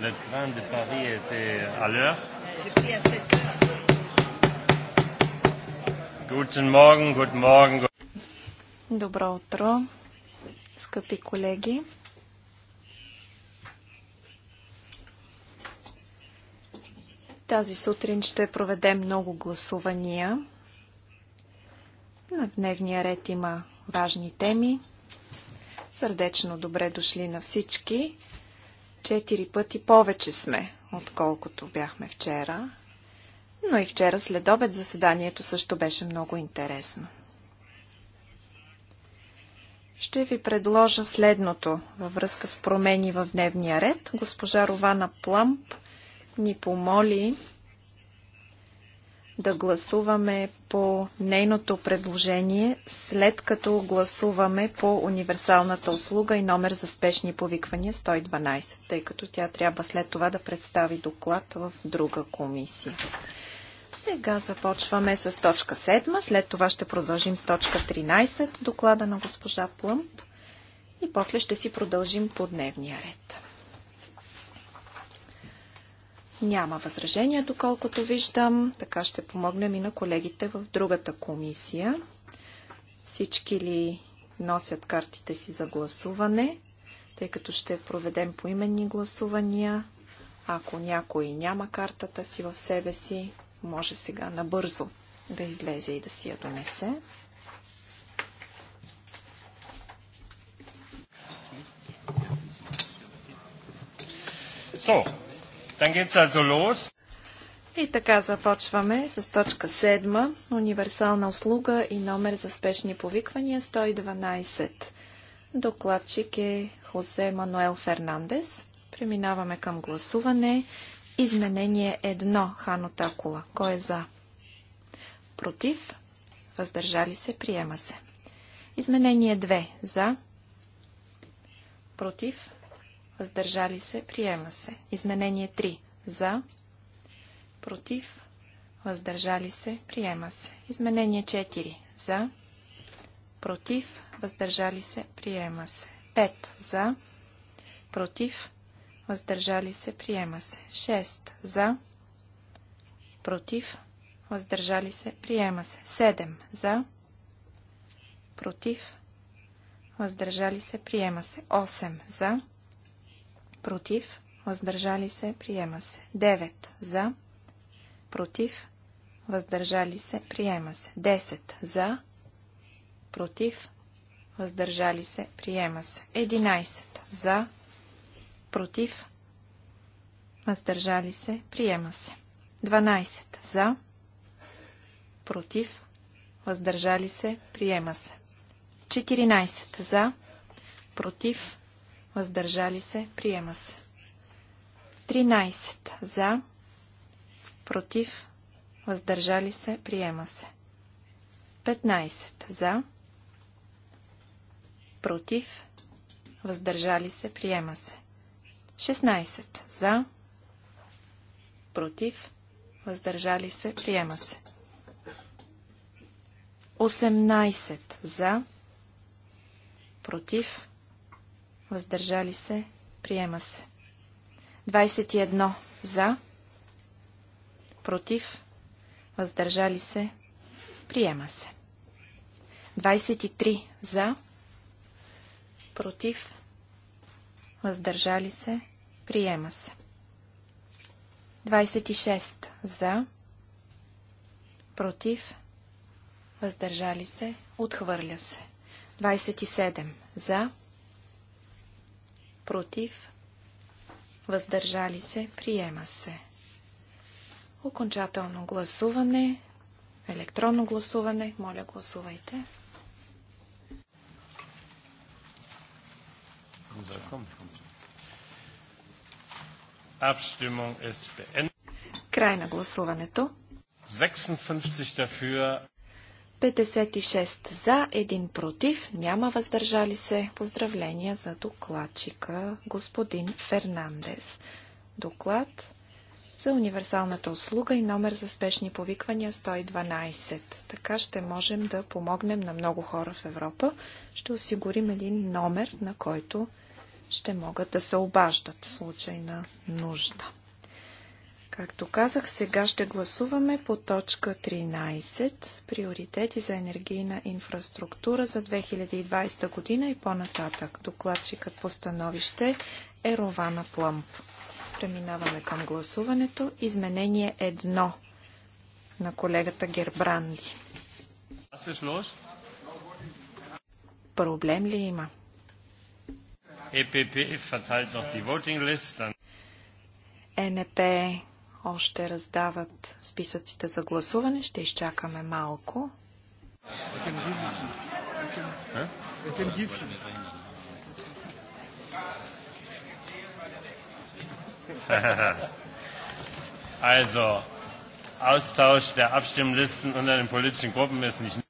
le train de Paris était à l'heure. Guten Morgen, guten Morgen. Добро утро, скъпи колеги. Тази сутрин ще проведем много гласувания. На дневния ред има важни теми. Сърдечно добре дошли на всички. Четири пъти повече сме, отколкото бяхме вчера. Но и вчера след обед заседанието също беше много интересно. Ще ви предложа следното във връзка с промени в дневния ред. Госпожа Рована Пламп ни помоли да гласуваме по нейното предложение, след като гласуваме по универсалната услуга и номер за спешни повиквания 112, тъй като тя трябва след това да представи доклад в друга комисия. Сега започваме с точка 7, след това ще продължим с точка 13, доклада на госпожа Плъмп и после ще си продължим по дневния ред. Няма възражения, доколкото виждам. Така ще помогнем и на колегите в другата комисия. Всички ли носят картите си за гласуване, тъй като ще проведем поименни гласувания. Ако някой няма картата си в себе си, може сега набързо да излезе и да си я донесе. So, и така започваме с точка 7. Универсална услуга и номер за спешни повиквания 112. Докладчик е Хосе Мануел Фернандес. Преминаваме към гласуване. Изменение 1. Хано Такула. Кой е за? Против? Въздържали се? Приема се. Изменение 2. За? Против? въздържали се, приема се. Изменение 3. За, против, въздържали се, приема се. Изменение 4. За, против, въздържали се, приема се. 5. За, против, въздържали се, приема се. 6. За, против, въздържали се, приема се. 7. За, против, въздържали се, приема се. 8. За, против, въздържали се, приема се. 9 за, против, въздържали се, приема се. 10 за, против, въздържали се, приема се. 11 за, против, въздържали се, приема се. 12 за, против, въздържали се, приема се. 14 за, против, въздържали се, приема се. 13. За, против, въздържали се, приема се. 15. За, против, въздържали се, приема се. 16. За, против, въздържали се, приема се. 18. За, против, въздържали се, приема се. 21 за, против, въздържали се, приема се. 23 за, против, въздържали се, приема се. 26 за, против, въздържали се, отхвърля се. 27 за, против, против, въздържали се, приема се. Окончателно гласуване, електронно гласуване, моля гласувайте. Край на гласуването. 56 dafür, 56 за, 1 против, няма въздържали се. Поздравления за докладчика господин Фернандес. Доклад за универсалната услуга и номер за спешни повиквания 112. Така ще можем да помогнем на много хора в Европа. Ще осигурим един номер, на който ще могат да се обаждат в случай на нужда. Както казах, сега ще гласуваме по точка 13 приоритети за енергийна инфраструктура за 2020 година и по-нататък. Докладчикът по становище е Рована Пламп. Преминаваме към гласуването. Изменение 1 на колегата Гербранди. Проблем ли има? ЕПП е фатал, die Voting листа. НП още раздават списъците за гласуване. Ще изчакаме малко. Also, Austausch der Abstimmlisten unter den politischen Gruppen ist nicht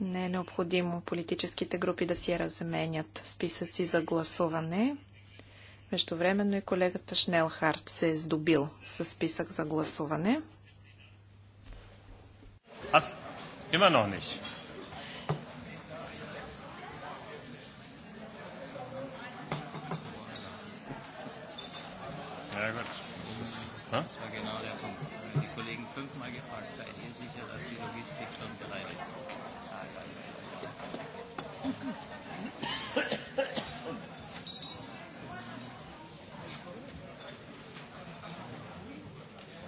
не е необходимо политическите групи да си разменят списъци за гласуване. Междувременно и колегата Шнелхарт се е здобил с списък за гласуване. Аз има noch nicht. Ja gut, das ist, ne?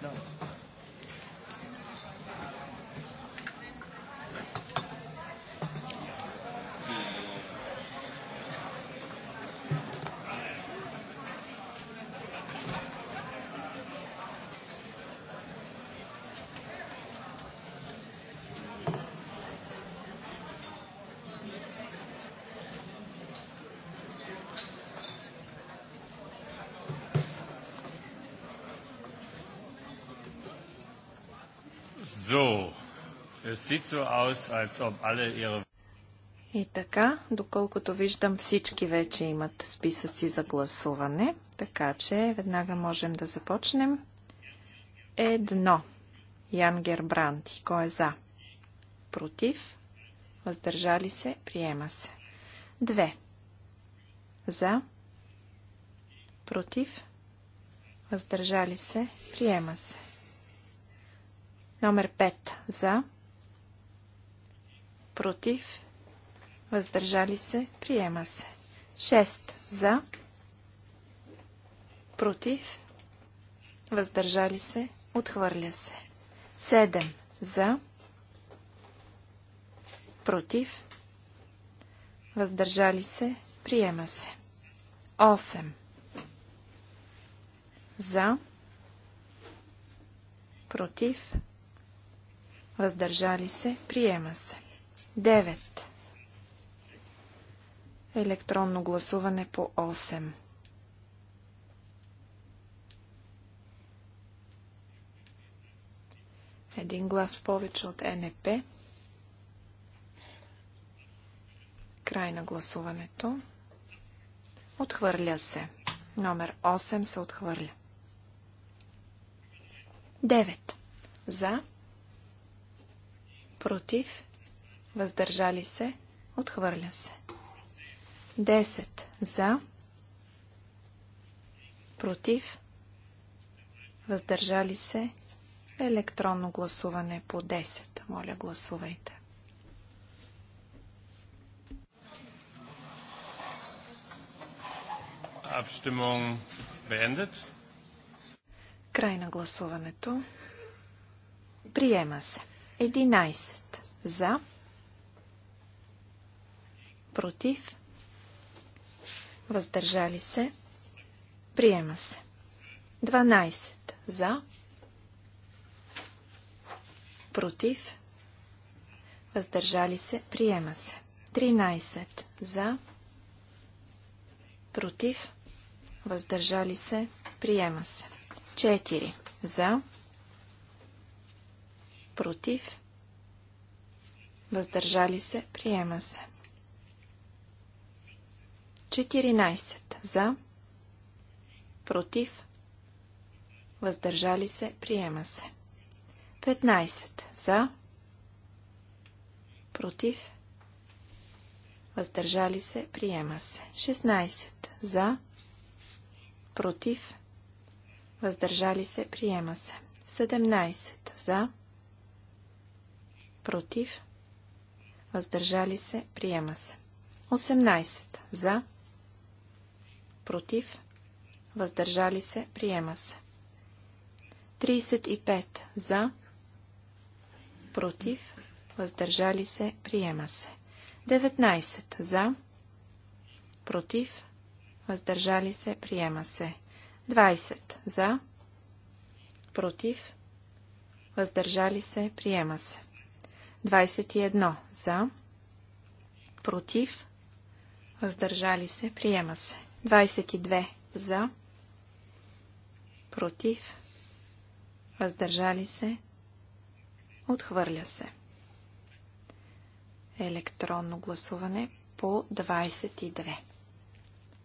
No. So, es sieht so aus, als ob alle ihre... И така, доколкото виждам, всички вече имат списъци за гласуване, така че веднага можем да започнем. Едно. Ян Гербранти. Кой е за? Против? Въздържали се? Приема се. Две. За? Против? Въздържали се? Приема се. Номер 5 за, против, въздържали се, приема се. 6 за, против, въздържали се, отхвърля се. 7 за, против, въздържали се, приема се. 8 за, против, въздържали се, приема се. 9. Електронно гласуване по 8. Един глас повече от НП. Край на гласуването. Отхвърля се. Номер 8 се отхвърля. 9. За против, въздържали се, отхвърля се. 10 за, против, въздържали се, електронно гласуване по 10. Моля, гласувайте. Abstimmung beendet. Край на гласуването. Приема се. 11. За. Против. Въздържали се. Приема се. 12. За. Против. Въздържали се. Приема се. 13. За. Против. Въздържали се. Приема се. 4. За. Против против, въздържали се, приема се. 14 за, против, въздържали се, приема се. 15 за, против, въздържали се, приема се. 16 за, против, въздържали се, приема се. 17 за, против, въздържали се, приема се. 18. За, против, въздържали се, приема се. 35. За, против, въздържали се, приема се. 19. За, против, въздържали се, приема се. 20. За, против, въздържали се, приема се. 21 за, против, въздържали се, приема се. 22 за, против, въздържали се, отхвърля се. Електронно гласуване по 22.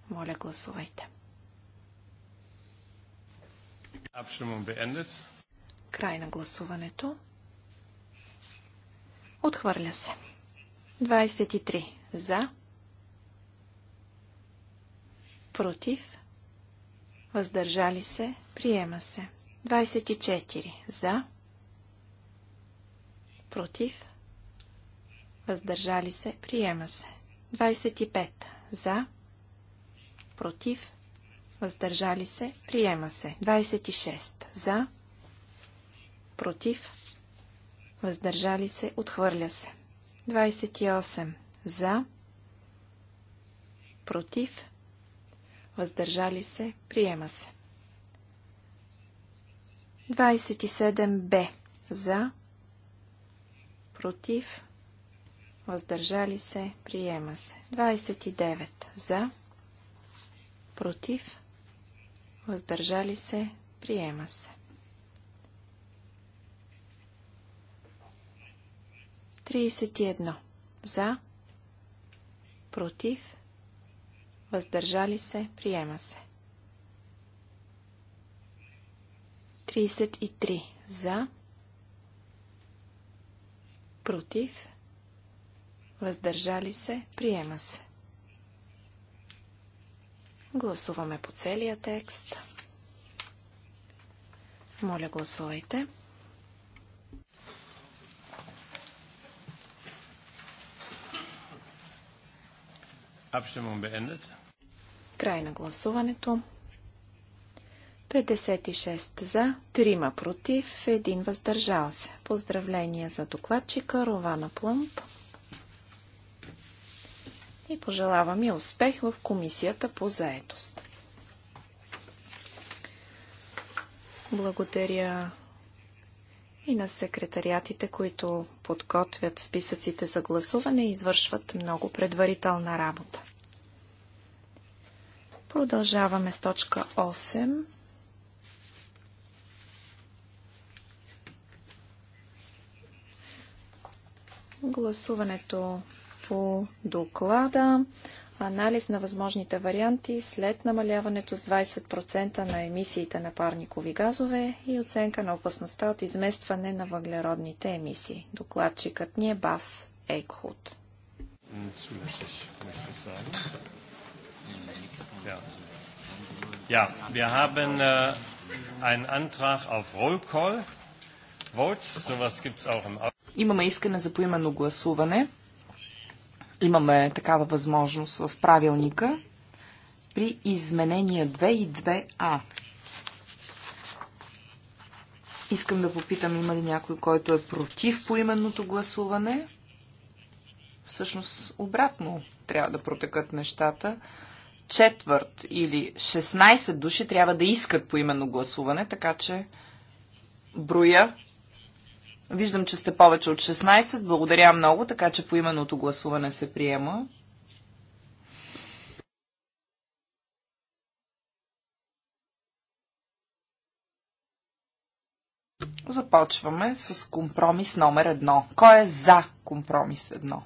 Моля, гласувайте. Край на гласуването. Отхвърля се. 23. За. Против. Въздържали се. Приема се. 24. За. Против. Въздържали се. Приема се. 25. За. Против. Въздържали се. Приема се. 26. За. Против въздържали се, отхвърля се. 28. За, против, въздържали се, приема се. 27. Б. За, против, въздържали се, приема се. 29. За, против, въздържали се, приема се. 31. За. Против. Въздържали се. Приема се. 33. За. Против. Въздържали се. Приема се. Гласуваме по целия текст. Моля, гласувайте. Край на гласуването. 56 за, 3 против, 1 въздържал се. Поздравления за докладчика Рована Плъмп. И пожелавам и успех в комисията по заетост. Благодаря и на секретариатите, които подготвят списъците за гласуване и извършват много предварителна работа. Продължаваме с точка 8. Гласуването по доклада анализ на възможните варианти след намаляването с 20% на емисиите на парникови газове и оценка на опасността от изместване на въглеродните емисии. Докладчикът ни е Бас Ейкхут. Ja, wir haben äh, einen Antrag auf Roll Votes. Sowas gibt es auch im Имаме искане за поименно гласуване. Имаме такава възможност в правилника при изменения 2 и 2а. Искам да попитам, има ли някой, който е против поименното гласуване? Всъщност, обратно трябва да протекат нещата. Четвърт или 16 души трябва да искат поименно гласуване, така че броя Виждам, че сте повече от 16. Благодаря много, така че по именното гласуване се приема. Започваме с компромис номер едно. Кой е за компромис едно?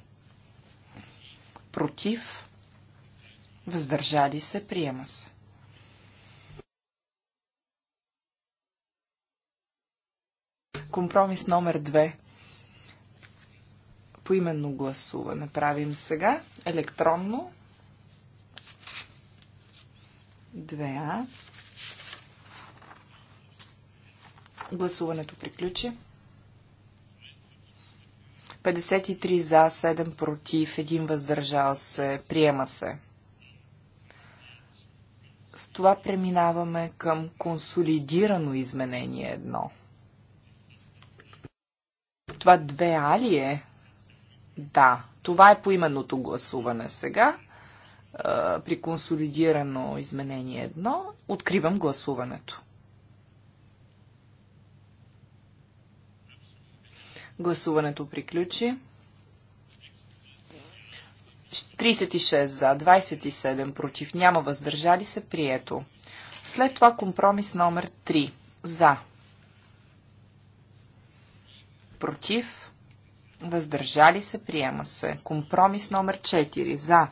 Против? Въздържали се? Приема се. Компромис номер 2. Поименно гласуване правим сега. Електронно. 2А. Гласуването приключи. 53 за, 7 против, 1 въздържал се. Приема се. С това преминаваме към консолидирано изменение 1 това две А ли е? Да, това е поименното гласуване сега. При консолидирано изменение 1 откривам гласуването. Гласуването приключи. 36 за, 27 против, няма въздържали се, прието. След това компромис номер 3. За против, въздържали се, приема се. Компромис номер 4 за,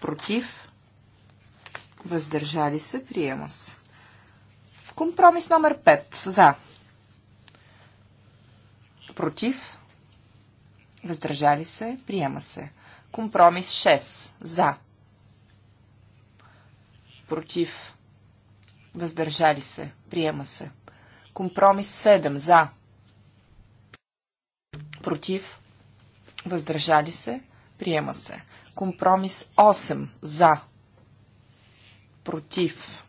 против, въздържали се, приема се. Компромис номер 5 за, против, въздържали се, приема се. Компромис 6 за, против, въздържали се, приема се. Компромис 7 за. Против. Въздържали се. Приема се. Компромис 8 за. Против.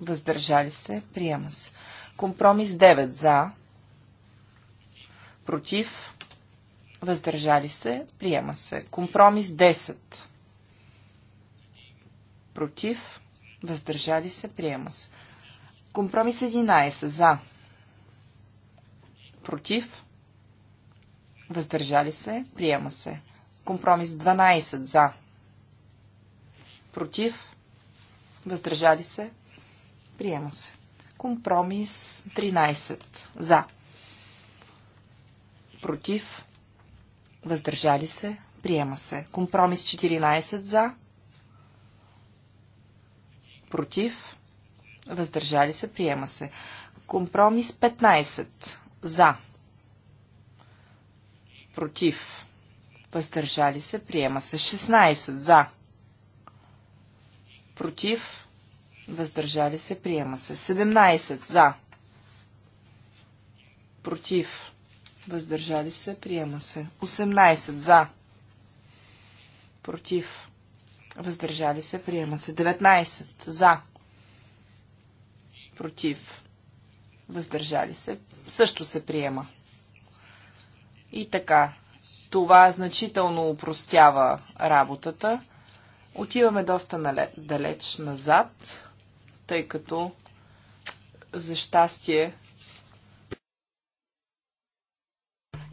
Въздържали се. Приема се. Компромис 9 за. Против. Въздържали се. Приема се. Компромис 10. Против. Въздържали се. Приема се. Компромис 11. За. Против. Въздържали се. Приема се. Компромис 12. За. Против. Въздържали се. Приема се. Компромис 13. За. Против. Въздържали се. Приема се. Компромис 14. За. Против въздържали се, приема се. Компромис 15 за, против, въздържали се, приема се. 16 за, против, въздържали се, приема се. 17 за, против, въздържали се, приема се. 18 за, против, въздържали се, приема се. 19 за, против, въздържали се, също се приема. И така, това значително упростява работата. Отиваме доста далеч назад, тъй като за щастие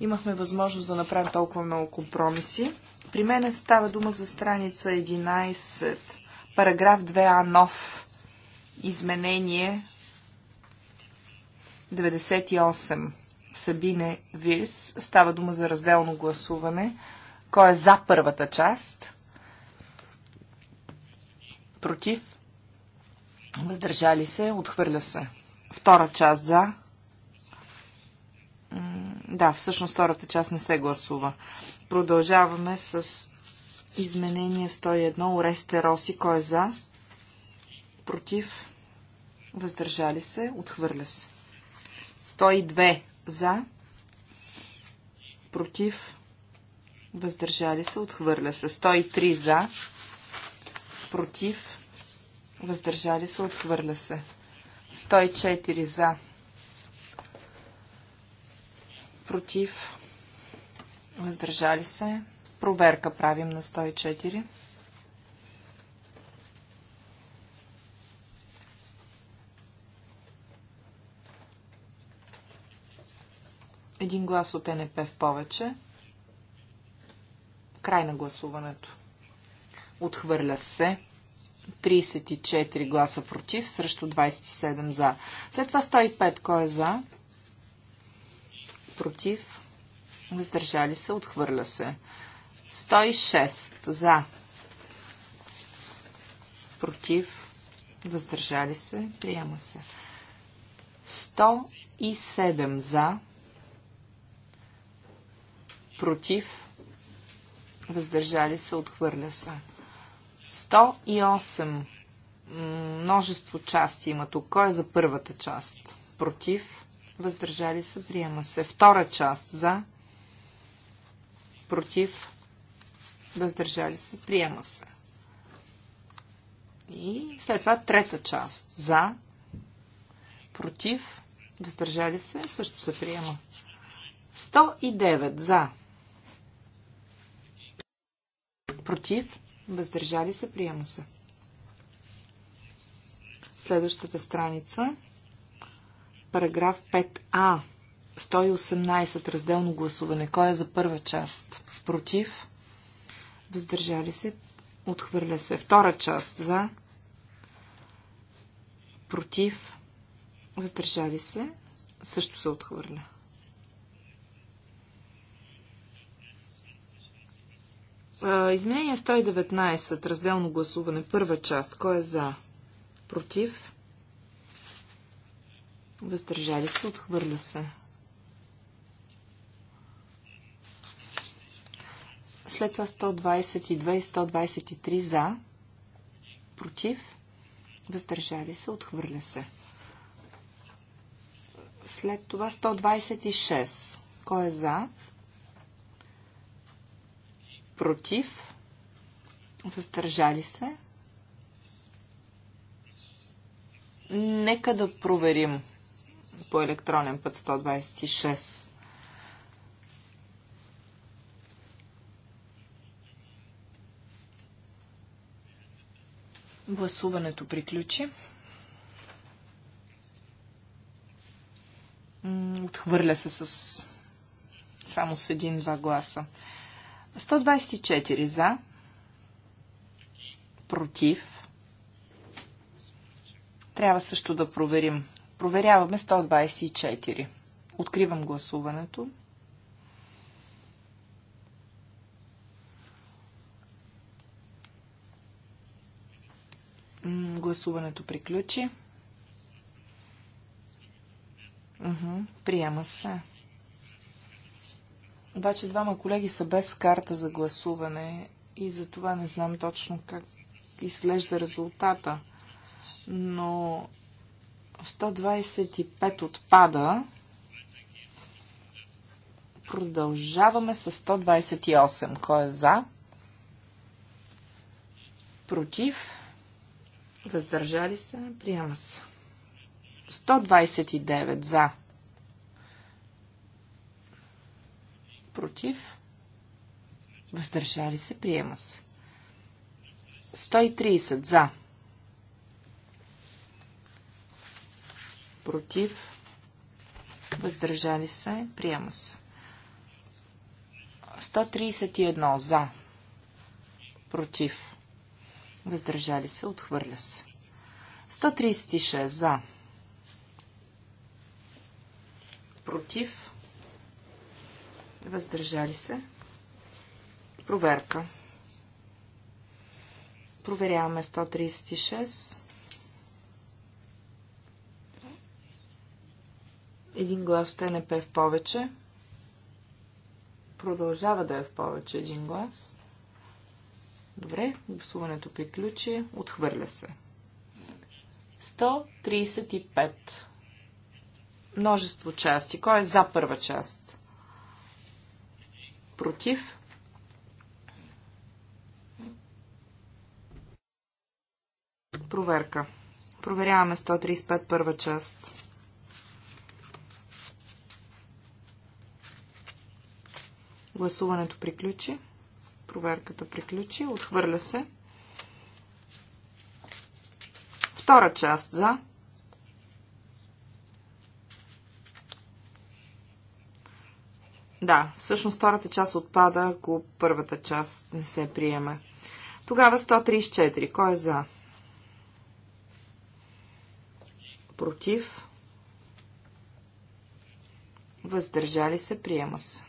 имахме възможност да направим толкова много компромиси. При мен става дума за страница 11, параграф 2а нов изменение 98. Сабине Вирс. Става дума за разделно гласуване. Кой е за първата част? Против? Въздържали се? Отхвърля се. Втора част за. Да, всъщност втората част не се гласува. Продължаваме с изменение 101. Оресте Роси. Кой е за? Против? Въздържали се? Отхвърля се. 102 за, против, въздържали се, отхвърля се. 103 за, против, въздържали се, отхвърля се. 104 за, против, въздържали се. Проверка правим на 104. Един глас от НП в повече. Край на гласуването. Отхвърля се. 34 гласа против срещу 27 за. След това 105. Кой е за? Против. Въздържали се. Отхвърля се. 106 за. Против. Въздържали се. Приема се. 107 за против, въздържали се, отхвърля се. 108. Множество части има тук. Кой е за първата част? Против, въздържали се, приема се. Втора част за, против, въздържали се, приема се. И след това трета част за, против, въздържали се, също се приема. 109 за, Против. Въздържали се. Приема се. Следващата страница. Параграф 5а. 118. Разделно гласуване. Кой е за първа част? Против. Въздържали се. Отхвърля се. Втора част. За. Против. Въздържали се. Също се отхвърля. Изменение 119, разделно гласуване, първа част. Кой е за? Против? Въздържали се, отхвърля се. След това 122 и 123 за, против, въздържали се, отхвърля се. След това 126. Кой е за? против, въздържали се. Нека да проверим по електронен път 126. Гласуването приключи. Отхвърля се с само с един-два гласа. 124 за, против. Трябва също да проверим. Проверяваме 124. Откривам гласуването. Гласуването приключи. Приема се. Обаче двама колеги са без карта за гласуване и за това не знам точно как изглежда резултата. Но 125 отпада. Продължаваме с 128. Кой е за? Против? Въздържали се? Приема се. 129 за Против. Въздържали се. Приема се. 130 за. Против. Въздържали се. Приема се. 131 за. Против. Въздържали се. Отхвърля се. 136 за. Против. Въздържали се. Проверка. Проверяваме 136. Един глас в ТНП е в повече. Продължава да е в повече един глас. Добре, гласуването приключи. Отхвърля се. 135. Множество части. Кой е за първа част? против. Проверка. Проверяваме 135 първа част. Гласуването приключи. Проверката приключи. Отхвърля се. Втора част за. Да, всъщност втората част отпада, ако първата част не се приема. Тогава 134. Кой е за? Против? Въздържали се? Приема се.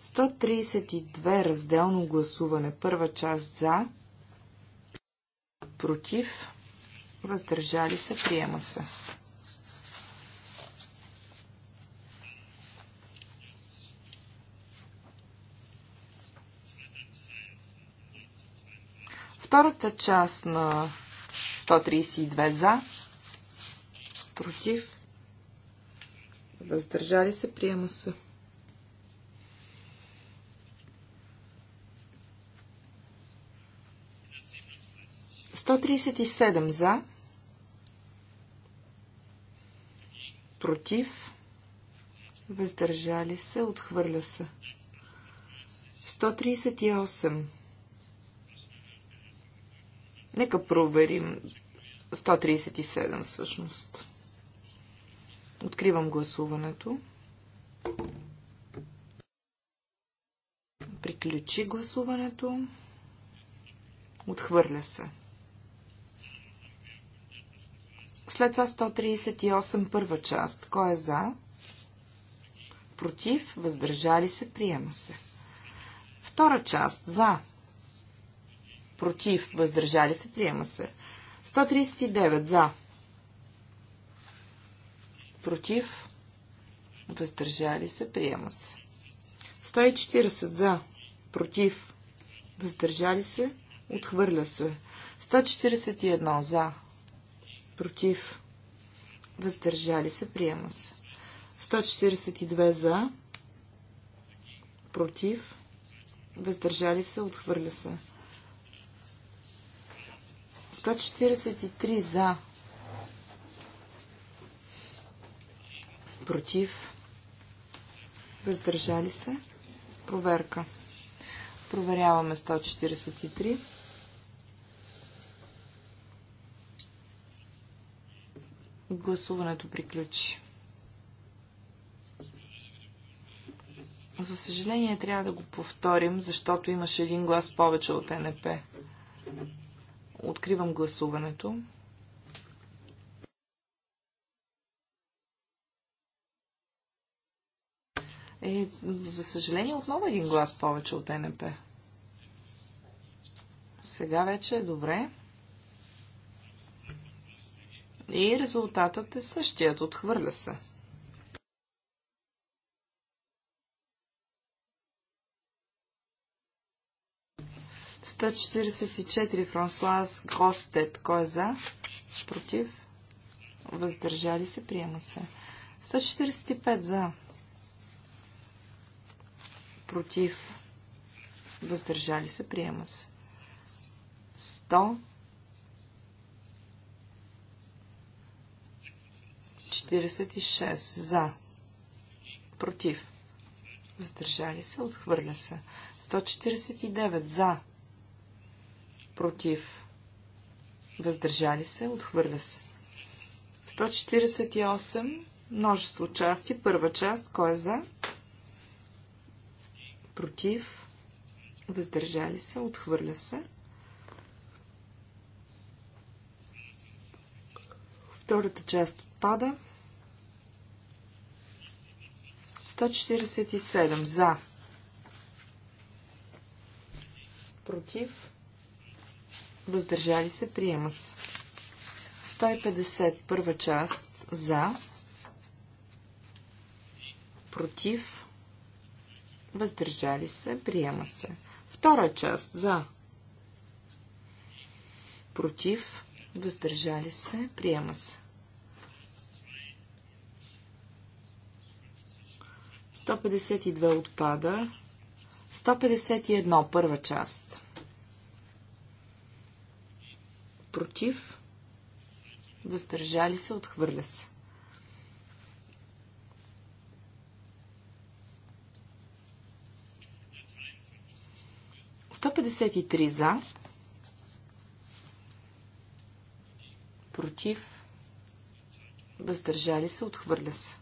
132. Разделно гласуване. Първа част за. Против? Въздържали се? Приема се. Втората част на 132 за, против, въздържали се, приема се. Сто седем за, против, въздържали се, отхвърля се. 138 Нека проверим 137 всъщност. Откривам гласуването. Приключи гласуването. Отхвърля се. След това 138 първа част. Кой е за? Против, въздържали се, приема се. Втора част. За против, въздържали се, приема се. 139 за, против, въздържали се, приема се. 140 за, против, въздържали се, отхвърля се. 141 за, против, въздържали се, приема се. 142 за, против, въздържали се, отхвърля се. 143 за. Против. Въздържали се. Проверка. Проверяваме 143. Гласуването приключи. За съжаление трябва да го повторим, защото имаше един глас повече от НП. Откривам гласуването. Е, за съжаление, отново един глас повече от НП. Сега вече е добре. И резултатът е същият. Отхвърля се. 144 Франсуаз Гростет. Кой е за? Против? Въздържали се? Приема се. 145 за. Против? Въздържали се? Приема се. 100 46 за. Против. Въздържали се. Отхвърля се. 149 за против, въздържали се, отхвърля се. 148, множество части, първа част, кой е за, против, въздържали се, отхвърля се. Втората част отпада. 147 за. Против въздържали се, приема се. 150 първа част за, против, въздържали се, приема се. Втора част за, против, въздържали се, приема се. 152 отпада. 151 първа част. против, въздържали се, отхвърля се. за, против, въздържали се, отхвърля се.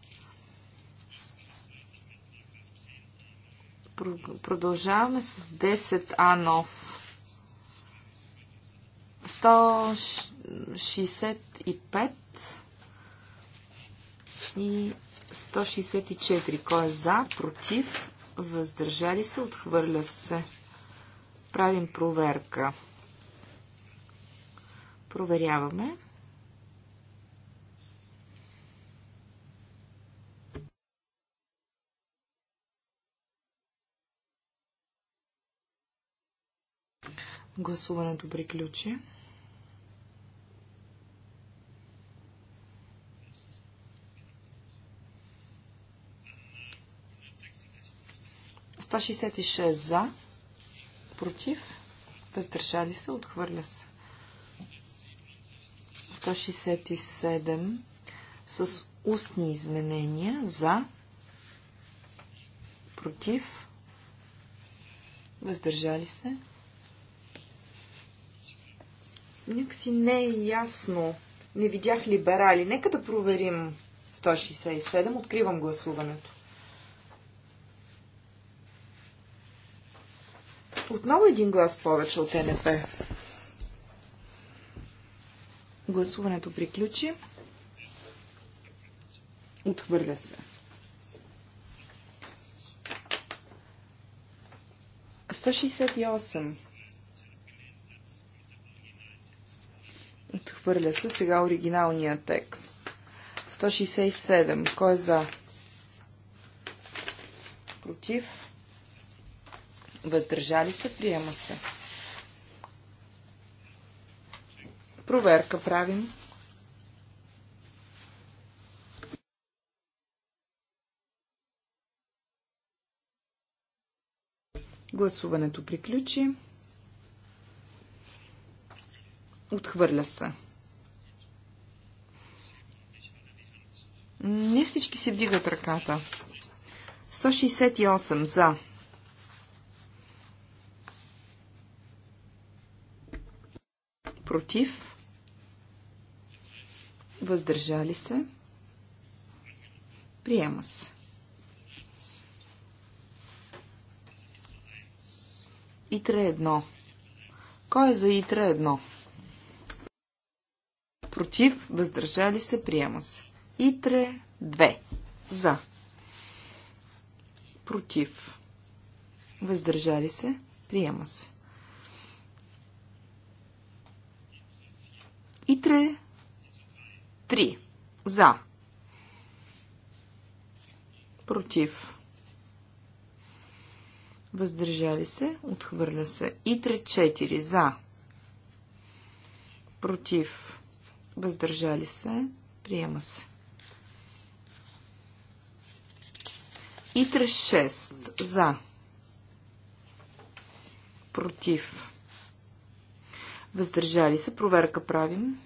Продължаваме с 10А нов 165 и 164. Кой е за, против, въздържали се, отхвърля се. Правим проверка. Проверяваме. Гласуването приключи. Сто за, против, въздържали се, отхвърля се. 167 с устни изменения за, против, въздържали се, някакси не е ясно. Не видях либерали. Нека да проверим 167. Откривам гласуването. Отново един глас повече от НП. Гласуването приключи. Отхвърля се. 168. Отхвърля се сега оригиналния текст. 167. Кой е за? Против? Въздържали се? Приема се. Проверка правим. Гласуването приключи. Отхвърля се. Не всички си вдигат ръката. 168 за. Против. Въздържали се. Приема се. Итре едно. Кой е за Итре едно? против, въздържали се, приема се. Итре 2. За. Против. Въздържали се, приема се. Итре 3. За. Против. Въздържали се, отхвърля се. Итре 4. За. Против въздържали се, приема се. Итре 6 за, против, въздържали се, проверка правим.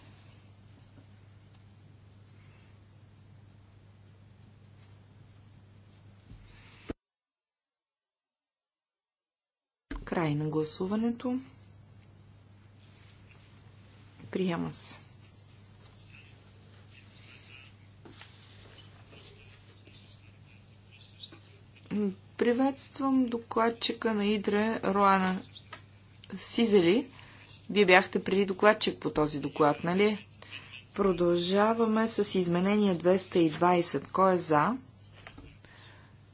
Край на гласуването. Приема се. Приветствам докладчика на Идре Роана Сизели. Вие бяхте преди докладчик по този доклад, нали? Продължаваме с изменение 220. Кой е за?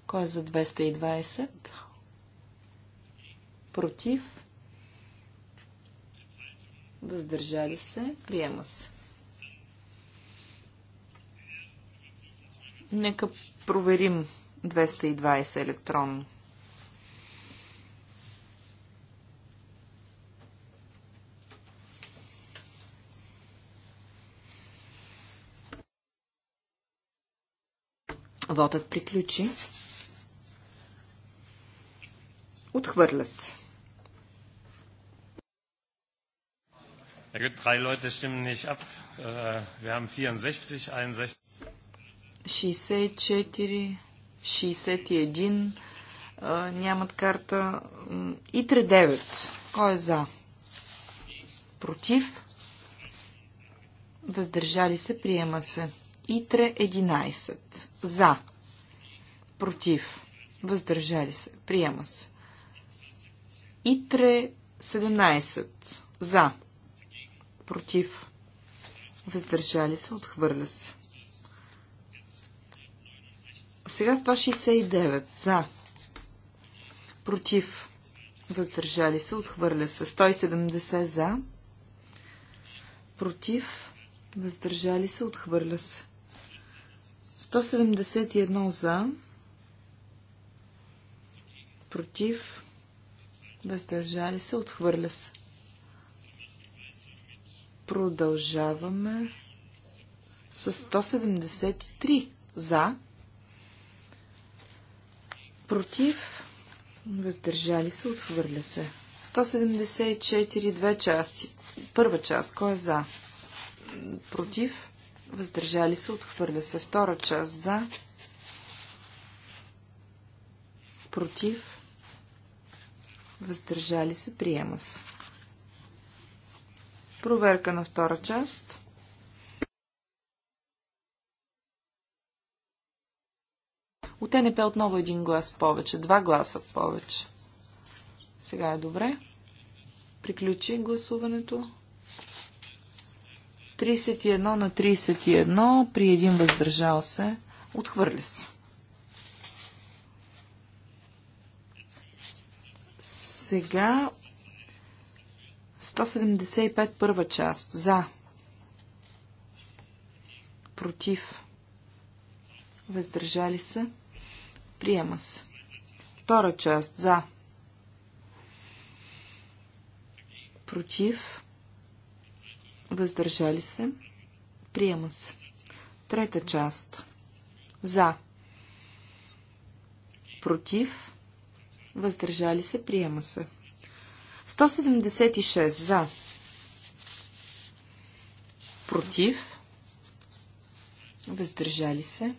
Кой е за 220? Против? Въздържали се? Приема се. Нека проверим 220 електрон. Водът приключи. Отхвърля се. Drei Leute 64, 61. 64, 61 нямат карта. И 39. Кой е за? Против? Въздържали се, приема се. Итре 11. За. Против. Въздържали се. Приема се. Итре 17. За. Против. Въздържали се. Отхвърля се. Сега 169 за. Против. Въздържали се. Отхвърля се. 170 за. Против. Въздържали се. Отхвърля се. 171 за. Против. Въздържали се. Отхвърля се. Продължаваме с 173 за против, въздържали се, отхвърля се. 174, две части. Първа част, кой е за? Против, въздържали се, отхвърля се. Втора част, за? Против, въздържали се, приема се. Проверка на втора част. От ТНП отново един глас повече, два гласа повече. Сега е добре. Приключи гласуването. 31 на 31 при един въздържал се. Отхвърли се. Сега 175 първа част. За. Против. Въздържали се. Приема се. Втора част. За. Против. Въздържали се. Приема се. Трета част. За. Против. Въздържали се. Приема се. 176. За. Против. Въздържали се.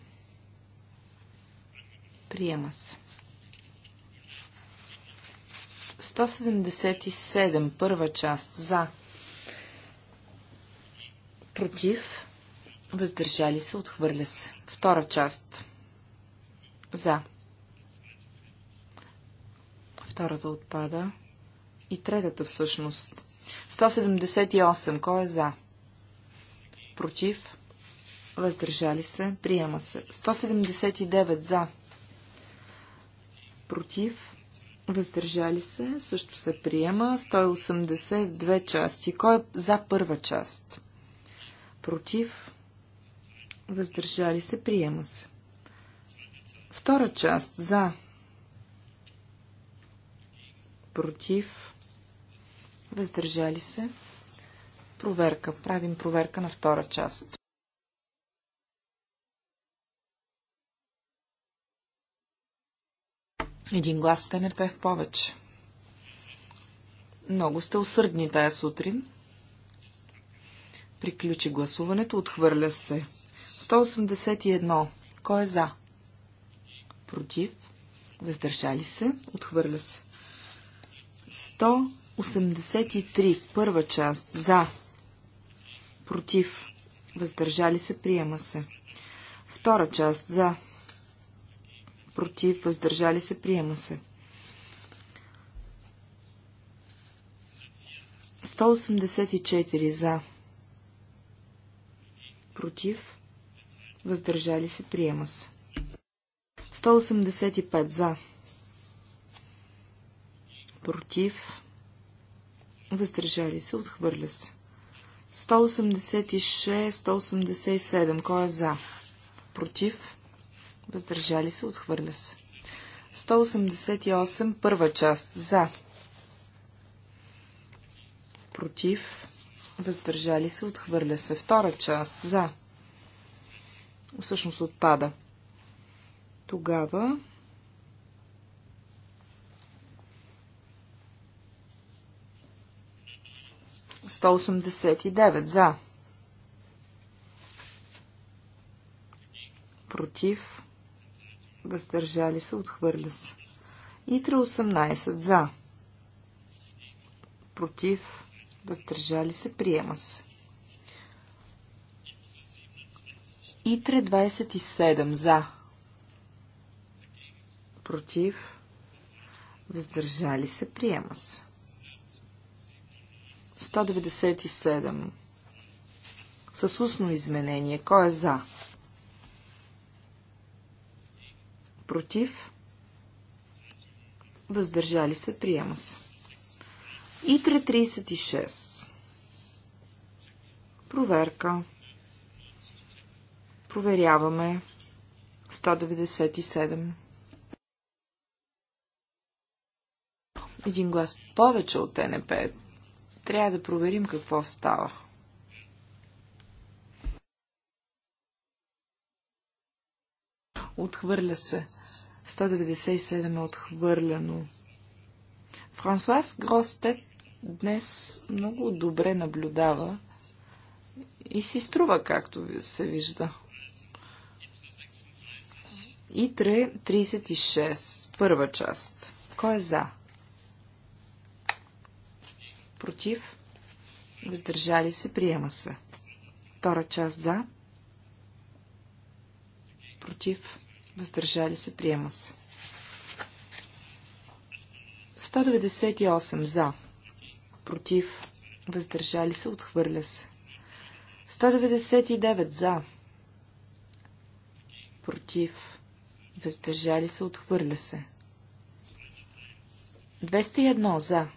Приема се. 177. Първа част. За. Против. Въздържали се. Отхвърля се. Втора част. За. Втората отпада. И третата всъщност. 178. Кой е за? Против. Въздържали се. Приема се. 179. За против, въздържали се, също се приема. 180 в две части. Кой е за първа част? Против, въздържали се, приема се. Втора част за против, въздържали се. Проверка. Правим проверка на втора част. Един глас ще не пе в повече. Много сте усърдни тая сутрин. Приключи гласуването, отхвърля се. 181. Кой е за? Против? Въздържали се? Отхвърля се. 183. Първа част. За. Против. Въздържали се? Приема се. Втора част. За против, въздържали се, приема се. 184 за, против, въздържали се, приема се. 185 за, против, въздържали се, отхвърля се. 186, 187, кой е за? Против, въздържали се, отхвърля се. 188, първа част, за, против, въздържали се, отхвърля се. Втора част, за, всъщност отпада. Тогава сто осемдесет и девет за. против, въздържали се, отхвърля се. Итра 18 за, против, въздържали се, приема се. Итре 27 за, против, въздържали се, приема се. 197 с устно изменение. Кой е за? против, въздържали се, приема се. Итре 36. Проверка. Проверяваме. 197. Един глас повече от ТНП. Трябва да проверим какво става. Отхвърля се. 197 е отхвърлено. Франсуаз Гростет днес много добре наблюдава и си струва, както се вижда. Итре 36, първа част. Кой е за? Против? Въздържали се, приема се. Втора част за? Против? въздържали се, приема се. 198 за, против, въздържали се, отхвърля се. 199 за, против, въздържали се, отхвърля се. 201 за,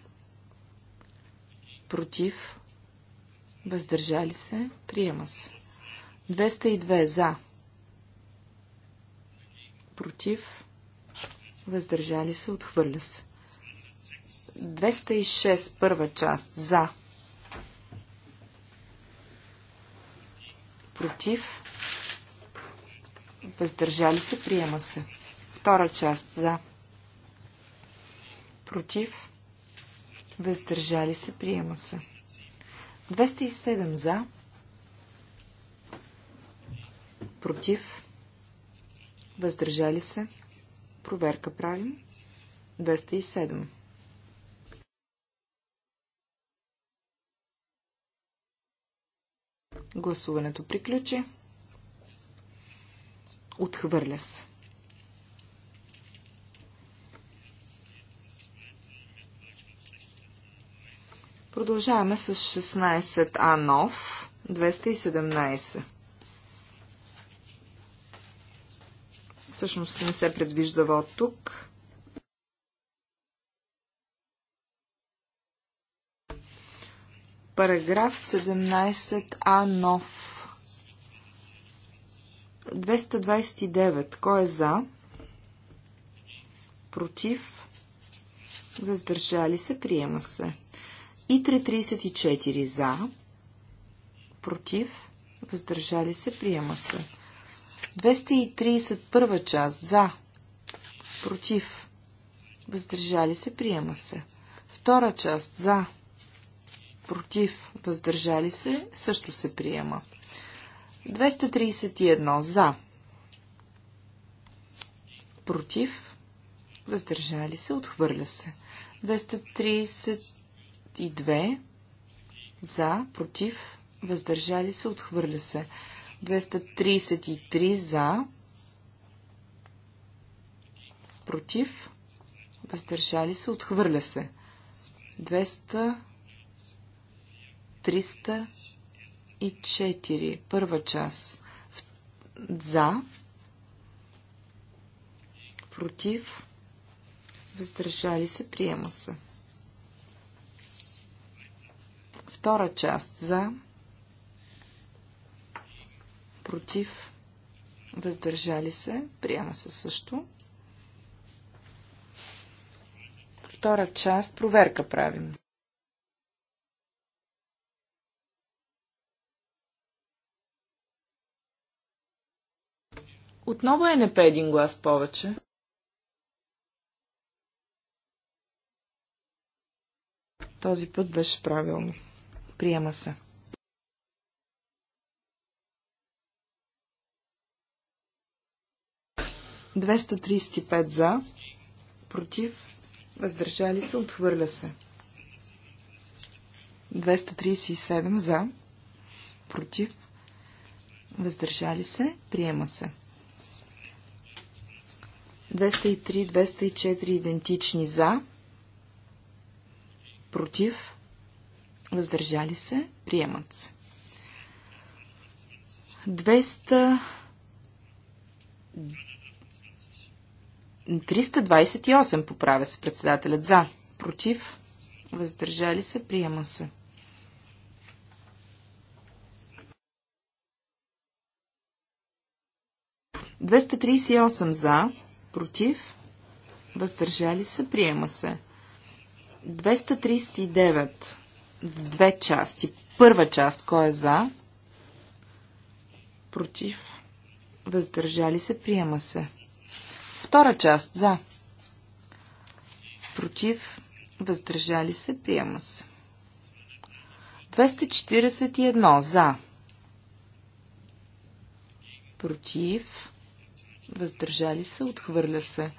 против, въздържали се, приема се. 202 за, против, въздържали се, отхвърля се. 206, първа част, за, против, въздържали се, приема се. Втора част, за, против, въздържали се, приема се. 207 за, против, Въздържали се. Проверка правим. 207. Гласуването приключи. Отхвърля се. Продължаваме с 16А нов 217. Всъщност не се предвижда вод тук. Параграф 17а нов. 229. Кой е за? Против? Въздържали се? Приема се. И 334 за. Против? Въздържали се? Приема се. 231 първа част за. Против. Въздържали се. Приема се. Втора част за. Против. Въздържали се. Също се приема. 231 за. Против. Въздържали се. Отхвърля се. 232 за. Против. Въздържали се. Отхвърля се. 233 за, против, въздържали се, отхвърля се. 200, 304, първа част, за, против, въздържали се, приема се. Втора част за, против, въздържали се, приема се също. Втора част, проверка правим. Отново е не пе един глас повече. Този път беше правилно. Приема се. 235 за, против, въздържали се, отхвърля се. 237 за, против, въздържали се, приема се. 203, 204 идентични за, против, въздържали се, приемат се. 200 328 поправя се председателят за. Против. Въздържали се. Приема се. Двеста за. Против. Въздържали се. Приема се. 239 в две части. Първа част, кой е за? Против. Въздържали се, приема се. Втора част за. Против. Въздържали се. Приема се. 241 за. Против. Въздържали се. Отхвърля се.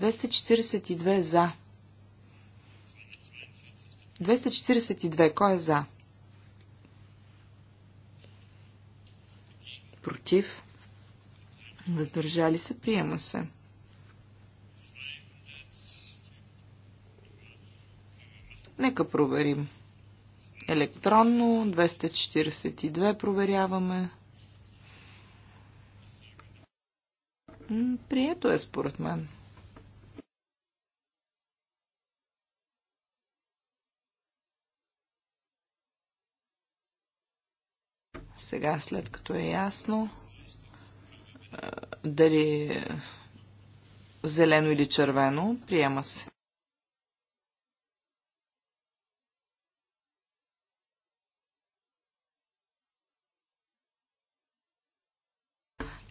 242 за. 242. Кой е за? Против. Въздържали се. Приема се. Нека проверим. Електронно 242 проверяваме. Прието е според мен. Сега, след като е ясно дали е зелено или червено, приема се.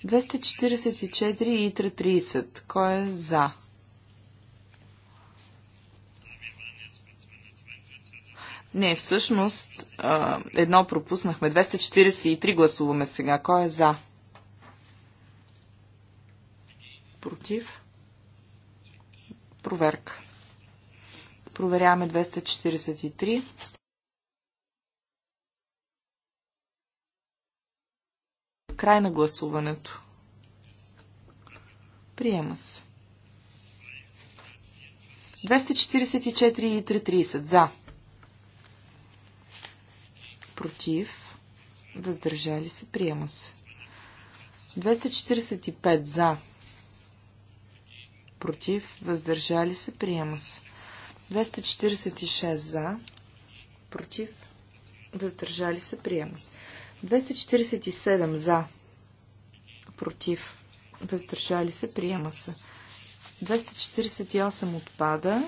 244 и 330. Кой е за? Не, всъщност едно пропуснахме. 243 гласуваме сега. Кой е за? Против? Проверка. Проверяваме 243. Край на гласуването. Приема се. 244 и 330 за. Против. Въздържали се. Приема се. 245 за. Против. Въздържали се. Приема се. 246 за. Против. Въздържали се. Приема се. 247 за. Против. Въздържали се. Приема се. 248 отпада.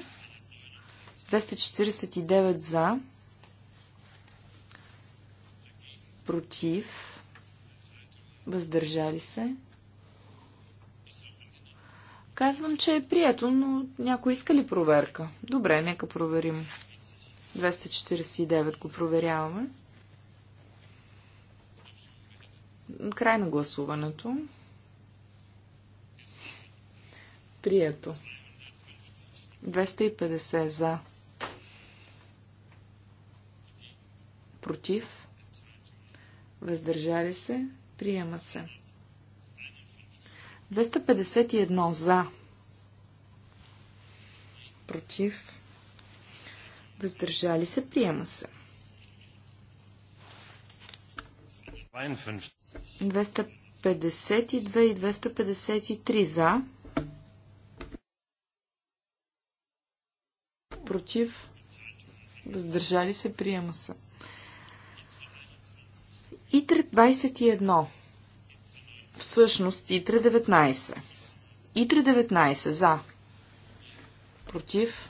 249 за. Против. Въздържали се. Казвам, че е прието, но някой иска ли проверка? Добре, нека проверим. 249 го проверяваме. Край на гласуването. Прието. 250 за. Против. Въздържали се. Приема се. 251 за. Против. Въздържали се. Приема се. 252 и 253 за. Против. Въздържали се, приема са. Итре 21. Всъщност Итре 19. Итре 19 за. Против.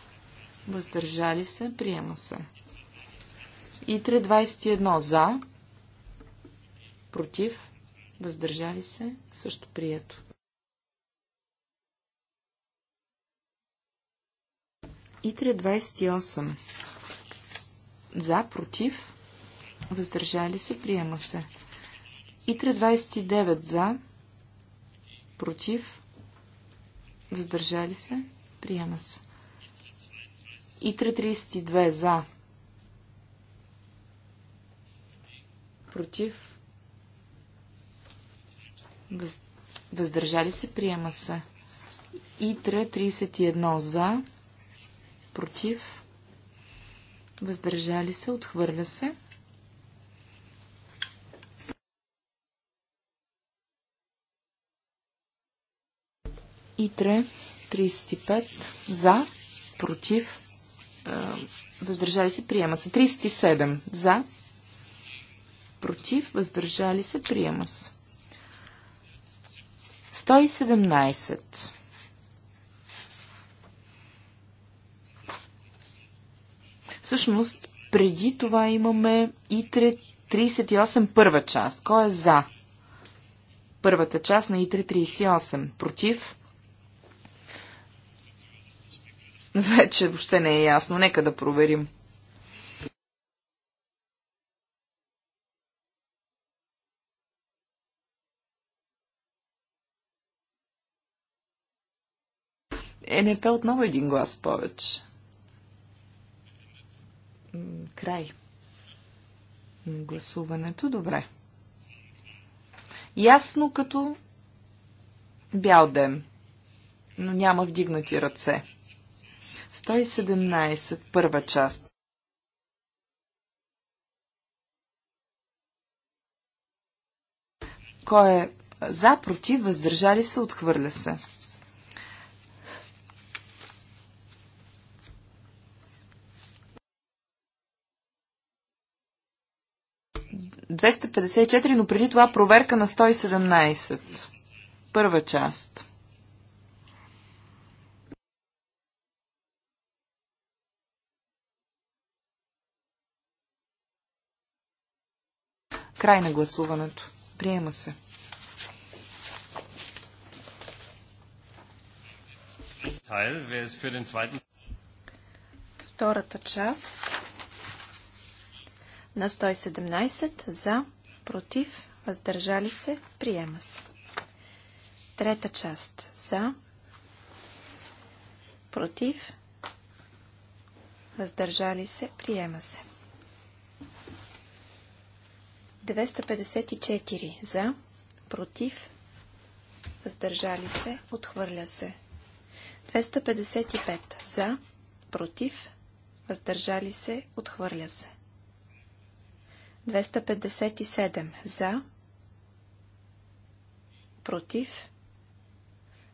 Въздържали се, приема се. Итре 21 за. Против Въздържали се? Също прието. Итре 28. За, против, въздържали се, приема се. Итре 29. За, против, въздържали се, приема се. Итре 32. За, против, Въз... Въздържали се, приема се. Итра 31 за, против, въздържали се, отхвърля се. Итре 35 за, против, въздържали се, приема се. 37 за, против, въздържали се, приема се. 117. Всъщност, преди това имаме и 38 първа част. Кой е за? Първата част на ИТРЕ 38. Против? Вече въобще не е ясно. Нека да проверим. НП отново един глас повече. Край. Гласуването. Добре. Ясно като бял ден, но няма вдигнати ръце. 117. Първа част. Кой е за, против, въздържали се, отхвърля се. 254, но преди това проверка на 117. Първа част. Край на гласуването. Приема се. Втората част на 117 за, против, въздържали се, приема се. Трета част за, против, въздържали се, приема се. 254 за, против, въздържали се, отхвърля се. 255 за, против, въздържали се, отхвърля се. 257 за, против,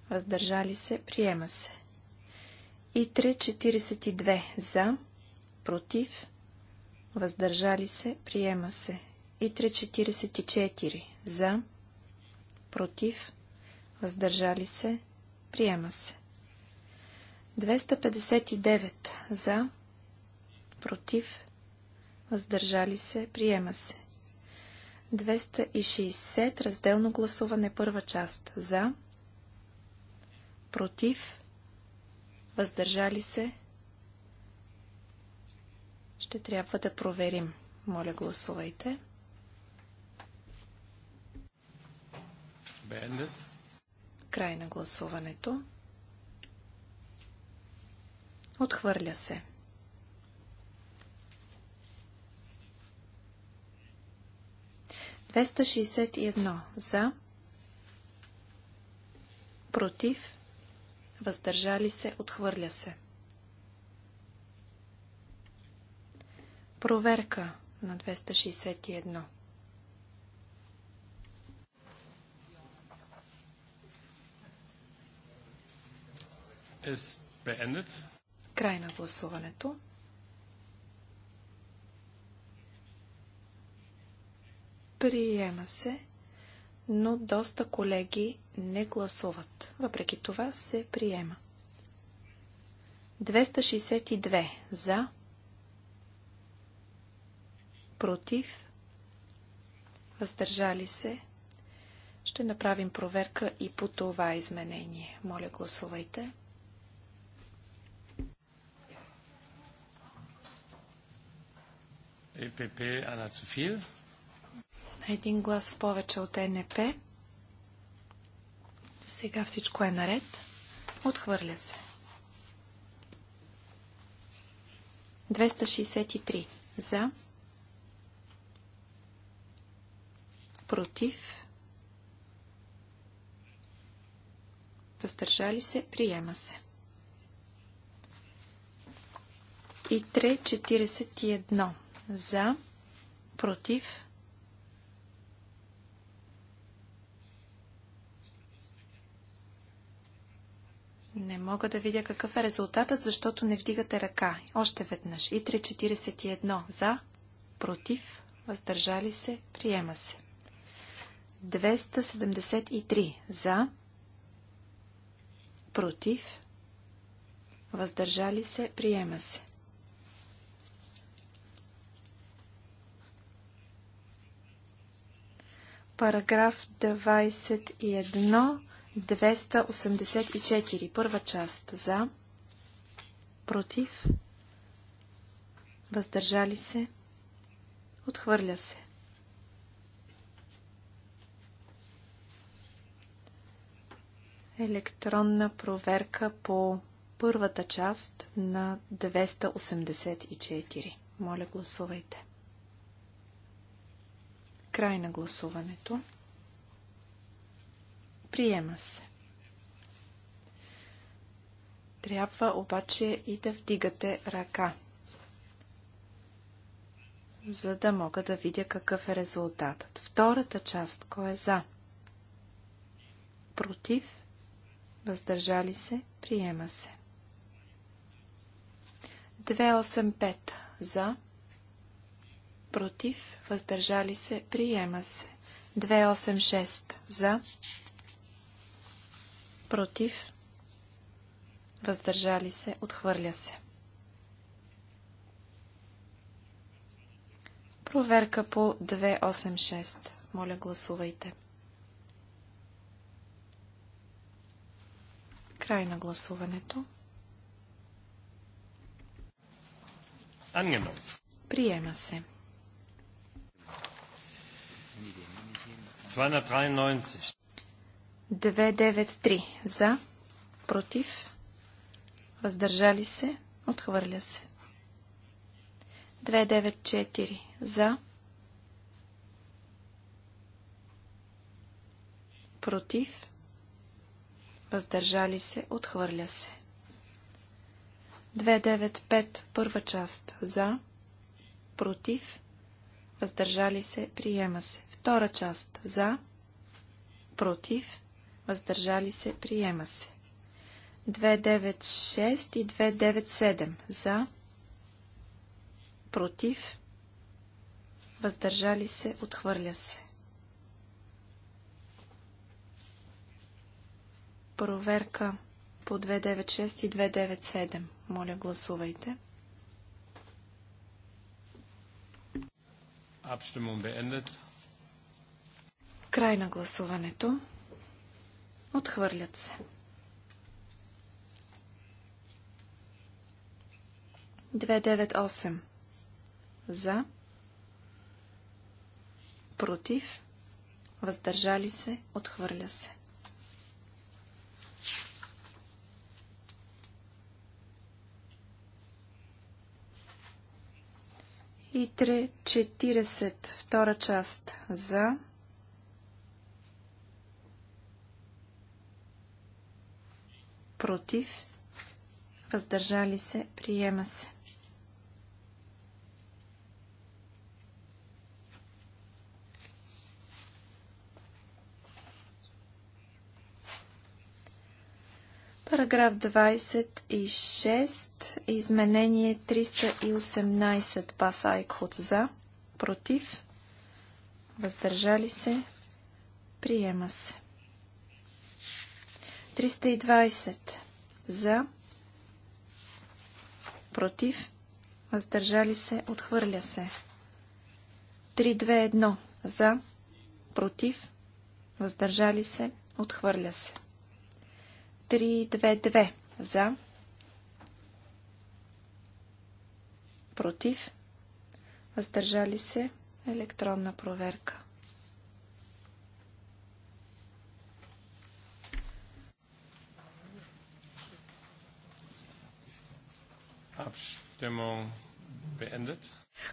въздържали се, приема се. И 342 за, против, въздържали се, приема се. И 344 за, против, въздържали се, приема се. 259 за, против, въздържали се, приема се. 260 разделно гласуване първа част за, против, въздържали се. Ще трябва да проверим. Моля, гласувайте. Bandit. Край на гласуването. Отхвърля се. 261 за, против, въздържали се, отхвърля се. Проверка на 261. Е, е, Край на гласуването. Приема се, но доста колеги не гласуват. Въпреки това се приема. 262 за, против, въздържали се. Ще направим проверка и по това изменение. Моля, гласувайте. ЕПП Ана един глас в повече от НП. Сега всичко е наред. Отхвърля се. 263 за. Против. Въздържали се. Приема се. И 341 за. Против Не мога да видя какъв е резултатът, защото не вдигате ръка. Още веднъж. И 3.41. За, против, въздържали се, приема се. 273. За, против, въздържали се, приема се. Параграф 21. 284. Първа част за, против, въздържали се, отхвърля се. Електронна проверка по първата част на 284. Моля, гласувайте. Край на гласуването. Приема се. Трябва обаче и да вдигате ръка, за да мога да видя какъв е резултатът. Втората част, кой е за? Против? Въздържали се? Приема се. 285 за, против, въздържали се, приема се. 286 за, против, въздържали се, отхвърля се. Проверка по 286. Моля, гласувайте. Край на гласуването. Ангено. Приема се. 293. 293 за, против, въздържали се, отхвърля се. 294 за, против, въздържали се, отхвърля се. 295 първа част за, против, въздържали се, приема се. Втора част за, против, въздържали се, приема се. 296 и 297 за, против, въздържали се, отхвърля се. Проверка по 296 и 297. Моля, гласувайте. Край на гласуването. Отхвърлят се. Две девет осем За. Против. Въздържали се. Отхвърля се. И четиресет, Втора част. За. против, въздържали се, приема се. Параграф 26, изменение 318, паса от за, против, въздържали се, приема се. 320 за, против, въздържали се, отхвърля се. 321 за, против, въздържали се, отхвърля се. 322 за, против, въздържали се, електронна проверка.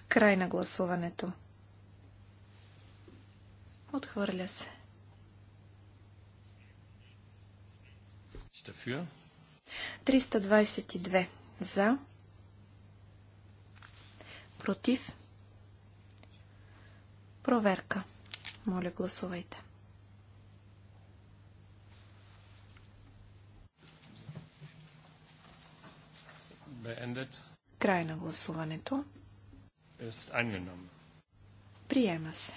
Край на гласуването. Отхвърля се. Dafür. 322 за. Против. Проверка. Моля, гласувайте. Край на гласуването. Приема се.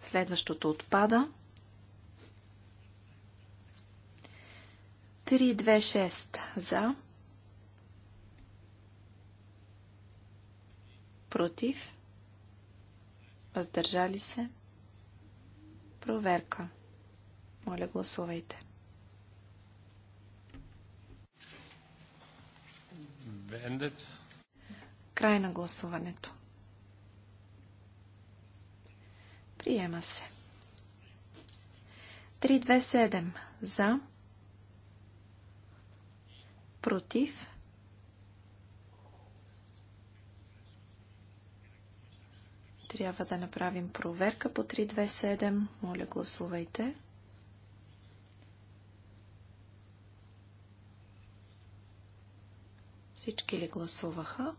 Следващото отпада. 326 за. Против. Въздържали се. Проверка. Моля, гласувайте. beendet. Край на гласуването. Приема се. 327 за. Против. Трябва да направим проверка по 327. Моля, гласувайте. 327. Всички ли гласуваха?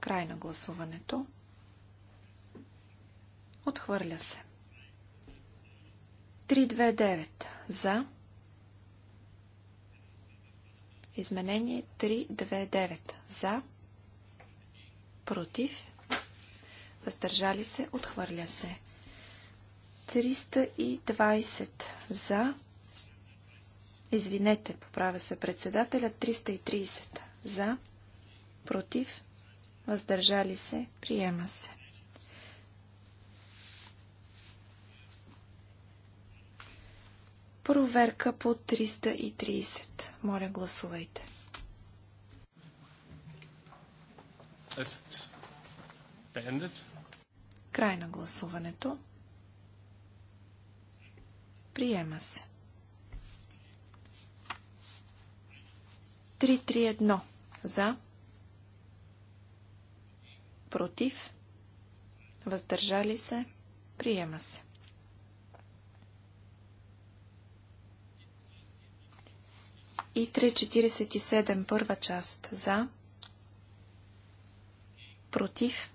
Край на гласуването. Отхвърля се. 329 за. Изменение 329 за. Против. Въздържали се. Отхвърля се. 320 за. Извинете, поправя се председателя. 330 за против, въздържали се, приема се. Проверка по 330. Моля, гласувайте. Край на гласуването. Приема се. 331 за против, въздържали се, приема се. И 3.47 първа част за, против,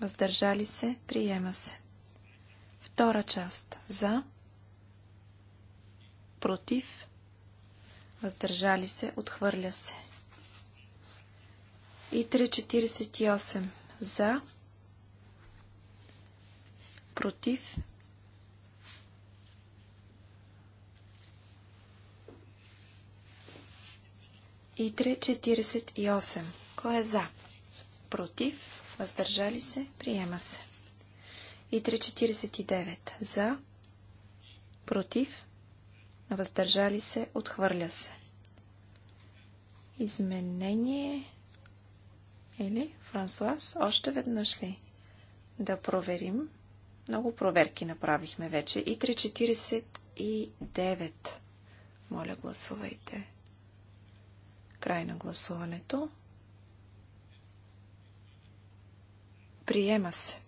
въздържали се, приема се. Втора част за, против, въздържали се, отхвърля се. И 3.48 за, против, Идре 48. Кой е за? Против? Въздържали се? Приема се. Идре 49. За? Против? Въздържали се? Отхвърля се. Изменение или, Франсуаз, още веднъж ли? Да проверим. Много проверки направихме вече. И 3.49. Моля, гласувайте. Край на гласуването. Приема се.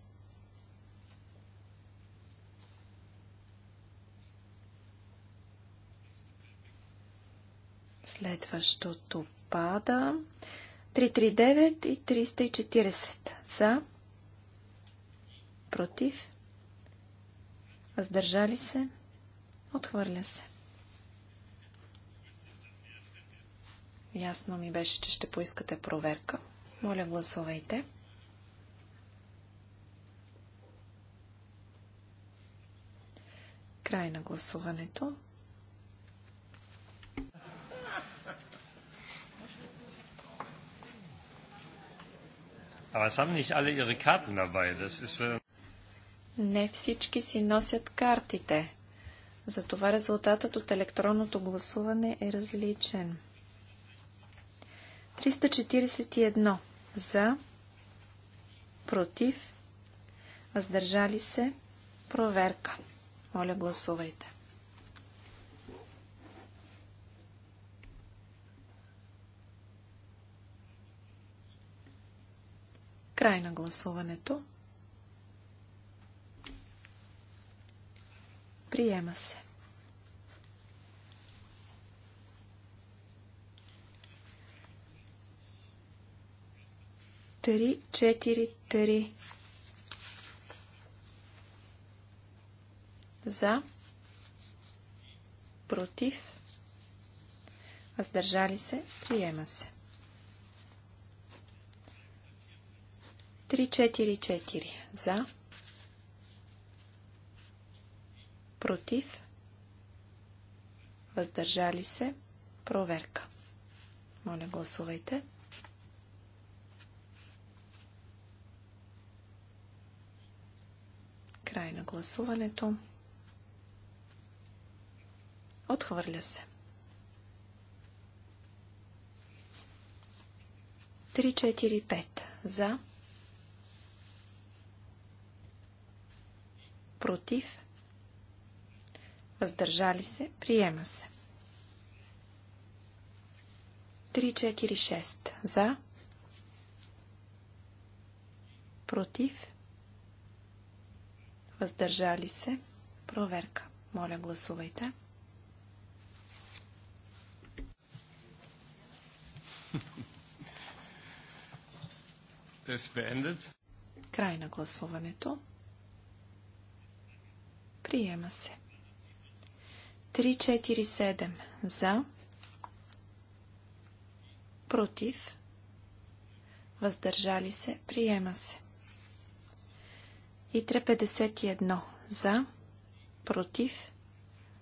Следващото пада. 339 и 340 за, против, въздържали се, отхвърля се. Ясно ми беше, че ще поискате проверка. Моля, гласувайте. Край на гласуването. Aber es haben nicht alle ihre Karten dabei. Das ist, äh... Не всички си носят картите. Затова резултатът от електронното гласуване е различен. 341 за, против, въздържали се, проверка. Моля, гласувайте. Край на гласуването. Приема се. Три, четири, три. За. Против. Въздържали се. Приема се. 3-4-4 за, против, въздържали се, проверка. Моля, гласувайте. Край на гласуването. Отхвърля се. 3-4-5 за, 3-4-5 против, въздържали се, приема се. 3-4-6 за, против, въздържали се, проверка. Моля, гласувайте. Е, Край на гласуването. Приема се. 347 за, против, въздържали се, приема се. И 351 за, против,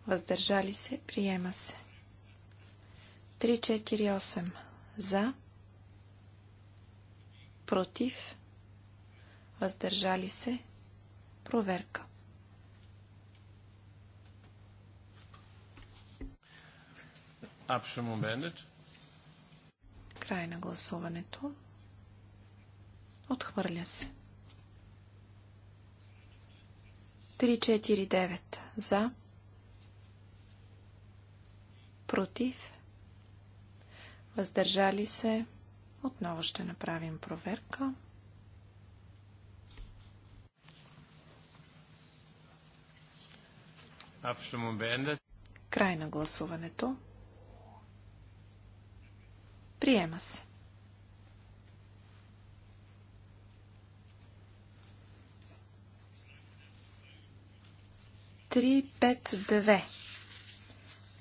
въздържали се, приема се. 348 за, против, въздържали се, проверка. Abstimmung beendet. Край на гласуването. Отхвърля се. 3-4-9 за. Против. Въздържали се. Отново ще направим проверка. Абстимум бендет. Край на гласуването. Приема се. Три, пет, две.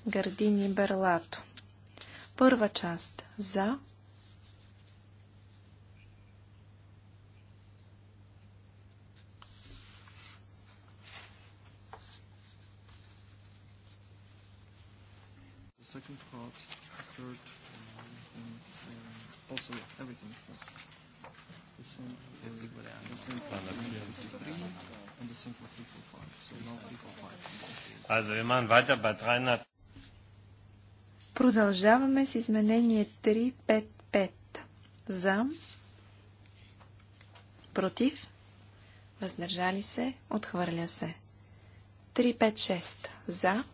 Гърдини Берлато. Първа част. За. so yeah, everything. The same for the same for three and the same for three four five. So now three four five. Also wir machen weiter bei 300. Продължаваме с изменение 355. За. Против. Въздържали се. Отхвърля се. 356. За.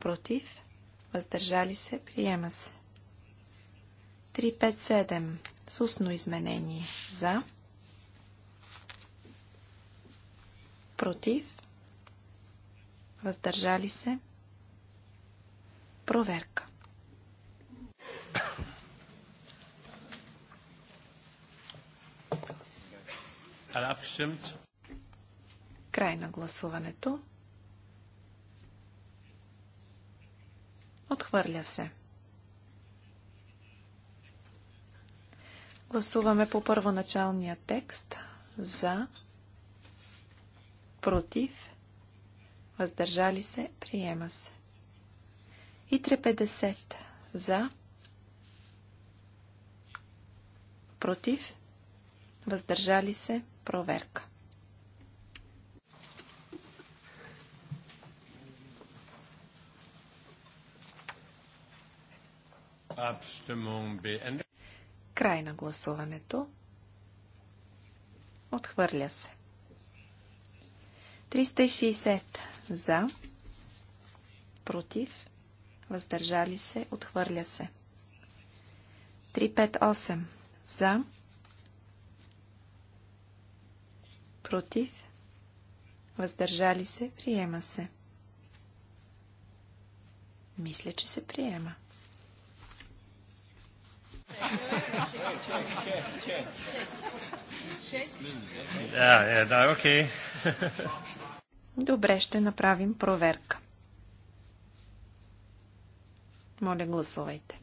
Против. Въздържали се. Приема се. 357 с устно изменение за, против, въздържали се, проверка. Край на гласуването. Отхвърля се. Гласуваме по първоначалния текст за, против, въздържали се, приема се. И 350 за, против, въздържали се, проверка. Abstimmung beendet. Край на гласуването. Отхвърля се. 360 за, против, въздържали се, отхвърля се. 358 за, против, въздържали се, приема се. Мисля, че се приема. Да, е, да, окей. Добре, ще направим проверка. Моля, гласувайте.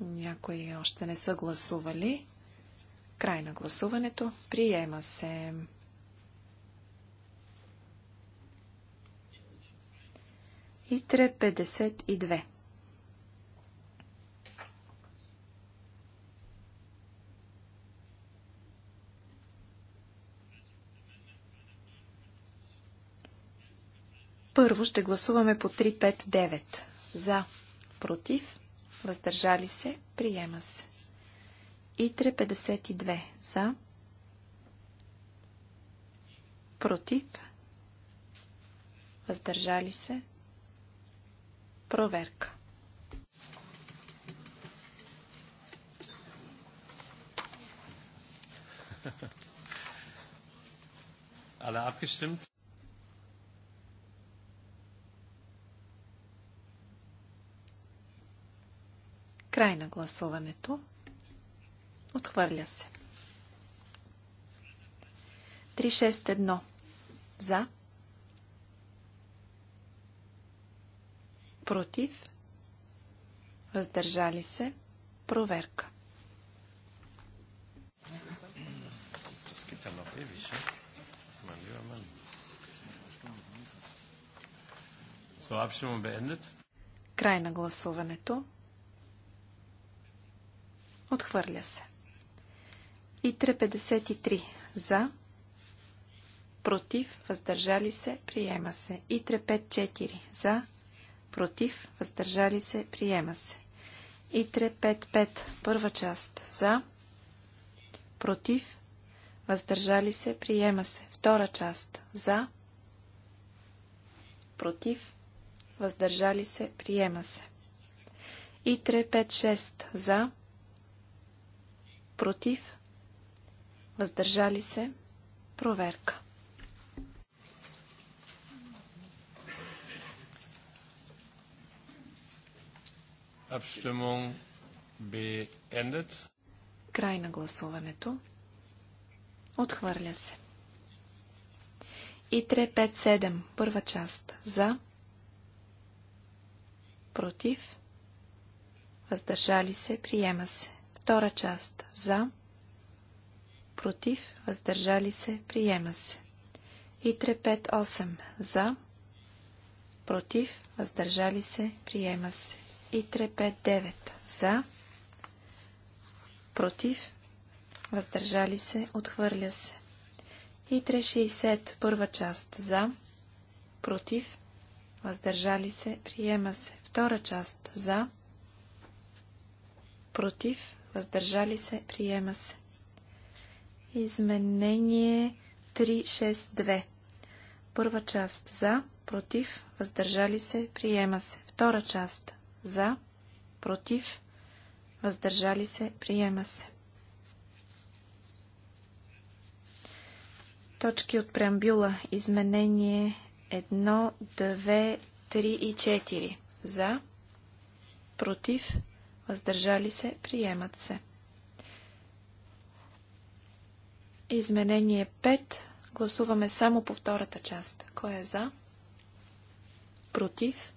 Някои още не са гласували. Край на гласуването. Приема се. Итре 52. Първо ще гласуваме по 359. За, против, въздържали се, приема се и 352 за. Против. Въздържали се. Проверка. Alle abgestimmt? Край на гласуването. Отхвърля се. 361. За. Против. Въздържали се. Проверка. Край на гласуването. Отхвърля се. И 353 за, против, въздържали се, приема се. И 354 за, против, въздържали се, приема се. И 355 първа част за, против, въздържали се, приема се. Втора част за, против, въздържали се, приема се. И 356 за, против, въздържали се, проверка. Abstimmung beendet. Край на гласуването. Отхвърля се. И 357, първа част. За. Против. Въздържали се. Приема се. Втора част. За против, въздържали се, приема се. И 358 за, против, въздържали се, приема се. И 359 за, против, въздържали се, отхвърля се. И 360 първа част за, против, въздържали се, приема се. Втора част за, против, въздържали се, приема се. Изменение 362. Първа част за, против, въздържали се, приема се. Втора част за, против, въздържали се, приема се. Точки от преамбюла. Изменение 1, 2, 3 и 4. За, против, въздържали се, приемат се. Изменение 5. Гласуваме само по втората част. Кой е за? Против?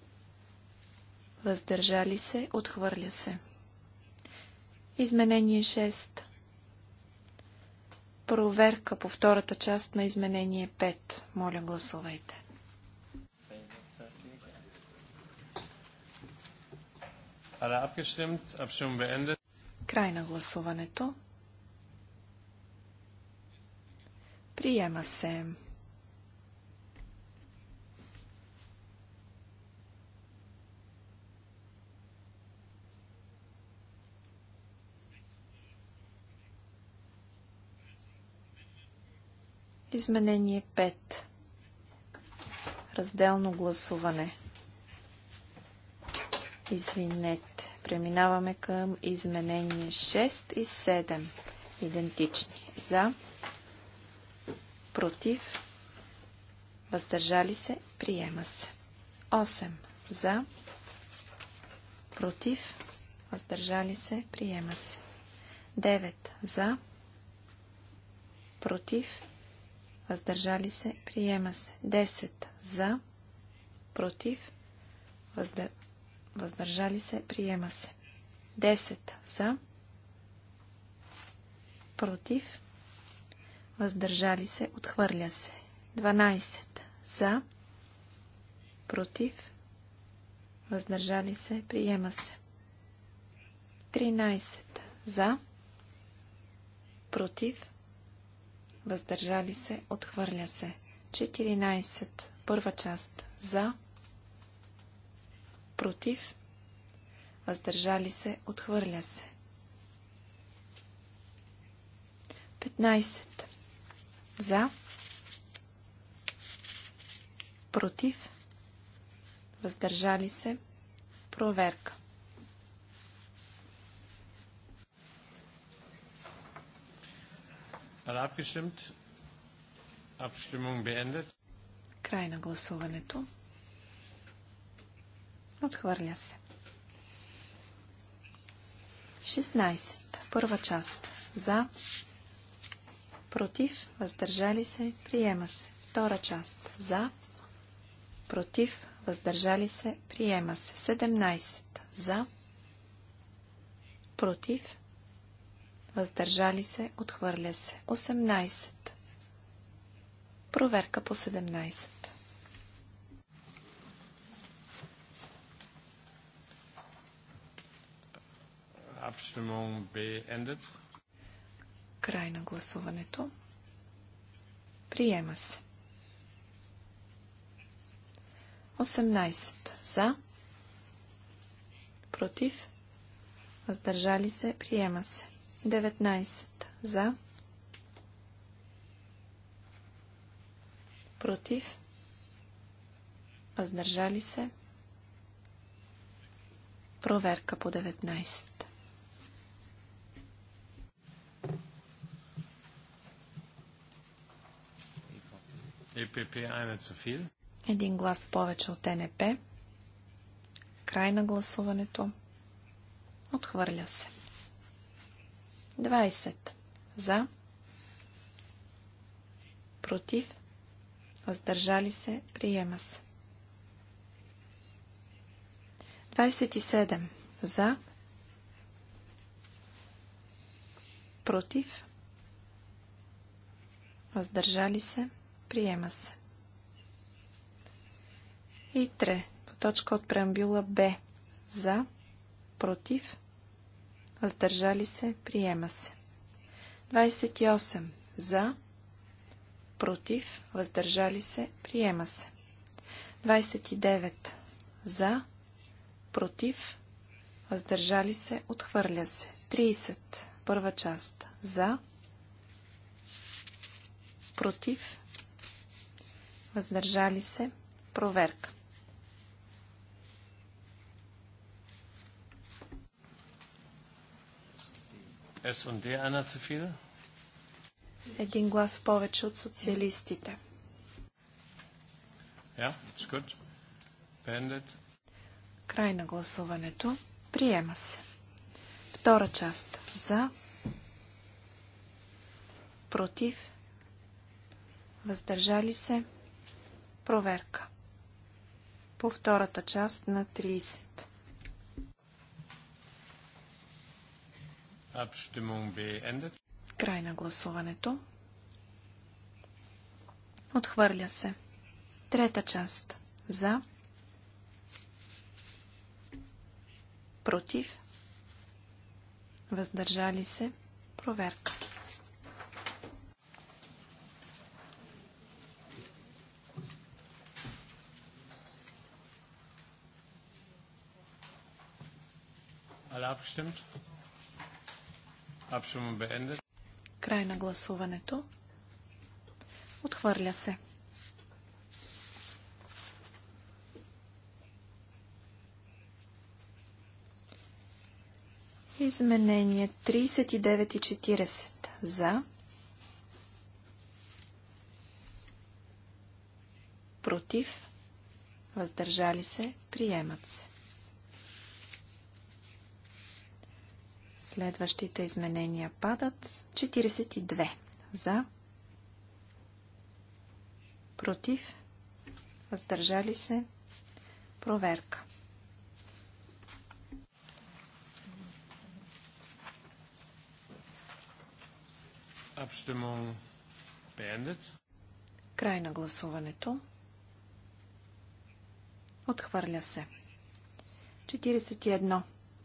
Въздържали се? Отхвърля се. Изменение 6. Проверка по втората част на изменение 5. Моля, гласувайте. Край на гласуването. Приема се. Изменение 5. Разделно гласуване. Извинете. Преминаваме към изменение 6 и 7. Идентични. За против, въздържали се, приема се. 8 за, против, въздържали се, приема се. 9 за, против, въздържали се, приема се. 10 за, против, въздържали се, приема се. 10 за, против, въздържали се, отхвърля се. 12. За, против, въздържали се, приема се. 13. За, против, въздържали се, отхвърля се. 14. Първа част. За, против, въздържали се, отхвърля се. 15. За. Против. Въздържали се. Проверка. Край на гласуването. Отхвърля се. 16. Първа част. За против, въздържали се, приема се. Втора част за, против, въздържали се, приема се. 17 за, против, въздържали се, отхвърля се. 18. Проверка по 17. Abstimmung beendet. Край на гласуването. Приема се. 18 за. Против. Въздържали се. Приема се. 19 за. Против. Въздържали се. Проверка по 19. Един глас повече от НП. Е Край на гласуването. Отхвърля се. 20. За. Против. Въздържали се. Приема се. 27. За. Против. Въздържали се. Приема се. И 3. По точка от преамбюла Б. За. Против. Въздържали се. Приема се. 28. За. Против. Въздържали се. Приема се. 29. За. Против. Въздържали се. Отхвърля се. 30. Първа част. За. Против въздържали се, проверка. Един глас повече от социалистите. Yeah, Край на гласуването. Приема се. Втора част. За. Против. Въздържали се. Проверка. По втората част на 30. Край на гласуването. Отхвърля се. Трета част. За. Против. Въздържали се. Проверка. Abgestimmt. Abstimmung beendet. Край на гласуването. Отхвърля се. Изменение 39,40 За. Против. Въздържали се. Приемат се. Следващите изменения падат. 42 за, против, въздържали се, проверка. Край на гласуването. Отхвърля се. 41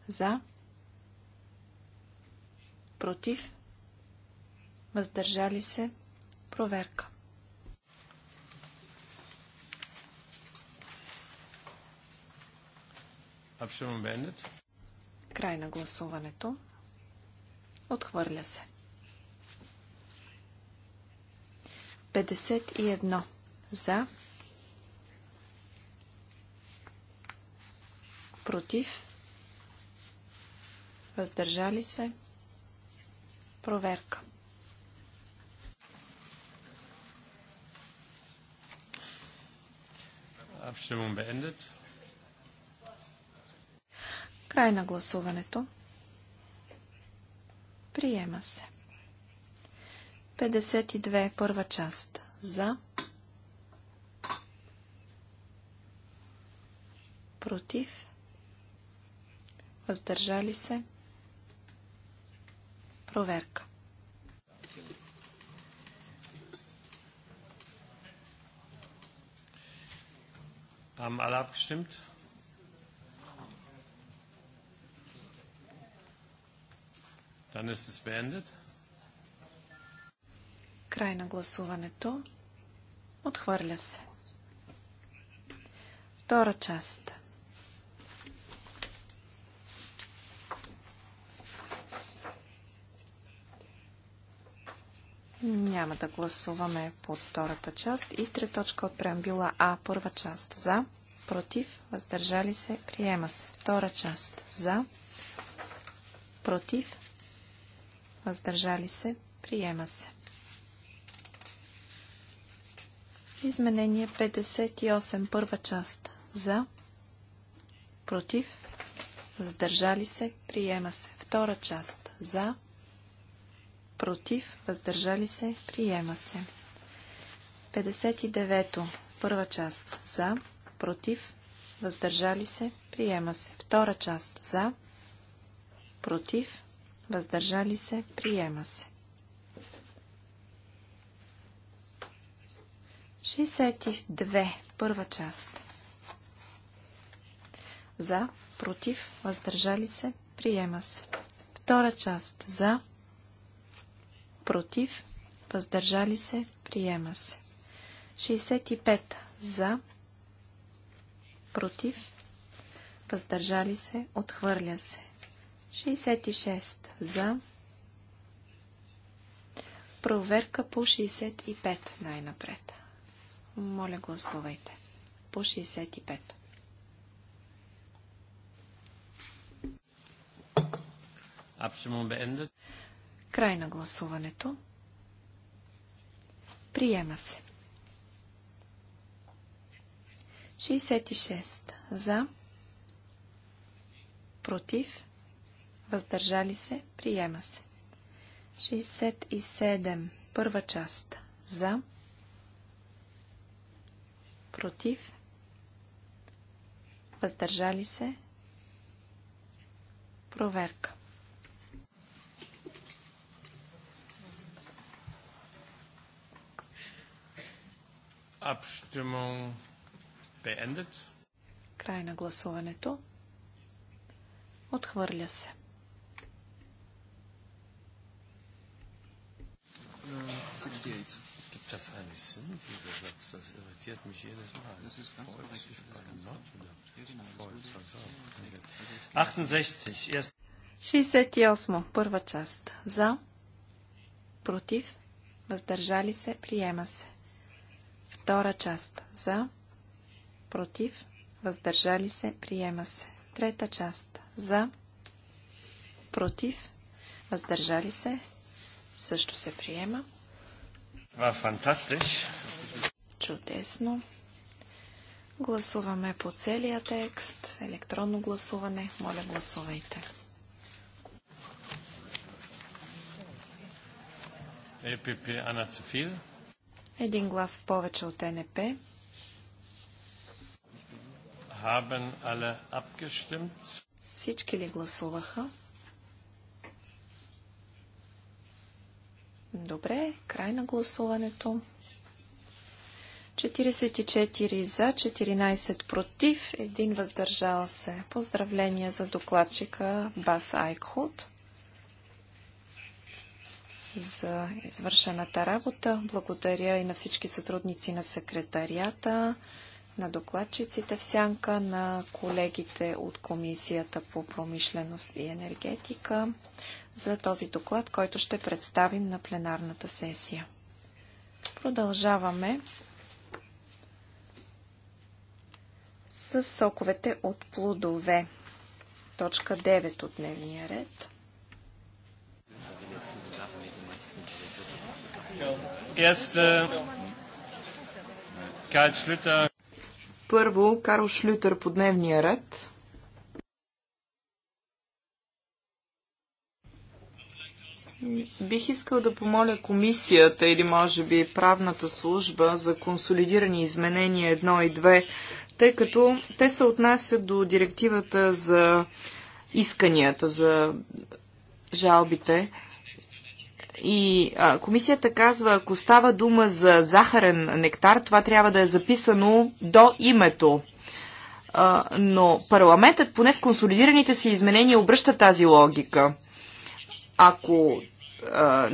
за против, въздържали се, проверка. Край на гласуването. Отхвърля се. 51 за, против, въздържали се, Проверка. Край на гласуването. Приема се. 52. Първа част. За. Против. Въздържали се. Проверка. Haben alle abgestimmt? Dann ist es beendet. Край на гласуването. Отхвърля се. Втора част. Няма да гласуваме по втората част. И три точка от преамбюла А. Първа част за, против, въздържали се, приема се. Втора част за, против, въздържали се, приема се. Изменение 58. Първа част за, против, въздържали се, приема се. Втора част за, против, въздържали се, приема се. 59-то, първа част, за, против, въздържали се, приема се. Втора част, за, против, въздържали се, приема се. 62, първа част. За, против, въздържали се, приема се. Втора част, за, против, против, въздържали се, приема се. 65 за, против, въздържали се, отхвърля се. 66 за, проверка по 65 най-напред. Моля, гласувайте. По 65. Абсолютно Край на гласуването. Приема се. 66. За. Против. Въздържали се. Приема се. 67. Първа част. За. Против. Въздържали се. Проверка. Abstimmung beendet. Край на гласуването. Отхвърля се. Gibt das einen Sinn, dieser Satz? Das irritiert mich jedes Mal. Das ist ganz korrekt. 68. Erst 68. Първа част. За. Против. Въздържали се. Приема се. Втора част за, против, въздържали се, приема се. Трета част за, против, въздържали се, също се приема. Фантастич! Чудесно! Гласуваме по целия текст. Електронно гласуване. Моля, гласувайте. ЕПП Ана Цефил. Един глас повече от НП. Всички ли гласуваха? Добре, край на гласуването. 44 за, 14 против, един въздържал се. Поздравления за докладчика Бас Айкхут за извършената работа. Благодаря и на всички сътрудници на секретарията, на докладчиците в сянка, на колегите от Комисията по промишленост и енергетика за този доклад, който ще представим на пленарната сесия. Продължаваме с соковете от плодове. Точка 9 от дневния ред. Първо, Карл Шлютер по дневния ред. Бих искал да помоля комисията или може би правната служба за консолидирани изменения 1 и 2, тъй като те се отнасят до директивата за исканията, за жалбите. И а, комисията казва, ако става дума за захарен нектар, това трябва да е записано до името. А, но парламентът, поне с консолидираните си изменения, обръща тази логика. Ако а,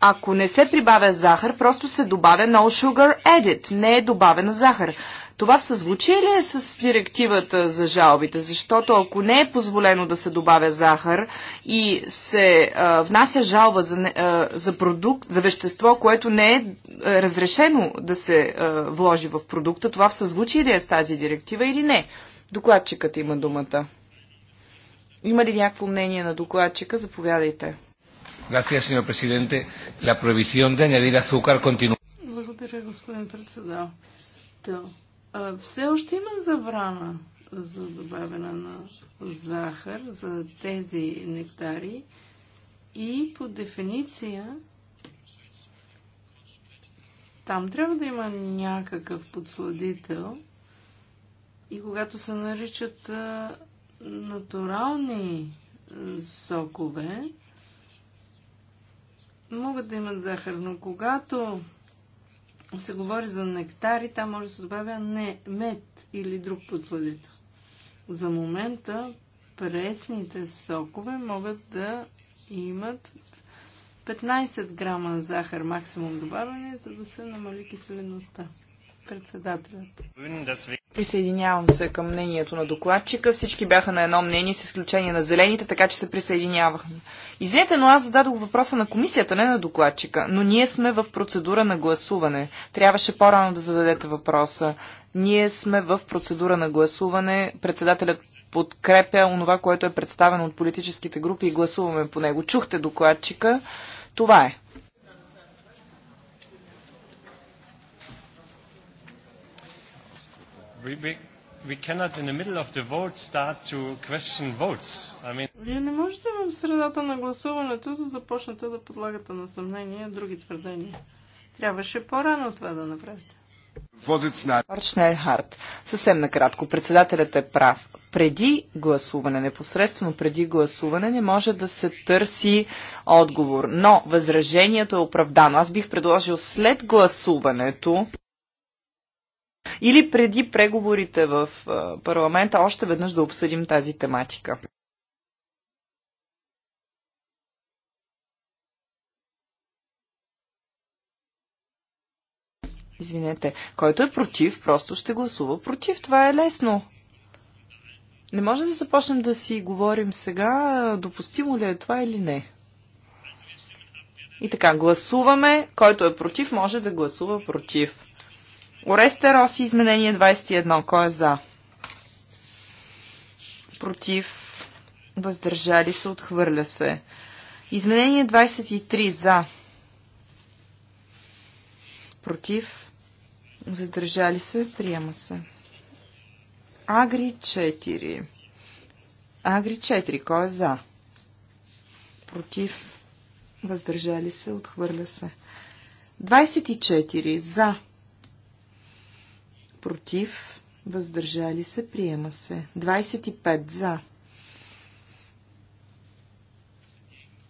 ако не се прибавя захар, просто се добавя no sugar added, не е добавена захар. Това съзвучи ли е с директивата за жалбите? Защото ако не е позволено да се добавя захар и се а, внася жалба за, а, за продукт, за вещество, което не е, е разрешено да се а, вложи в продукта, това съзвучи ли е с тази директива или не? Докладчикът има думата. Има ли някакво мнение на докладчика? Заповядайте. Gracias, señor presidente. La prohibición de añadir azúcar continúa. Благодаря, господин председател. Все още има забрана за добавяне на захар за тези нектари и по дефиниция там трябва да има някакъв подсладител и когато се наричат натурални сокове, могат да имат захар, но когато се говори за нектари, там може да се добавя не мед или друг подсладител. За момента пресните сокове могат да имат 15 грама захар максимум добавяне, за да се намали киселеността. Председателят. Присъединявам се към мнението на докладчика. Всички бяха на едно мнение, с изключение на зелените, така че се присъединявахме. Извинете, но аз зададох въпроса на комисията, не на докладчика. Но ние сме в процедура на гласуване. Трябваше по-рано да зададете въпроса. Ние сме в процедура на гласуване. Председателят подкрепя онова, което е представено от политическите групи и гласуваме по него. Чухте докладчика. Това е. We, we, we cannot in the middle of the vote start to question votes. I mean... Вие не можете в средата на гласуването да започнете да подлагате на съмнение други твърдения. Трябваше по-рано това да направите. Арчнерхарт, съвсем накратко, председателят е прав. Преди гласуване, непосредствено преди гласуване, не може да се търси отговор. Но възражението е оправдано. Аз бих предложил след гласуването или преди преговорите в парламента още веднъж да обсъдим тази тематика. Извинете, който е против, просто ще гласува против. Това е лесно. Не може да започнем да си говорим сега, допустимо ли е това или не. И така, гласуваме. Който е против, може да гласува против. Оресте Роси, изменение 21. Кой е за? Против. Въздържали се. Отхвърля се. Изменение 23. За. Против. Въздържали се. Приема се. Агри 4. Агри 4. Кой е за? Против. Въздържали се. Отхвърля се. 24. За против, въздържали се, приема се. 25 за,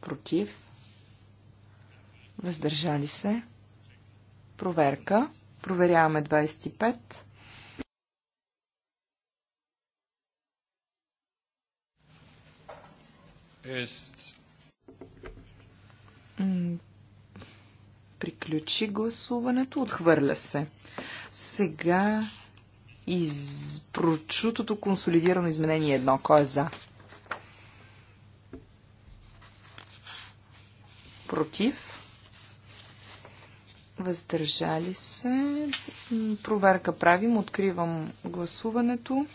против, въздържали се, проверка, проверяваме 25. Ест. Приключи гласуването. Отхвърля се. Сега изпрочутото прочутото консолидирано изменение едно. Кой е за? Против? Въздържали се. Проверка правим. Откривам гласуването.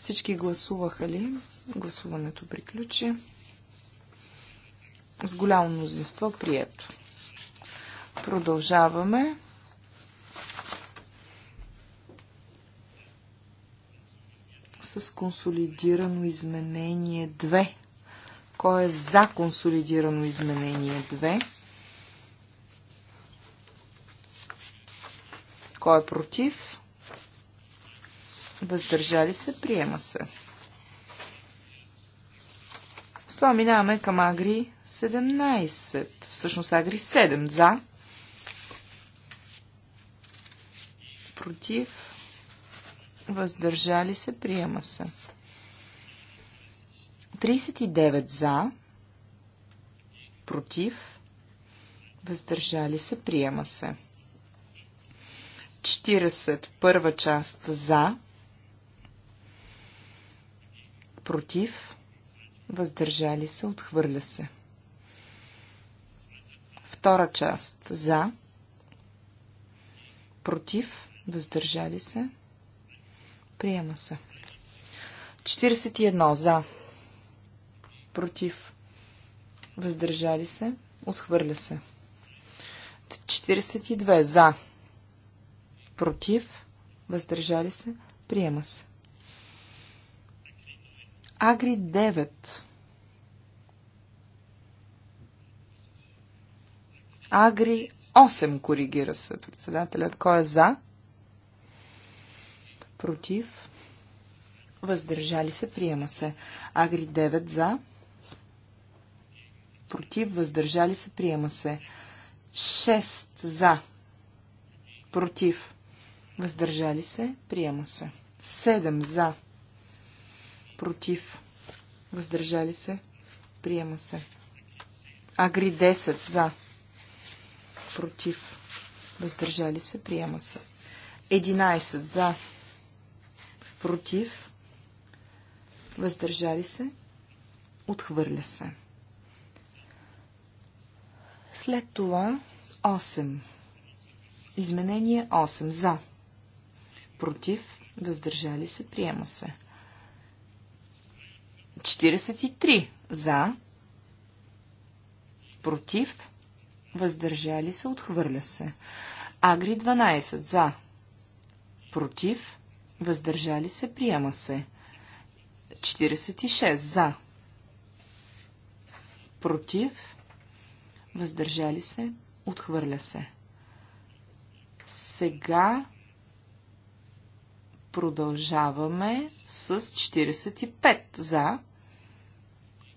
Всички гласуваха ли? Гласуването приключи. С голямо мнозинство прието. Продължаваме. С консолидирано изменение 2. Кой е за консолидирано изменение 2? Кой е против? Въздържали се, приема се. С това минаваме към Агри 17. Всъщност Агри 7. За. Против. Въздържали се, приема се. 39 за. Против. Въздържали се, приема се. 40. Първа част за против, въздържали се, отхвърля се. Втора част за, против, въздържали се, приема се. 41 за, против, въздържали се, отхвърля се. 42 за, против, въздържали се, приема се. Агри 9. Агри 8 коригира се председателят. Кой е за? Против? Въздържали се, приема се. Агри 9 за. Против, въздържали се, приема се. 6 за. Против, въздържали се, приема се. 7 за против, въздържали се, приема се. Агри 10 за, против, въздържали се, приема се. 11 за, против, въздържали се, отхвърля се. След това 8. Изменение 8 за. Против, въздържали се, приема се. 43 за, против, въздържали се, отхвърля се. Агри 12 за, против, въздържали се, приема се. 46 за, против, въздържали се, отхвърля се. Сега Продължаваме с 45 за,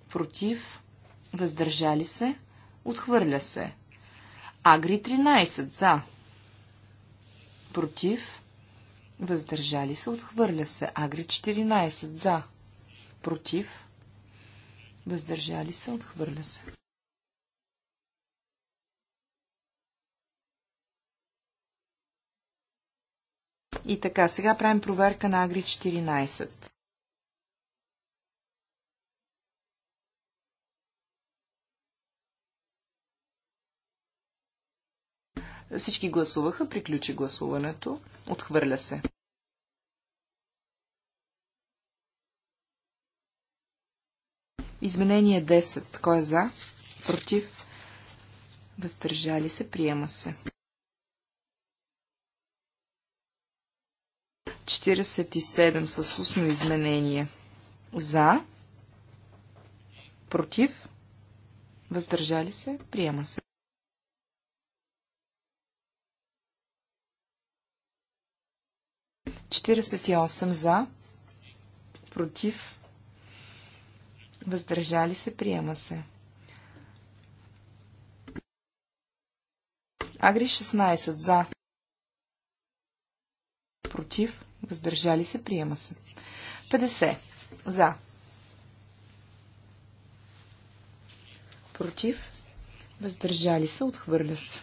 против, въздържали се, отхвърля се. Агри 13 за, против, въздържали се, отхвърля се. Агри 14 за, против, въздържали се, отхвърля се. И така, сега правим проверка на Агри 14. Всички гласуваха, приключи гласуването, отхвърля се. Изменение 10. Кой е за? Против? Въздържали се? Приема се. 47 с устно изменение. За. Против. Въздържали се. Приема се. Четиридесет и осем за. Против. Въздържали се. Приема се. Агри 16 за против, въздържали се, приема се. 50. За. Против, въздържали се, отхвърля се.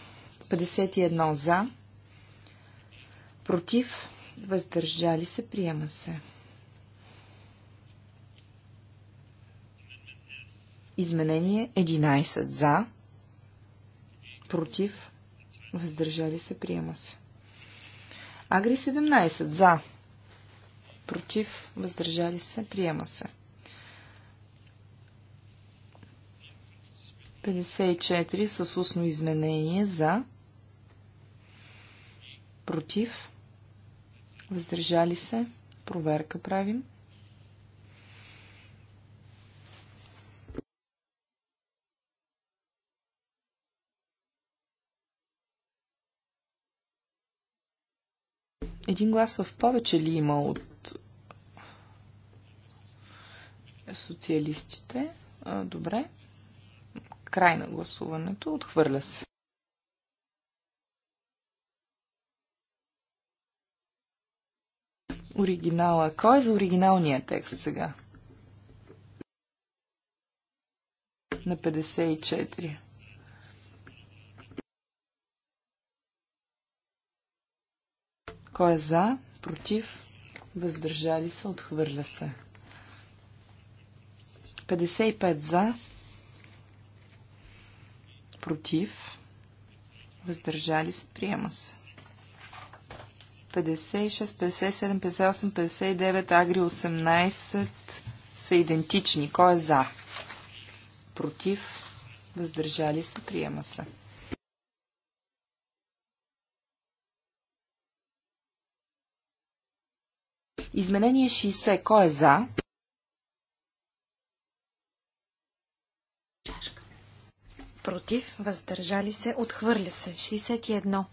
51. За. Против, въздържали се, приема се. Изменение 11. За. Против, въздържали се, приема се. Агри 17. За. Против. Въздържали се. Приема се. 54 с устно изменение за. Против. Въздържали се. Проверка правим. 55. Един глас в повече ли има от социалистите? А, добре. Край на гласуването. Отхвърля се. Оригинала. Кой е за оригиналния текст сега? На 54. Кой е за? Против? Въздържали се? Отхвърля се. 55 за. Против? Въздържали се? Приема се. 56, 57, 58, 59, Агри 18 са идентични. Кой е за? Против? Въздържали се? Приема се. Изменение 60. Кой е за? Против, въздържали се, отхвърля се. 61.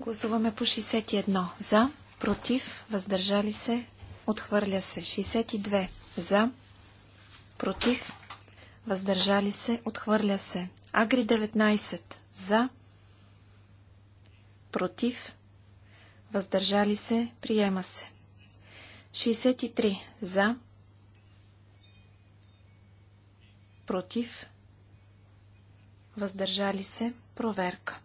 Гласуваме по 61. За, против, въздържали се, отхвърля се. 62. За, против, въздържали се, отхвърля се. Агри 19 за, против, въздържали се, приема се. 63 за, против, въздържали се, проверка.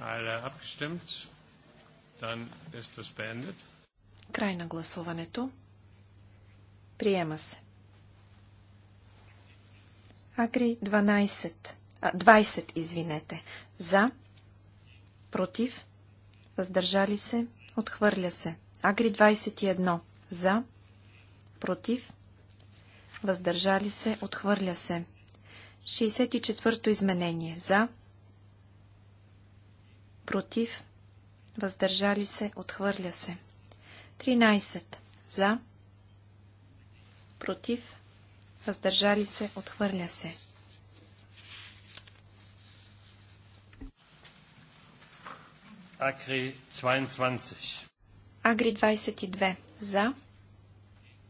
Alle abgestimmt. Край на гласуването. Приема се. Агри 12. А, 20, извинете. За. Против. Въздържали се. Отхвърля се. Агри 21. За. Против. Въздържали се. Отхвърля се. 64-то изменение. За. Против въздържали се, отхвърля се. 13. За, против, въздържали се, отхвърля се. 22. Агри 22. За,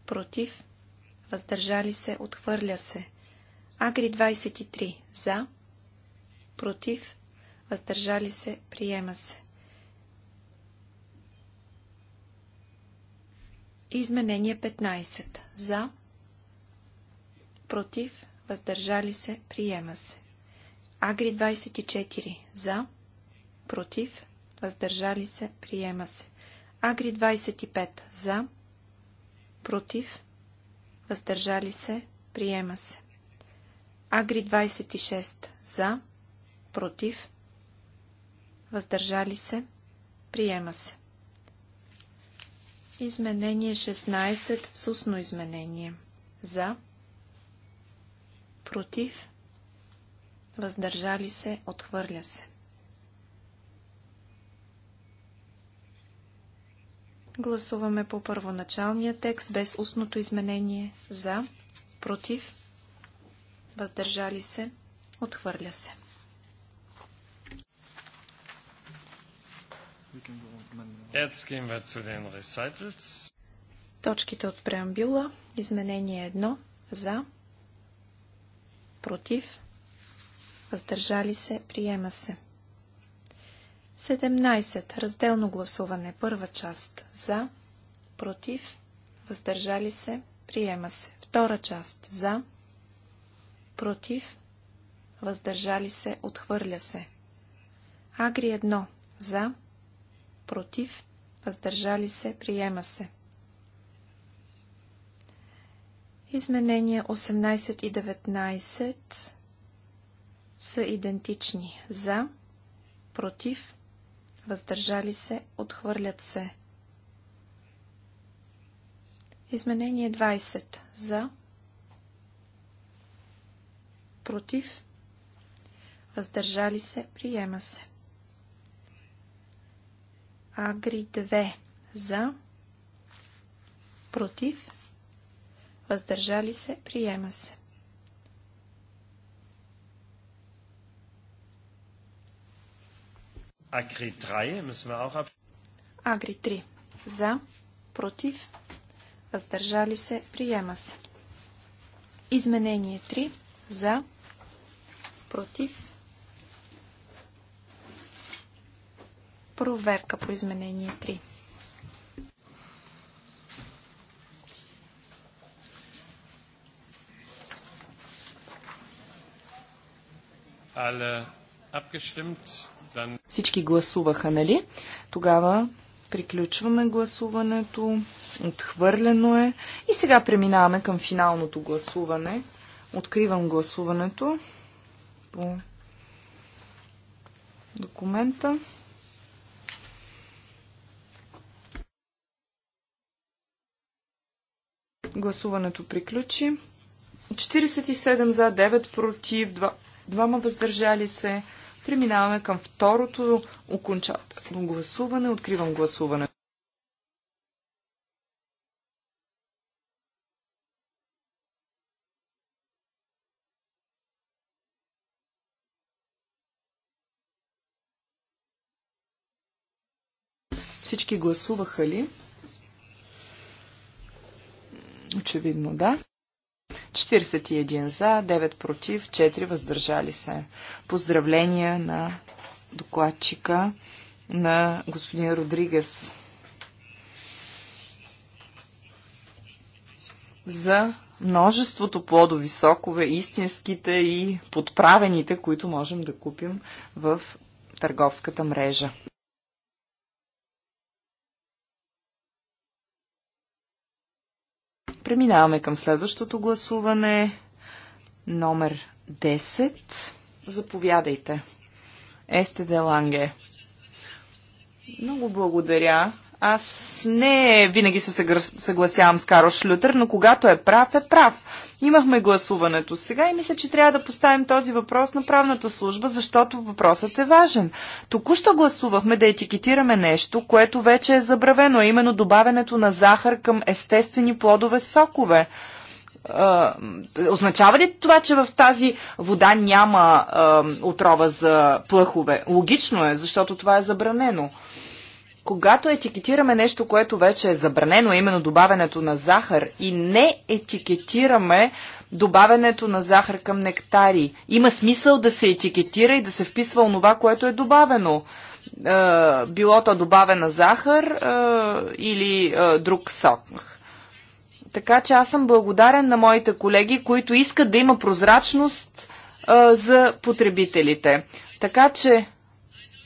против, въздържали се, отхвърля се. Агри 23. За, против, въздържали се, приема се. Изменение 15. За. Против. Въздържали се. Приема се. Агри 24. За. Против. Въздържали се. Приема се. Агри 25. За. Против. Въздържали се. Приема се. Агри 26. За. Против. Въздържали се. Приема се. Изменение 16 с устно изменение. За. Против. Въздържали се. Отхвърля се. Гласуваме по първоначалния текст без устното изменение. За. Против. Въздържали се. Отхвърля се. We can go Jetzt gehen wir zu den Recitals. Точките от преамбюла. Изменение 1. За. Против. Въздържали се. Приема се. 17. Разделно гласуване. Първа част. За. Против. Въздържали се. Приема се. Втора част. За. Против. Въздържали се. Отхвърля се. Агри 1. За. Против против, въздържали се, приема се. Изменения 18 и 19 са идентични. За, против, въздържали се, отхвърлят се. Изменение 20. За, против, въздържали се, приема се. Агри 2 за, против, въздържали се, приема се. Агри 3 müssen wir auch Агри 3 за, против, въздържали се, приема се. Изменение 3 за, против, Проверка по изменение 3. Всички гласуваха, нали? Тогава приключваме гласуването. Отхвърлено е. И сега преминаваме към финалното гласуване. Откривам гласуването по документа. Гласуването приключи. 47 за, 9 против, 2, 2 въздържали се. Преминаваме към второто окончателно гласуване. Откривам гласуване. Всички гласуваха ли? Очевидно да. 41 за, 9 против, 4 въздържали се. Поздравления на докладчика на господин Родригес за множеството плодови сокове, истинските и подправените, които можем да купим в търговската мрежа. Преминаваме към следващото гласуване. Номер 10. Заповядайте. Есте Деланге. Много благодаря. Аз не винаги се съгласявам с Карл Шлютер, но когато е прав, е прав. Имахме гласуването сега и мисля, че трябва да поставим този въпрос на правната служба, защото въпросът е важен. Току-що гласувахме да етикетираме нещо, което вече е забравено, а именно добавянето на захар към естествени плодове сокове. А, означава ли това, че в тази вода няма а, отрова за плъхове? Логично е, защото това е забранено когато етикетираме нещо, което вече е забранено, именно добавянето на захар, и не етикетираме добавянето на захар към нектари, има смисъл да се етикетира и да се вписва онова, което е добавено. Е, било то добавена захар е, или е, друг сок. Така че аз съм благодарен на моите колеги, които искат да има прозрачност за потребителите. Така че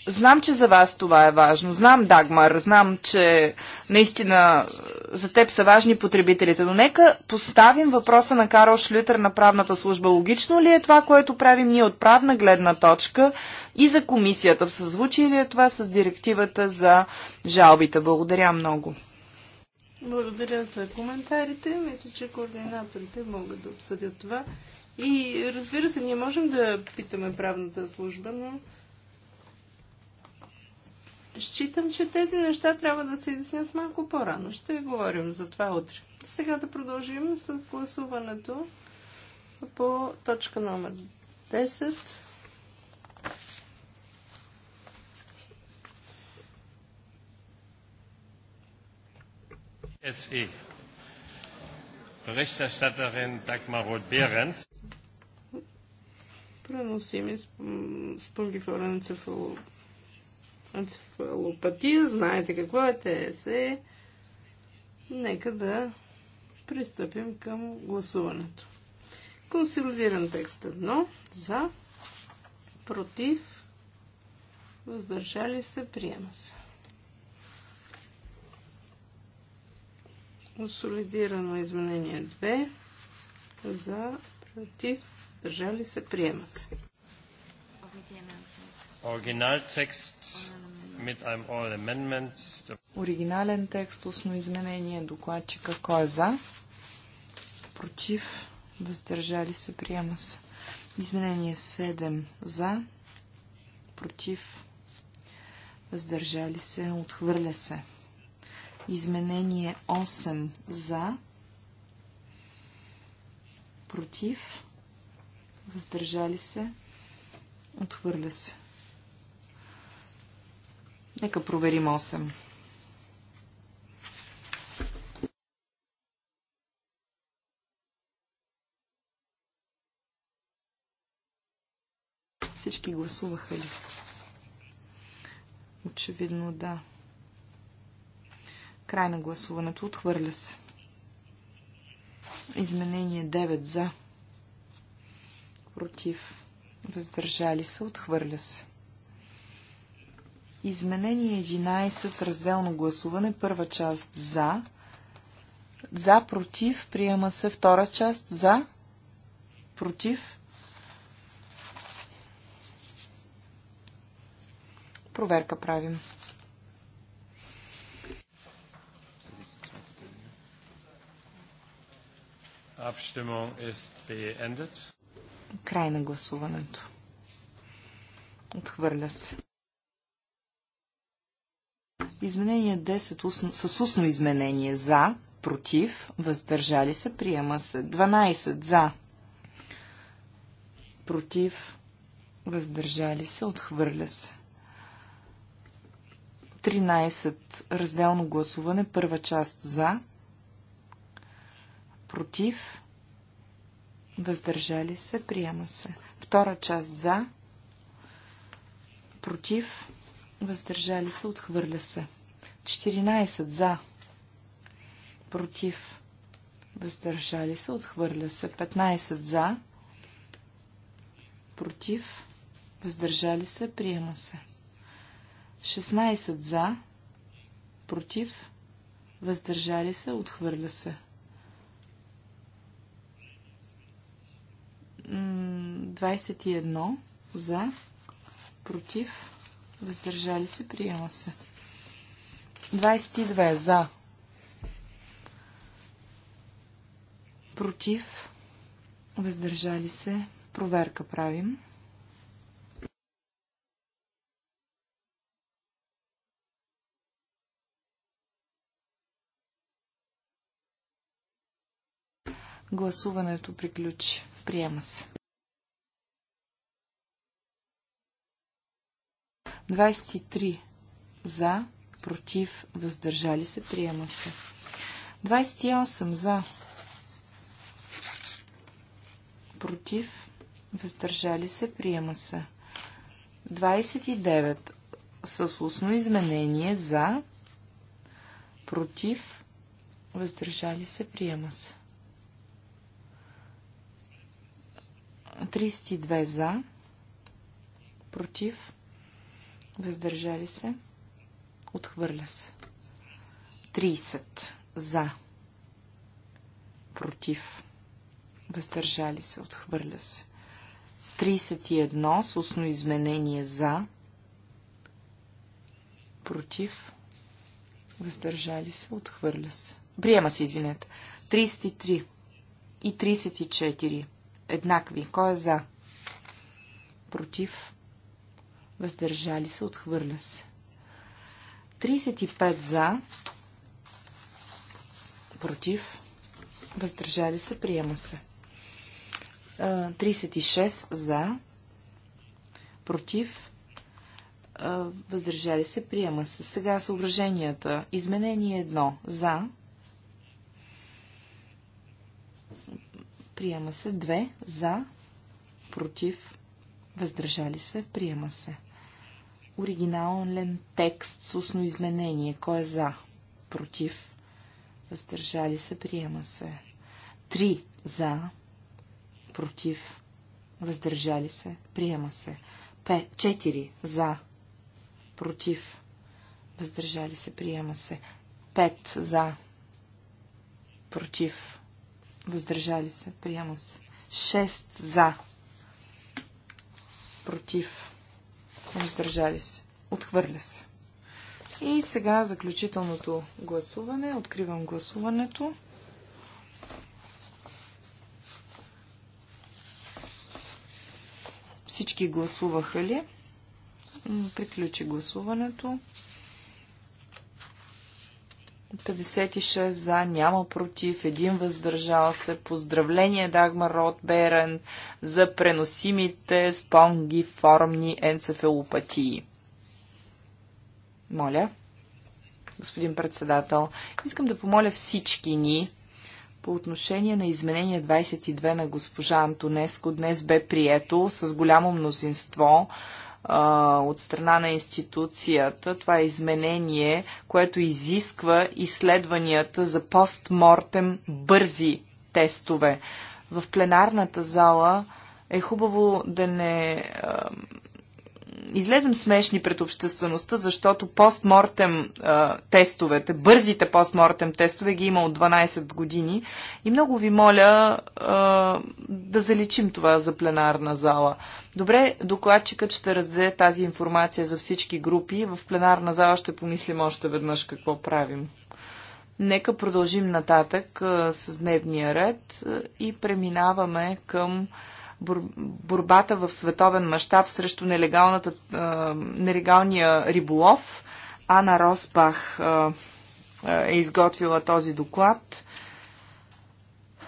Знам, че за вас това е важно. Знам, Дагмар, знам, че наистина за теб са важни потребителите. Но нека поставим въпроса на Карл Шлютер на правната служба. Логично ли е това, което правим ние от правна гледна точка и за комисията? В съзвучие ли е това с директивата за жалбите? Благодаря много. Благодаря за коментарите. Мисля, че координаторите могат да обсъдят това. И разбира се, ние можем да питаме правната служба, но Считам, че тези неща трябва да се изяснят малко по-рано. Ще говорим за това утре. Сега да продължим с гласуването по точка номер 10. SE. Berichterstatterin Dagmar Roth-Behrendt. Преносими спонгифорен цефалопатия Енцефалопатия, знаете какво е ТС. Нека да пристъпим към гласуването. Консолидиран текст 1 за, против, въздържали се, приема се. Консолидирано изменение 2 за, против, въздържали се, приема се. Оригинал текст. Оригинален текст, устно изменение, докладчика. Кой е за? Против? Въздържали се? Приема се. Изменение 7 за, против, въздържали се, отхвърля се. Изменение 8 за, против, въздържали се, отхвърля се. Нека проверим 8. Всички гласуваха ли? Очевидно да. Край на гласуването. Отхвърля се. Изменение 9 за. Против. Въздържали се. Отхвърля се. Изменение 11, разделно гласуване, първа част за, за, против, приема се втора част за, против. Проверка правим. Край на гласуването. Отхвърля се. Изменение 10 с устно изменение за, против, въздържали се, приема се. 12 за, против, въздържали се, отхвърля се. 13. Разделно гласуване. Първа част за. Против. Въздържали се. Приема се. Втора част за. Против въздържали се, отхвърля се. 14 за, против, въздържали се, отхвърля се. 15 за, против, въздържали се, приема се. 16 за, против, въздържали се, отхвърля се. 21 за, против, Въздържали се. Приема се. 22. За. Против. Въздържали се. Проверка правим. Гласуването приключи. Приема се. 23 за, против, въздържали се, приема се. 28 за, против, въздържали се, приема се. 29 с устно изменение за, против, въздържали се, приема се. 32 за, против, Въздържали се. Отхвърля се. 30. За. Против. Въздържали се. Отхвърля се. 31. С устно изменение за. Против. Въздържали се. Отхвърля се. Приема се, извинете. 33 и 34. Еднакви. Кой е за? Против въздържали се, отхвърля се. 35 за, против, въздържали се, приема се. 36 за, против, въздържали се, приема се. Сега съображенията. Изменение 1 за, приема се. 2 за, против, въздържали се, приема се. Оригинален текст с устно изменение. Кой е за? Против? Въздържали се? Приема се. 3 за. Против? Въздържали се? Приема се. Пе, 4 за. Против? Въздържали се? Приема се. 5 за. Против? Въздържали се? Приема се. 6 за. Против? въздържали се, отхвърля се. И сега заключителното гласуване. Откривам гласуването. Всички гласуваха ли? Приключи гласуването. 56 за, няма против, един въздържал се. Поздравление, Дагмар Ротберен, за преносимите спонгиформни енцефалопатии. Моля, господин председател, искам да помоля всички ни по отношение на изменение 22 на госпожа Антонеско днес бе прието с голямо мнозинство от страна на институцията това е изменение, което изисква изследванията за постмортем бързи тестове. В пленарната зала е хубаво да не а, излезем смешни пред обществеността, защото постмортем тестовете, бързите постмортем тестове ги има от 12 години и много ви моля а, да заличим това за пленарна зала. Добре, докладчикът ще раздаде тази информация за всички групи. В пленарна зала ще помислим още веднъж какво правим. Нека продължим нататък а, с дневния ред и преминаваме към борбата в световен мащаб срещу нелегалния риболов. Ана Росбах е изготвила този доклад.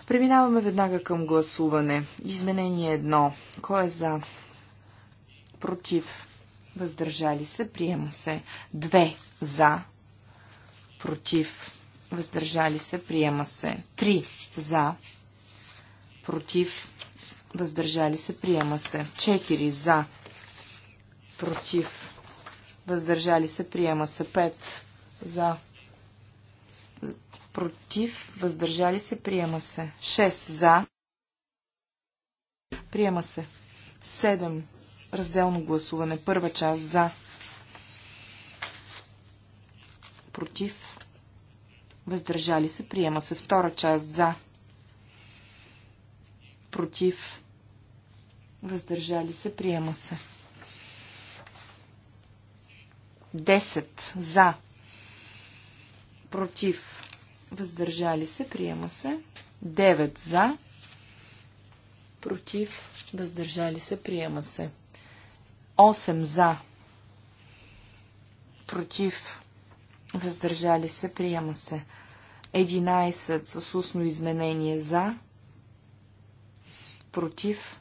Преминаваме веднага към гласуване. Изменение едно. Кой е за? Против. Въздържали се. Приема се. Две. За. Против. Въздържали се. Приема се. Три. За. Против въздържали се, приема се. 4 за, против, въздържали се, приема се. 5 за, против, въздържали се, приема се. 6 за, приема се. 7 разделно гласуване, първа част за, против, въздържали се, приема се. Втора част за, против, въздържали се, приема се. 10 за, против, въздържали се, приема се. 9 за, против, въздържали се, приема се. 8 за, против, въздържали се, приема се. 11 с устно изменение за, против,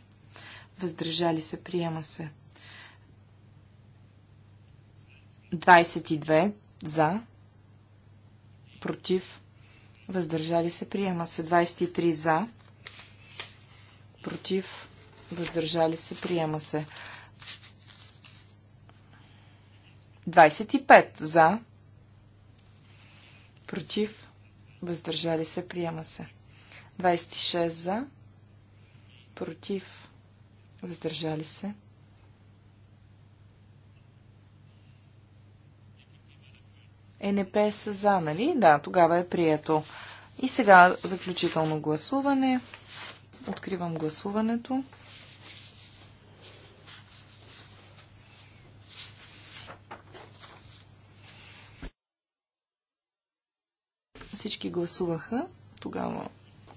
въздържали се, приема се. 22 за, против, въздържали се, приема се. 23 за, против, въздържали се, приема се. 25 за, против, въздържали се, приема се. 26 за, против, въздържали се. ЕНП са за, нали? Да, тогава е прието. И сега заключително гласуване. Откривам гласуването. Всички гласуваха. Тогава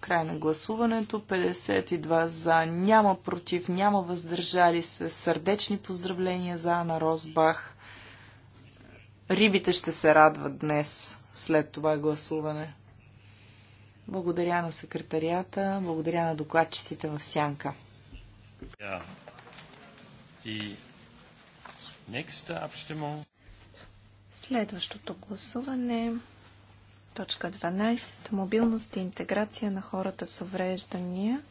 Край на гласуването. 52 за, няма против, няма въздържали се. Сърдечни поздравления за Ана Розбах. Рибите ще се радват днес след това гласуване. Благодаря на секретарията, благодаря на докладчиците в Сянка. Следващото гласуване Точка 12. Мобилност и интеграция на хората с увреждания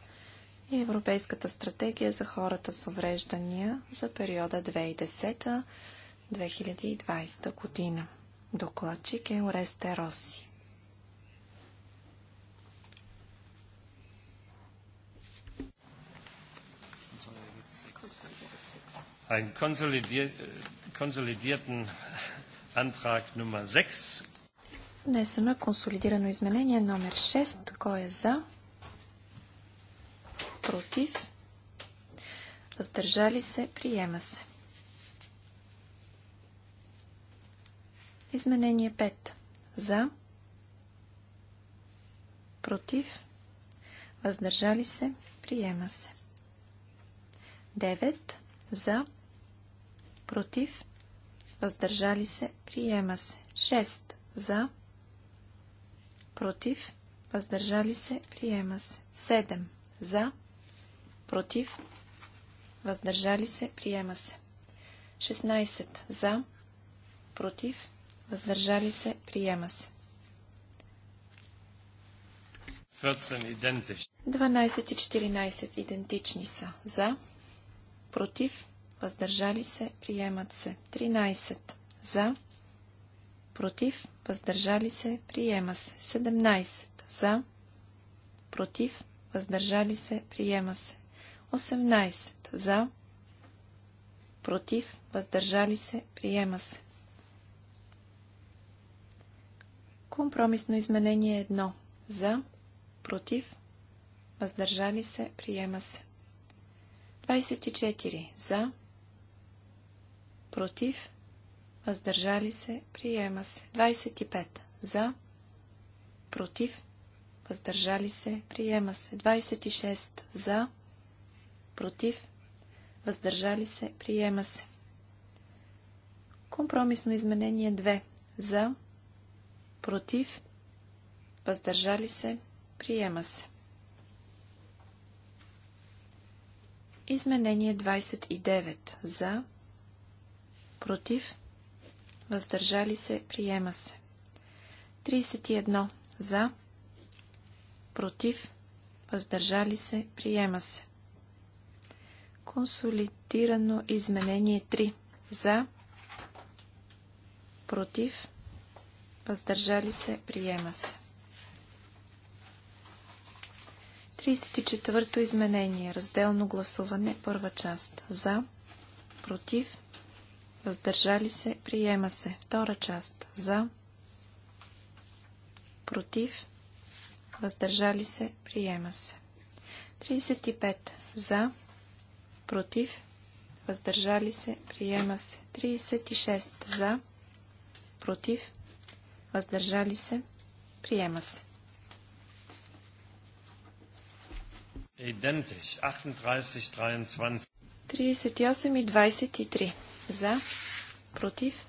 и Европейската стратегия за хората с увреждания за периода 2010-2020 година. Докладчик е Оресте Роси. Ein äh, konsolidierten Antrag Nummer 6 Внесено е консолидирано изменение номер 6. Кой е за? Против? Въздържали се? Приема се. Изменение 5. За? Против? Въздържали се? Приема се. 9. За? Против? Въздържали се? Приема се. 6. За? Против? против, въздържали се, приема се. 7. За, против, въздържали се, приема се. 16. За, против, въздържали се, приема се. 12 и 14 идентични са. За, против, въздържали се, приемат се. 13. За, против, въздържали се, приема се. 17 за, против, въздържали се, приема се. 18 за, против, въздържали се, приема се. Компромисно изменение 1 за, против, въздържали се, приема се. 24 за, против, въздържали се, приема се. 25. За, против, въздържали се, приема се. 26. За, против, въздържали се, приема се. Компромисно изменение 2. За, против, въздържали се, приема се. Изменение 29. За, против, въздържали се, приема се. 31 за, против, въздържали се, приема се. Консолидирано изменение 3 за, против, въздържали се, приема се. 34-то изменение. Разделно гласуване. Първа част. За. Против въздържали се, приема се. Втора част за, против, въздържали се, приема се. 35 за, против, въздържали се, приема се. 36 за, против, въздържали се, приема се. Идентич 38 и 23. 38 и 23. За. Против.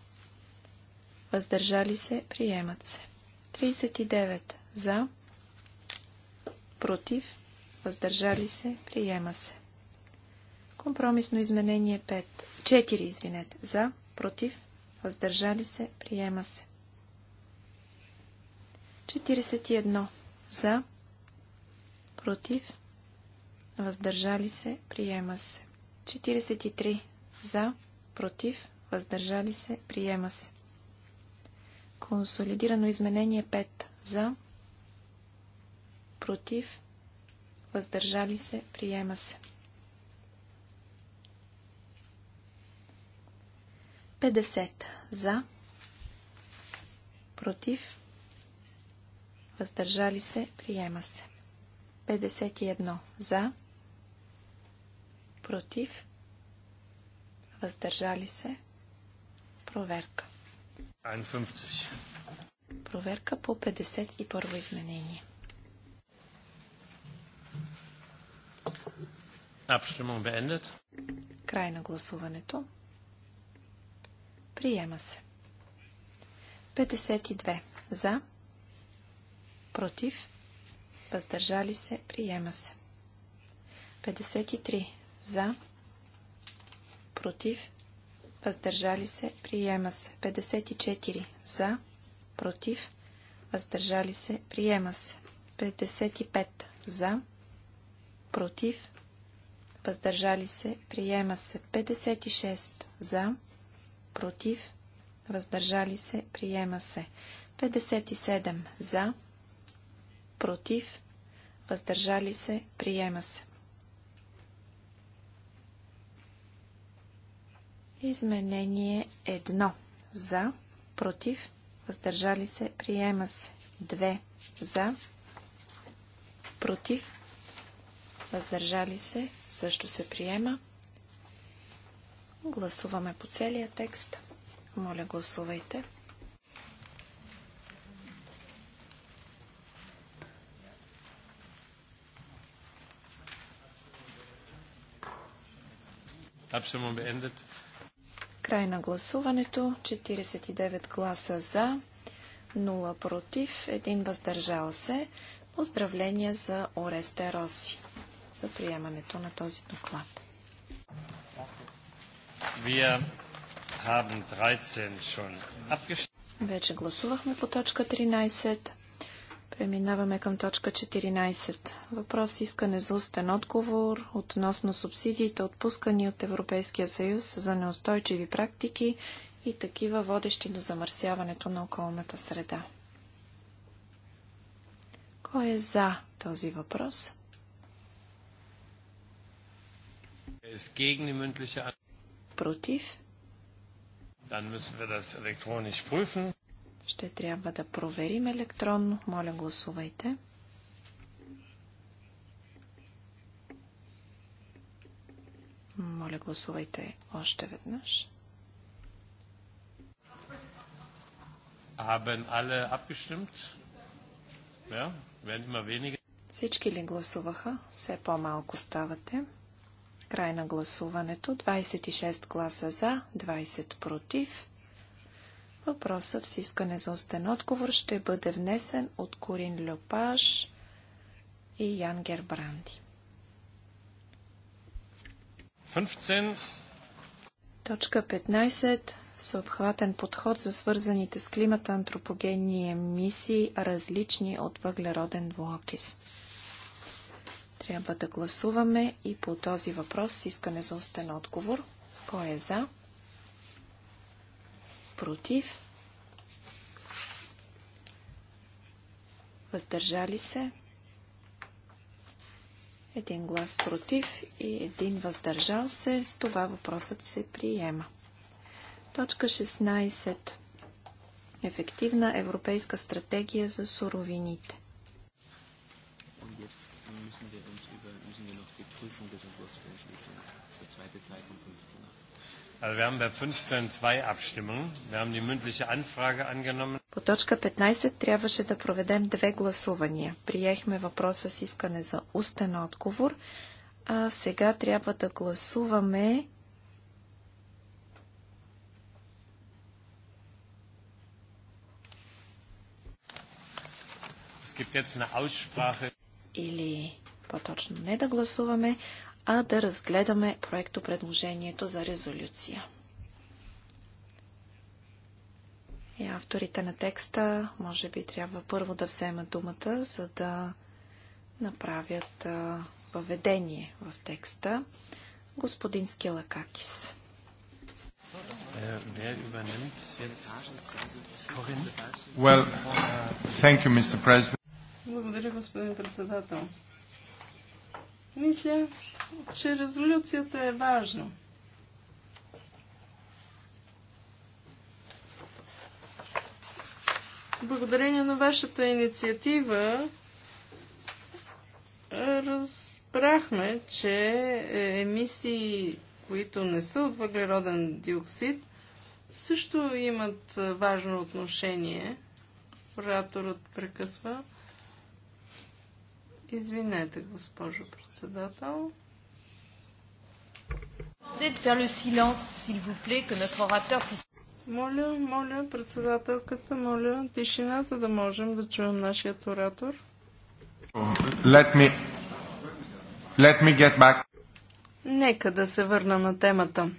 Въздържали се. Приемат се. 39. За. Против. Въздържали се. Приема се. Компромисно изменение 5. 4, извинете. За. Против. Въздържали се. Приема се. 41. За. Против. Въздържали се. Приема се. 43. За против, въздържали се, приема се. Консолидирано изменение 5 за, против, въздържали се, приема се. 50 за, против, въздържали се, приема се. 51 за, против, въздържали се. Проверка. 51. Проверка по 51 изменение. Abstimmung beendet. Край на гласуването. Приема се. 52. За. Против. Въздържали се. Приема се. 53. За против, въздържали се, приема се. 54 за, против, въздържали се, приема се. 55 за, против, въздържали се, приема се. 56 за, против, въздържали се, приема се. 57 за, против, въздържали се, приема се. Изменение 1. За. Против. Въздържали се. Приема се. 2. За. Против. Въздържали се. Също се приема. Гласуваме по целия текст. Моля, гласувайте. Abstimmung beendet. Край на гласуването. 49 гласа за, 0 против, 1 въздържал се. Поздравления за Оресте Роси за приемането на този доклад. Вече гласувахме по точка 13. Преминаваме към точка 14. Въпрос искане за устен отговор относно субсидиите, отпускани от Европейския съюз за неустойчиви практики и такива водещи до замърсяването на околната среда. Кой е за този въпрос? Против? Ще трябва да проверим електронно. Моля, гласувайте. Моля, гласувайте още веднъж. Абен але abgestimmt? Ja, werden immer weniger. Всички ли гласуваха? Все по-малко ставате. Край на гласуването. 26 гласа за, 20 против. Въпросът с искане за устен отговор ще бъде внесен от Корин Льопаш и Ян Гербранди. 15. Точка 15. Съобхватен подход за свързаните с климата антропогенни емисии, различни от въглероден двуокис. Трябва да гласуваме и по този въпрос с искане за устен отговор. Кой е за? против, въздържали се, един глас против и един въздържал се, с това въпросът се приема. Точка 16. Ефективна европейска стратегия за суровините. Also wir haben bei 15 zwei Abstimmungen. Wir haben die mündliche Anfrage angenommen. По точка 15 трябваше да проведем две гласувания. Приехме въпроса с искане за устен отговор, а сега трябва да гласуваме Или по-точно не да гласуваме, а да разгледаме проекто предложението за резолюция. И авторите на текста може би трябва първо да вземат думата, за да направят въведение в текста. Господин Скилакакис. Äh, well, you, Благодаря, господин председател. Мисля, че резолюцията е важна. Благодарение на вашата инициатива разбрахме, че емисии, които не са от въглероден диоксид, също имат важно отношение. Ораторът прекъсва. Извинете, госпожо председател председател. Моля, моля, председателката, моля, тишина, за да можем да чуем нашия оратор. Let me, let me get back. Нека да се върна на темата.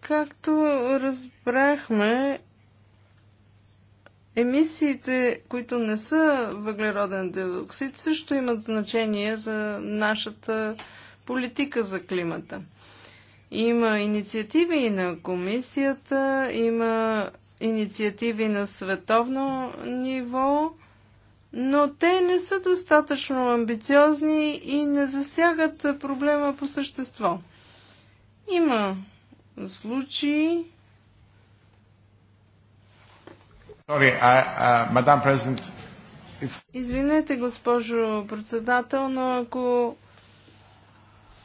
Както разбрахме, Емисиите, които не са въглероден диоксид, също имат значение за нашата политика за климата. Има инициативи и на комисията, има инициативи на световно ниво, но те не са достатъчно амбициозни и не засягат проблема по същество. Има случаи, Uh, Извинете, госпожо председател, но ако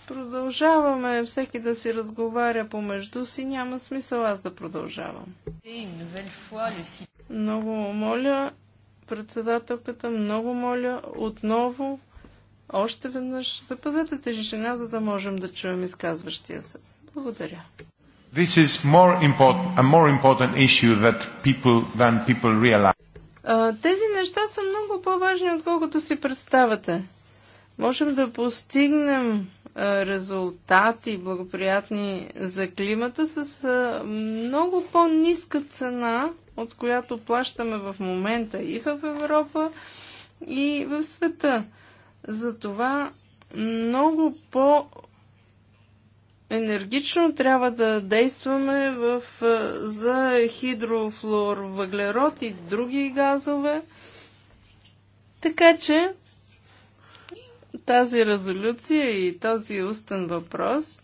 продължаваме всеки да си разговаря помежду си, няма смисъл аз да продължавам. Много моля, председателката, много моля, отново, още веднъж запазете тежишина, за да можем да чуем изказващия се. Благодаря. This is more important, a more important issue that people, than people realize. тези неща са много по-важни, отколкото си представяте. Можем да постигнем резултати благоприятни за климата с много по-ниска цена, от която плащаме в момента и в Европа, и в света. Затова много по- енергично трябва да действаме в, за хидрофлор въглерод и други газове. Така че тази резолюция и този устен въпрос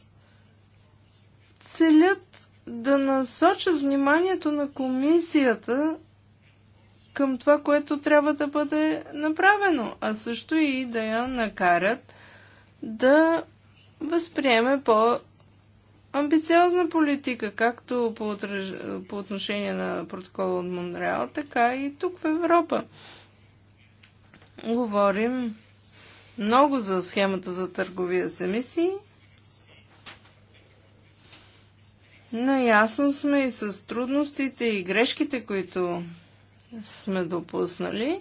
целят да насочат вниманието на комисията към това, което трябва да бъде направено, а също и да я накарат да възприеме по амбициозна политика, както по, отръж... по отношение на протокола от Монреал, така и тук в Европа. Говорим много за схемата за търговия с емисии. Наясно сме и с трудностите и грешките, които сме допуснали.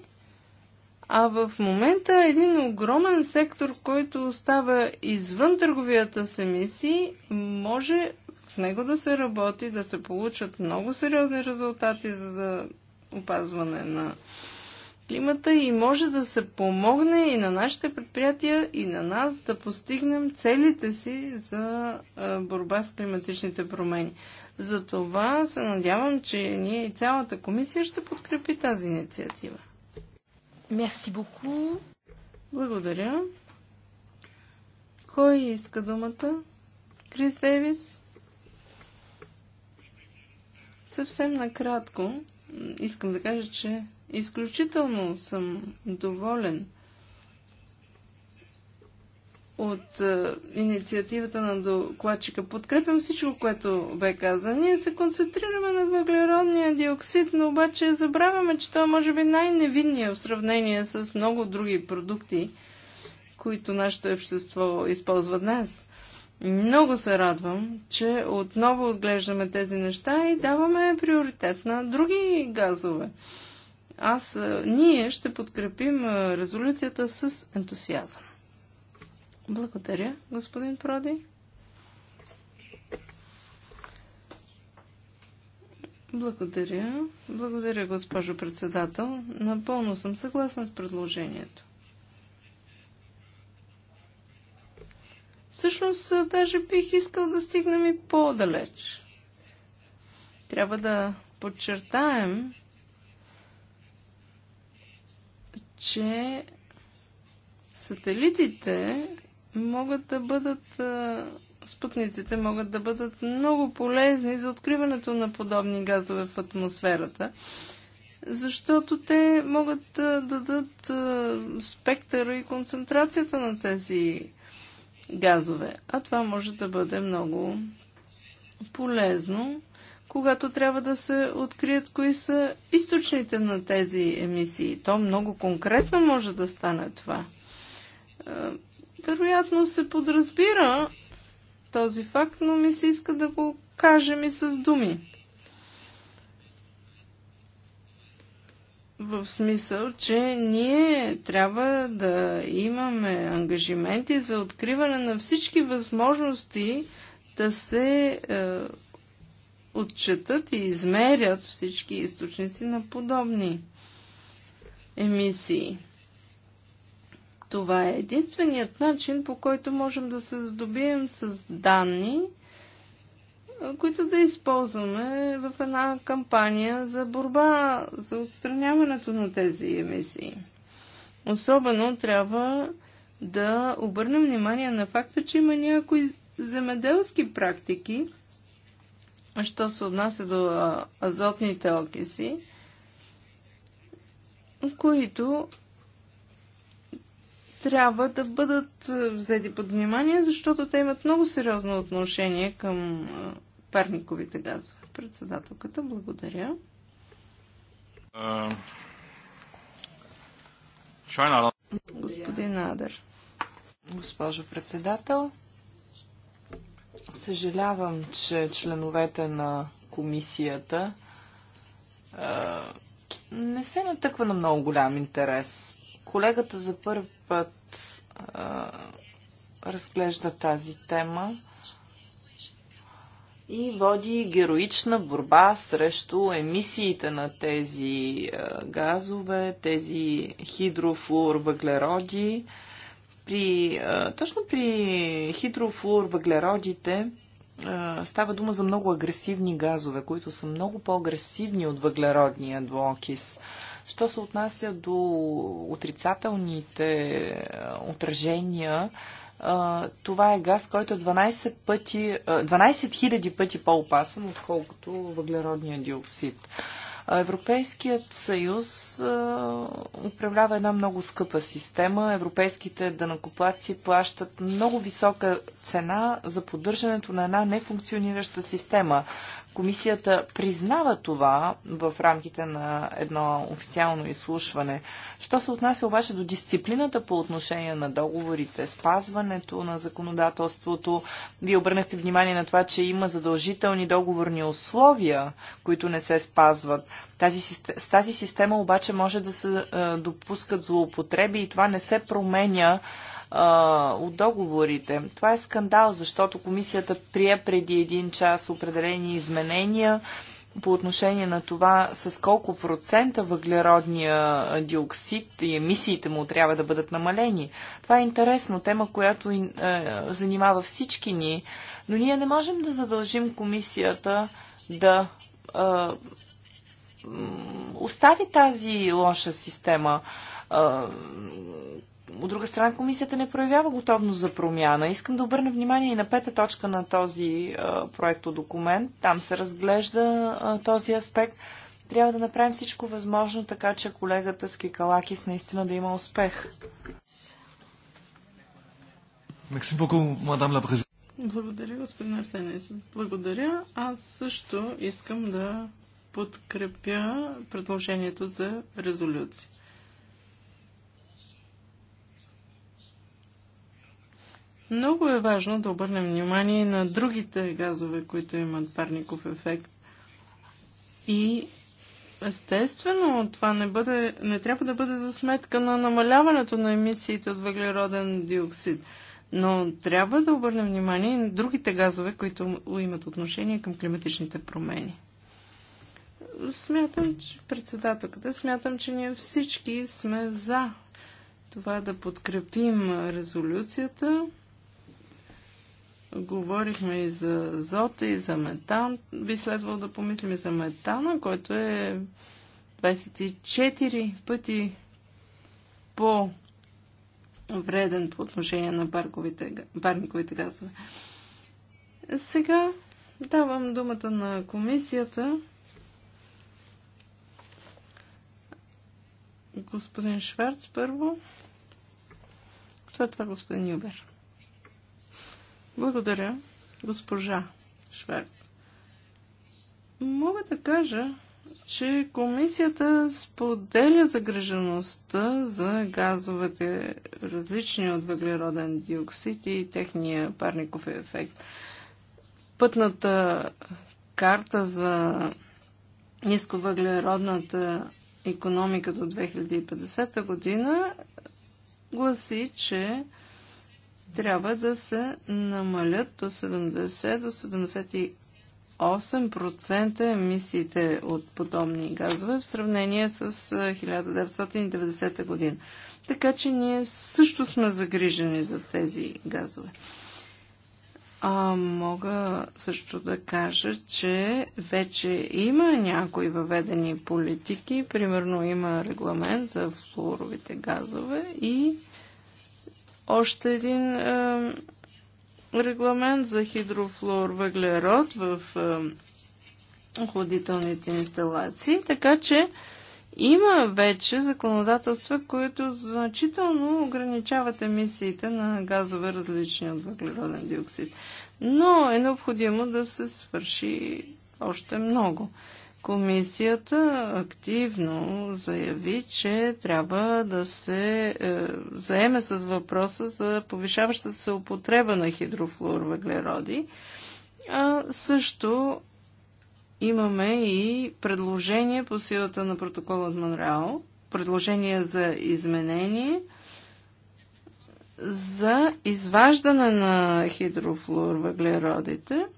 А в момента един огромен сектор, който остава извън търговията с емисии, може в него да се работи, да се получат много сериозни резултати за да опазване на климата и може да се помогне и на нашите предприятия, и на нас да постигнем целите си за борба с климатичните промени. Затова се надявам, че ние и цялата комисия ще подкрепи тази инициатива. Мерси боку. Благодаря. Кой иска думата? Крис Дейвис? Съвсем накратко искам да кажа, че изключително съм доволен от а, е, инициативата на докладчика. Подкрепям всичко, което бе казано. Ние се концентрираме на въглеродния диоксид, но обаче забравяме, че това е, може би най-невинния в сравнение с много други продукти, които нашето общество използва днес. Много се радвам, че отново отглеждаме тези неща и даваме приоритет на други газове. Аз, е, ние ще подкрепим резолюцията с ентусиазъм. Благодаря, господин Проди. Благодаря. Благодаря, госпожо председател. Напълно съм съгласна с предложението. Всъщност, даже бих искал да стигнем и по-далеч. Трябва да подчертаем, че сателитите могат да бъдат спътниците могат да бъдат много полезни за откриването на подобни газове в атмосферата, защото те могат да дадат спектъра и концентрацията на тези газове. А това може да бъде много полезно, когато трябва да се открият кои са източните на тези емисии. То много конкретно може да стане това вероятно се подразбира този факт, но ми се иска да го кажем и с думи. В смисъл, че ние трябва да имаме ангажименти за откриване на всички възможности да се е, отчетат и измерят всички източници на подобни емисии. Това е единственият начин, по който можем да се здобием с данни, които да използваме в една кампания за борба, за отстраняването на тези емисии. Особено трябва да обърнем внимание на факта, че има някои земеделски практики, що се отнася до азотните окиси, които трябва да бъдат е, взети под внимание, защото те имат много сериозно отношение към е, парниковите газове. Председателката, благодаря. Господин Адър. Госпожо председател, съжалявам, че членовете на комисията е, не се натъква на много голям интерес. Колегата за първ път а, разглежда тази тема и води героична борба срещу емисиите на тези газове, тези хидрофлуорвъглероди. При, точно при хидрофлуорвъглеродите става дума за много агресивни газове, които са много по-агресивни от въглеродния двуокис. Що се отнася до отрицателните е, отражения, е, това е газ, който е 12, пъти, 12 е, 000 пъти по-опасен, отколкото въглеродния диоксид. Европейският съюз управлява една много скъпа система. Европейските данакоплаци плащат много висока цена за поддържането на една нефункционираща система. Комисията признава това в рамките на едно официално изслушване. Що се отнася обаче до дисциплината по отношение на договорите, спазването на законодателството, вие обърнахте внимание на това, че има задължителни договорни условия, които не се спазват. Тази, с тази система обаче може да се допускат злоупотреби и това не се променя а, от договорите. Това е скандал, защото комисията прие преди един час определени изменения по отношение на това с колко процента въглеродния диоксид и емисиите му трябва да бъдат намалени. Това е интересно, тема, която е, занимава всички ни, но ние не можем да задължим комисията да е, остави тази лоша система. Е, от друга страна, комисията не проявява готовност за промяна. Искам да обърна внимание и на пета точка на този проекто документ. Там се разглежда този аспект. Трябва да направим всичко възможно, така че колегата с Кикалакис наистина да има успех. Благодаря, господин Арсенес. Благодаря. Аз също искам да подкрепя предложението за резолюция. Много е важно да обърнем внимание на другите газове, които имат парников ефект. И естествено, това не, бъде, не трябва да бъде за сметка на намаляването на емисиите от въглероден диоксид. Но трябва да обърнем внимание и на другите газове, които имат отношение към климатичните промени. Смятам, че председателката, смятам, че ние всички сме за това да подкрепим резолюцията. Говорихме и за азота, и за метан. Би следвало да помислим и за метана, който е 24 пъти по вреден по отношение на парниковите газове. Сега давам думата на комисията. Господин Шварц първо, след това господин Юбер. Благодаря, госпожа Шверц. Мога да кажа, че комисията споделя загрежеността за газовете различни от въглероден диоксид и техния парников ефект. Пътната карта за нисковъглеродната економика до 2050 година гласи, че трябва да се намалят до 70 до 78% емисиите от подобни газове в сравнение с 1990 година. Така че ние също сме загрижени за тези газове. А, мога също да кажа, че вече има някои въведени политики. Примерно има регламент за флуоровите газове и още един е, регламент за въглерод в е, охладителните инсталации, така че има вече законодателства, които значително ограничават емисиите на газове различни от въглероден диоксид. Но е необходимо да се свърши още много. Комисията активно заяви, че трябва да се е, заеме с въпроса за повишаващата се употреба на хидрофлуорвъглероди. А също имаме и предложение по силата на протокол от Монреал, предложение за изменение за изваждане на хидрофлуорвъглеродите –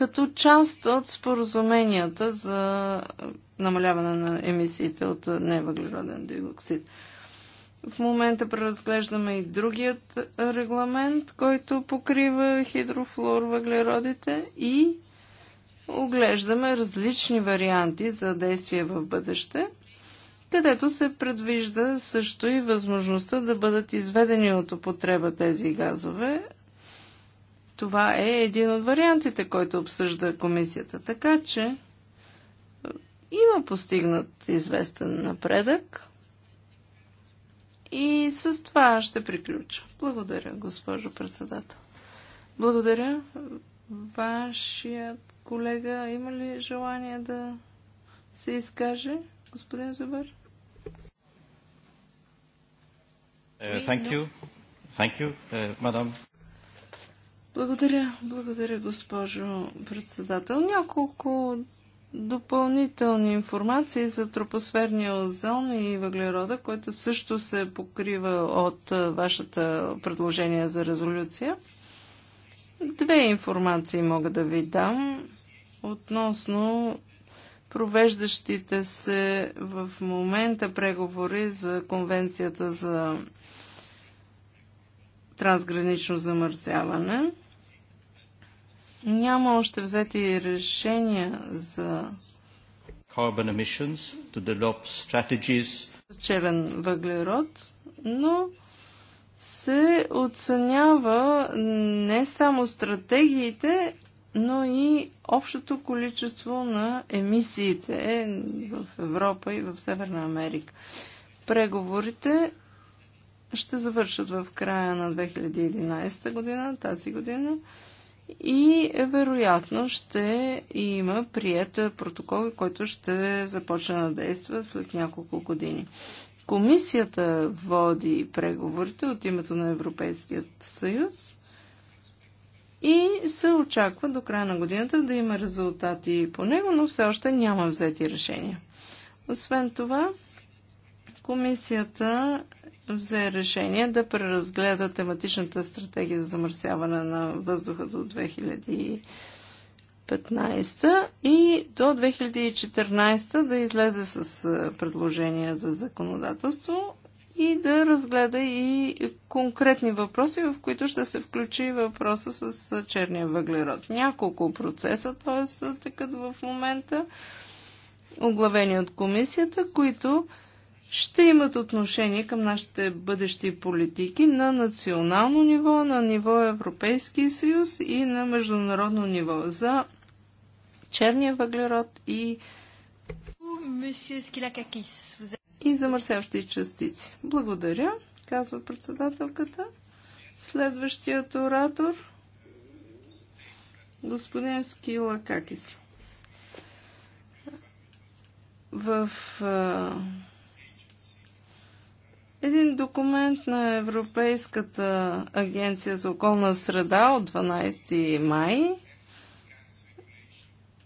като част от споразуменията за намаляване на емисиите от невъглероден диоксид. В момента преразглеждаме и другият регламент, който покрива въглеродите, и оглеждаме различни варианти за действие в бъдеще, където се предвижда също и възможността да бъдат изведени от употреба тези газове, това е един от вариантите, който обсъжда комисията. Така че е, има постигнат известен напредък. И с това ще приключа. Благодаря, госпожо председател. Благодаря. Вашият колега има ли желание да се изкаже, господин Зубър? Uh, thank you. Thank you, uh, madam. Благодаря, благодаря, госпожо председател. Няколко допълнителни информации за тропосферния озон и въглерода, който също се покрива от вашата предложение за резолюция. Две информации мога да ви дам относно провеждащите се в момента преговори за Конвенцията за трансгранично замърсяване. Няма още взети решения за carbon emissions, to develop strategies. Черен въглерод, но се оценява не само стратегиите, но и общото количество на емисиите в Европа и в Северна Америка. Преговорите ще завършат в края на 2011 година, тази година и вероятно ще има прият протокол, който ще започне да действа след няколко години. Комисията води преговорите от името на Европейският съюз и се очаква до края на годината да има резултати по него, но все още няма взети решения. Освен това, комисията взе решение да преразгледа тематичната стратегия за замърсяване на въздуха до 2015 и до 2014 да излезе с предложения за законодателство и да разгледа и конкретни въпроси, в които ще се включи въпроса с черния въглерод. Няколко процеса, т.е. такът в момента, оглавени от комисията, които ще имат отношение към нашите бъдещи политики на национално ниво, на ниво Европейски съюз и на международно ниво за черния въглерод и и замърсяващи частици. Благодаря, казва председателката. Следващият оратор господин Скила Какис. В един документ на Европейската агенция за околна среда от 12 май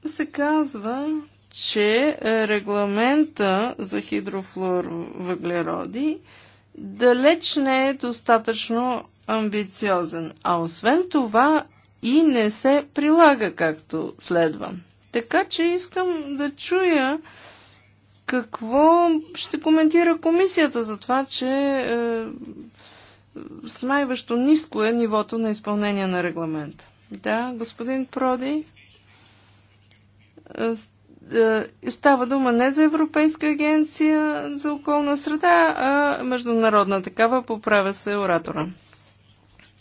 се казва, че регламента за въглероди далеч не е достатъчно амбициозен, а освен това и не се прилага както следва. Така че искам да чуя какво ще коментира комисията за това, че е, смайващо ниско е нивото на изпълнение на регламента? Да, господин Проди, е, е, става дума не за Европейска агенция за околна среда, а международна такава, поправя се оратора.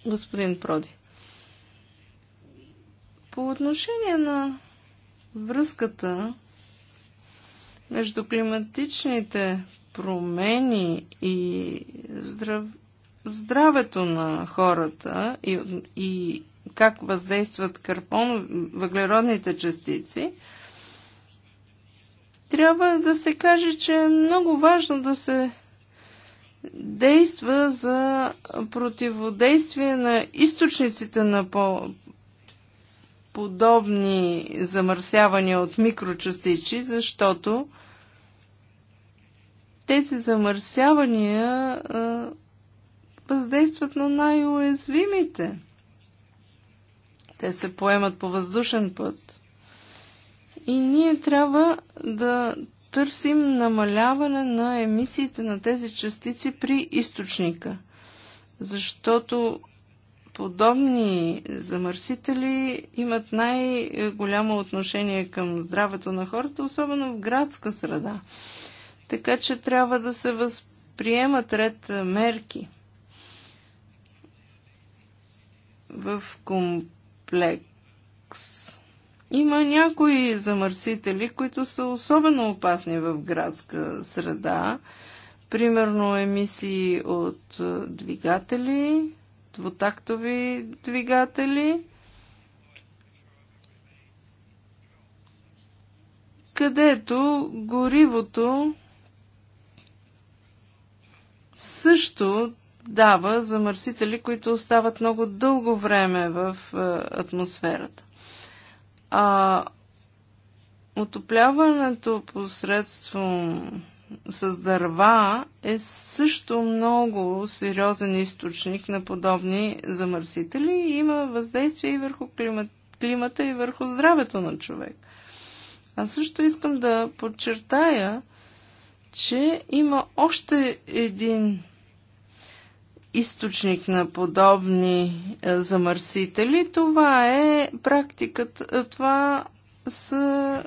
Господин Проди. По отношение на връзката между климатичните промени и здрав... здравето на хората и, и как въздействат карпон, въглеродните частици, трябва да се каже, че е много важно да се действа за противодействие на източниците на подобни замърсявания от микрочастици, защото тези замърсявания а, въздействат на най-уязвимите. Те се поемат по въздушен път. И ние трябва да търсим намаляване на емисиите на тези частици при източника. Защото подобни замърсители имат най-голямо отношение към здравето на хората, особено в градска среда. Така че трябва да се възприемат ред мерки. В комплекс има някои замърсители, които са особено опасни в градска среда. Примерно емисии от двигатели, двутактови двигатели, където горивото също дава замърсители, които остават много дълго време в е, атмосферата. А отопляването посредством с дърва е също много сериозен източник на подобни замърсители и има въздействие и върху климата и върху здравето на човек. А също искам да подчертая, че има още един източник на подобни е, замърсители. Това е практиката, това са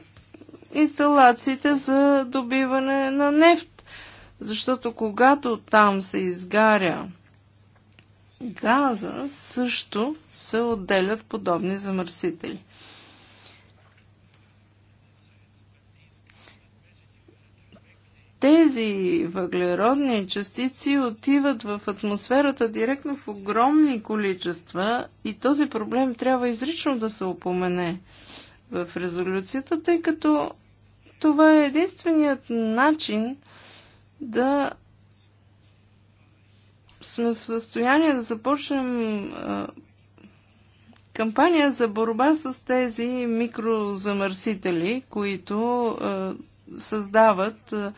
инсталациите за добиване на нефт. Защото когато там се изгаря газа, също се отделят подобни замърсители. тези въглеродни частици отиват в атмосферата директно в огромни количества и този проблем трябва изрично да се опомене в резолюцията, тъй като това е единственият начин да сме в състояние да започнем а, кампания за борба с тези микрозамърсители, които а, създават а,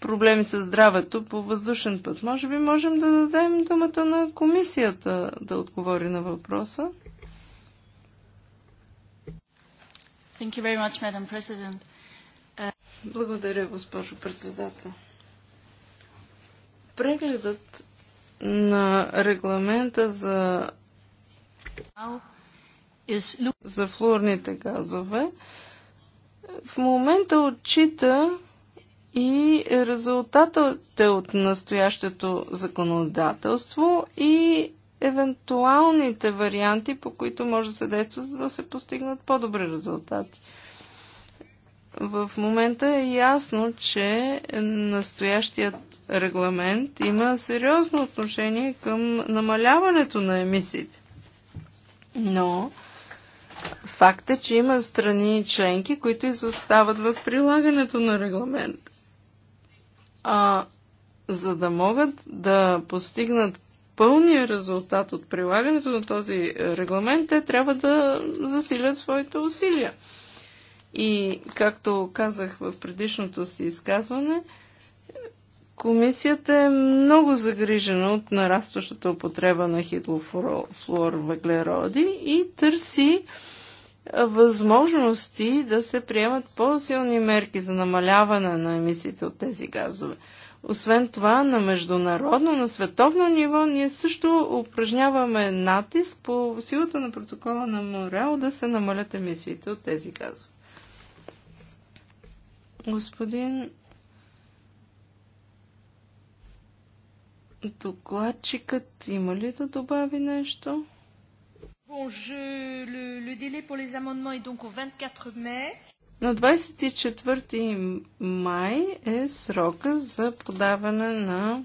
проблеми с здравето по въздушен път. Може би можем да дадем думата на комисията да отговори на въпроса. Thank you very much, Madam President. Благодаря, госпожо председател. Прегледът на регламента за, за флуорните газове в момента отчита и резултатите от настоящето законодателство и евентуалните варианти, по които може да се действа, за да се постигнат по-добри резултати. В момента е ясно, че настоящият регламент има сериозно отношение към намаляването на емисиите. Но факт е, че има страни и членки, които изостават в прилагането на регламент. А за да могат да постигнат пълния резултат от прилагането на този регламент, те трябва да засилят своите усилия. И както казах в предишното си изказване, комисията е много загрижена от нарастващата употреба на хидрофлуорвъглероди и търси възможности да се приемат по-силни мерки за намаляване на емисиите от тези газове. Освен това, на международно, на световно ниво, ние също упражняваме натиск по силата на протокола на Мореал да се намалят емисиите от тези газове. Господин докладчикът има ли да добави нещо? Bon, je, le, le délai pour les amendements est donc au 24 mai. На 24 май е срока за подаване на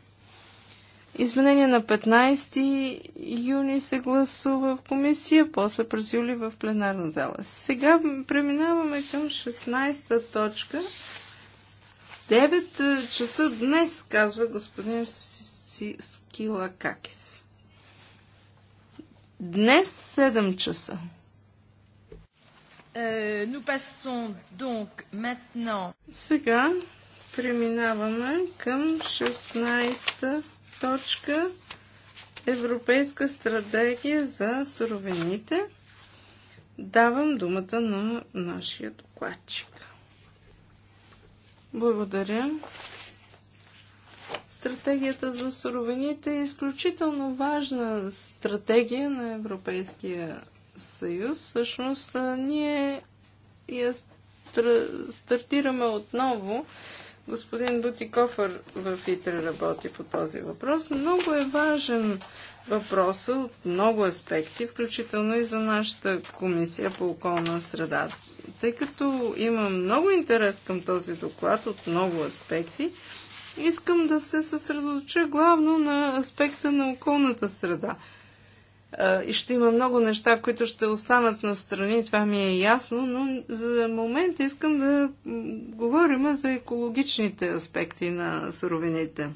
Изменение на 15 юни се гласува в комисия, после през юли в пленарна зала. Сега преминаваме към 16-та точка. 9 часа днес, казва господин Скила Какис. Днес 7 часа. Е, Сега преминаваме към 16-та точка Европейска стратегия за суровините. Давам думата на нашия докладчик. Благодаря. Стратегията за суровините е изключително важна стратегия на Европейския съюз. Всъщност ние я стартираме отново Господин Бутикофър в ИТР работи по този въпрос. Много е важен въпрос от много аспекти, включително и за нашата комисия по околна среда. Тъй като има много интерес към този доклад от много аспекти, искам да се съсредоточа главно на аспекта на околната среда – и ще има много неща, които ще останат на страни, това ми е ясно, но за момент искам да говорим за екологичните аспекти на суровините.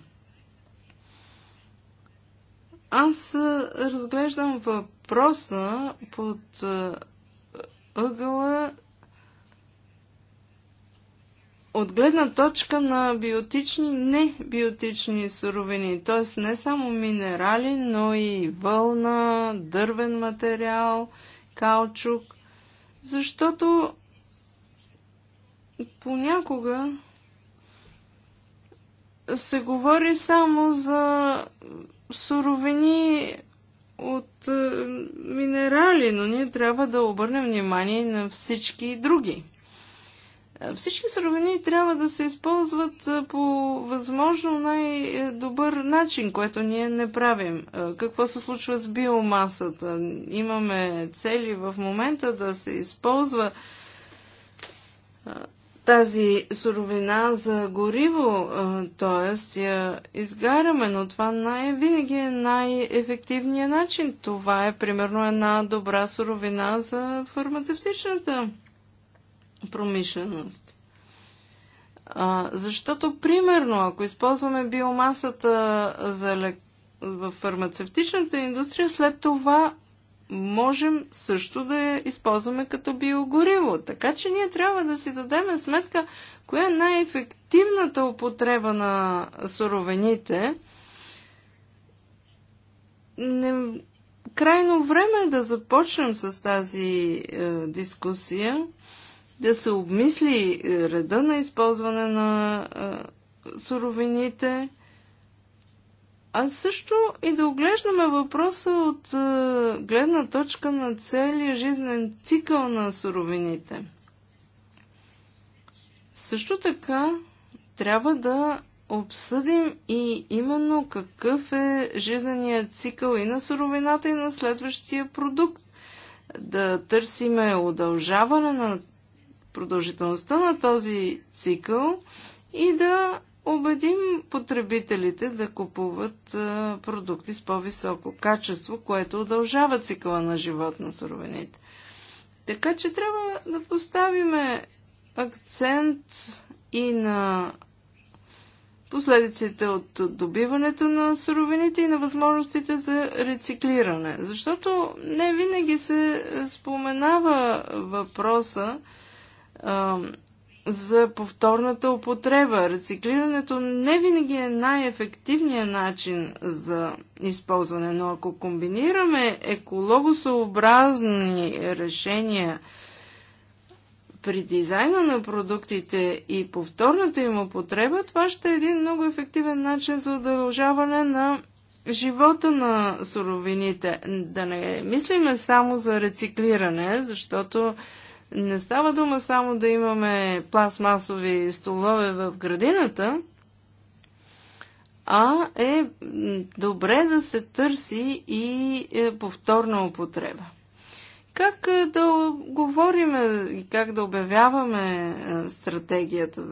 Аз разглеждам въпроса под ъгъла от гледна точка на биотични, не биотични суровини, т.е. не само минерали, но и вълна, дървен материал, каучук, защото понякога се говори само за суровини от е, минерали, но ние трябва да обърнем внимание на всички други. Е, всички суровини трябва да се използват е, по възможно най-добър начин, което ние не правим. Е, какво се случва с биомасата? Имаме цели в момента да се използва тази суровина за гориво, т.е. я изгаряме, но това най- винаги е най-ефективният начин. Това е примерно една добра суровина за фармацевтичната промишленост. А, защото, примерно, ако използваме биомасата за лек... в фармацевтичната индустрия, след това можем също да я използваме като биогориво. Така че ние трябва да си дадем сметка коя е най-ефективната употреба на суровените. Не... Крайно време е да започнем с тази е, дискусия да се обмисли е, реда на използване на е, суровините, а също и да оглеждаме въпроса от е, гледна точка на целия жизнен цикъл на суровините. Също така трябва да обсъдим и именно какъв е жизненият цикъл и на суровината, и на следващия продукт. Да търсиме удължаване на продължителността на този цикъл и да убедим потребителите да купуват продукти с по-високо качество, което удължава цикъла на живот на суровините. Така че трябва да поставиме акцент и на последиците от добиването на суровините и на възможностите за рециклиране. Защото не винаги се споменава въпроса, за повторната употреба. Рециклирането не винаги е най-ефективният начин за използване, но ако комбинираме екологосъобразни решения при дизайна на продуктите и повторната им употреба, това ще е един много ефективен начин за удължаване на живота на суровините. Да не мислиме само за рециклиране, защото не става дума само да имаме пластмасови столове в градината, а е добре да се търси и е, повторна употреба. Как е, да говорим и как да обявяваме е, стратегията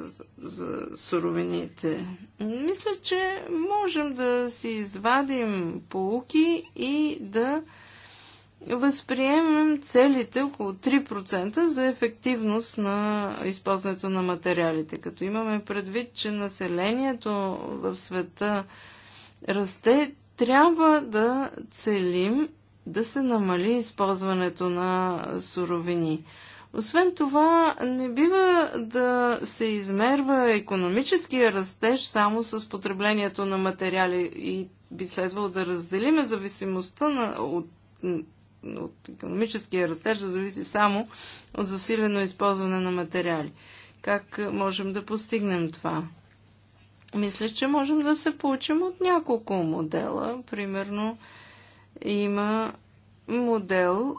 за суровините? Мисля, че можем да си извадим полуки и да възприемем целите около 3% за ефективност на използването на материалите, като имаме предвид, че населението в света расте, трябва да целим да се намали използването на суровини. Освен това, не бива да се измерва економическия растеж само с потреблението на материали и би следвало да разделиме зависимостта на, от от економическия растеж да зависи само от засилено използване на материали. Как можем да постигнем това? Мисля, че можем да се получим от няколко модела. Примерно има модел,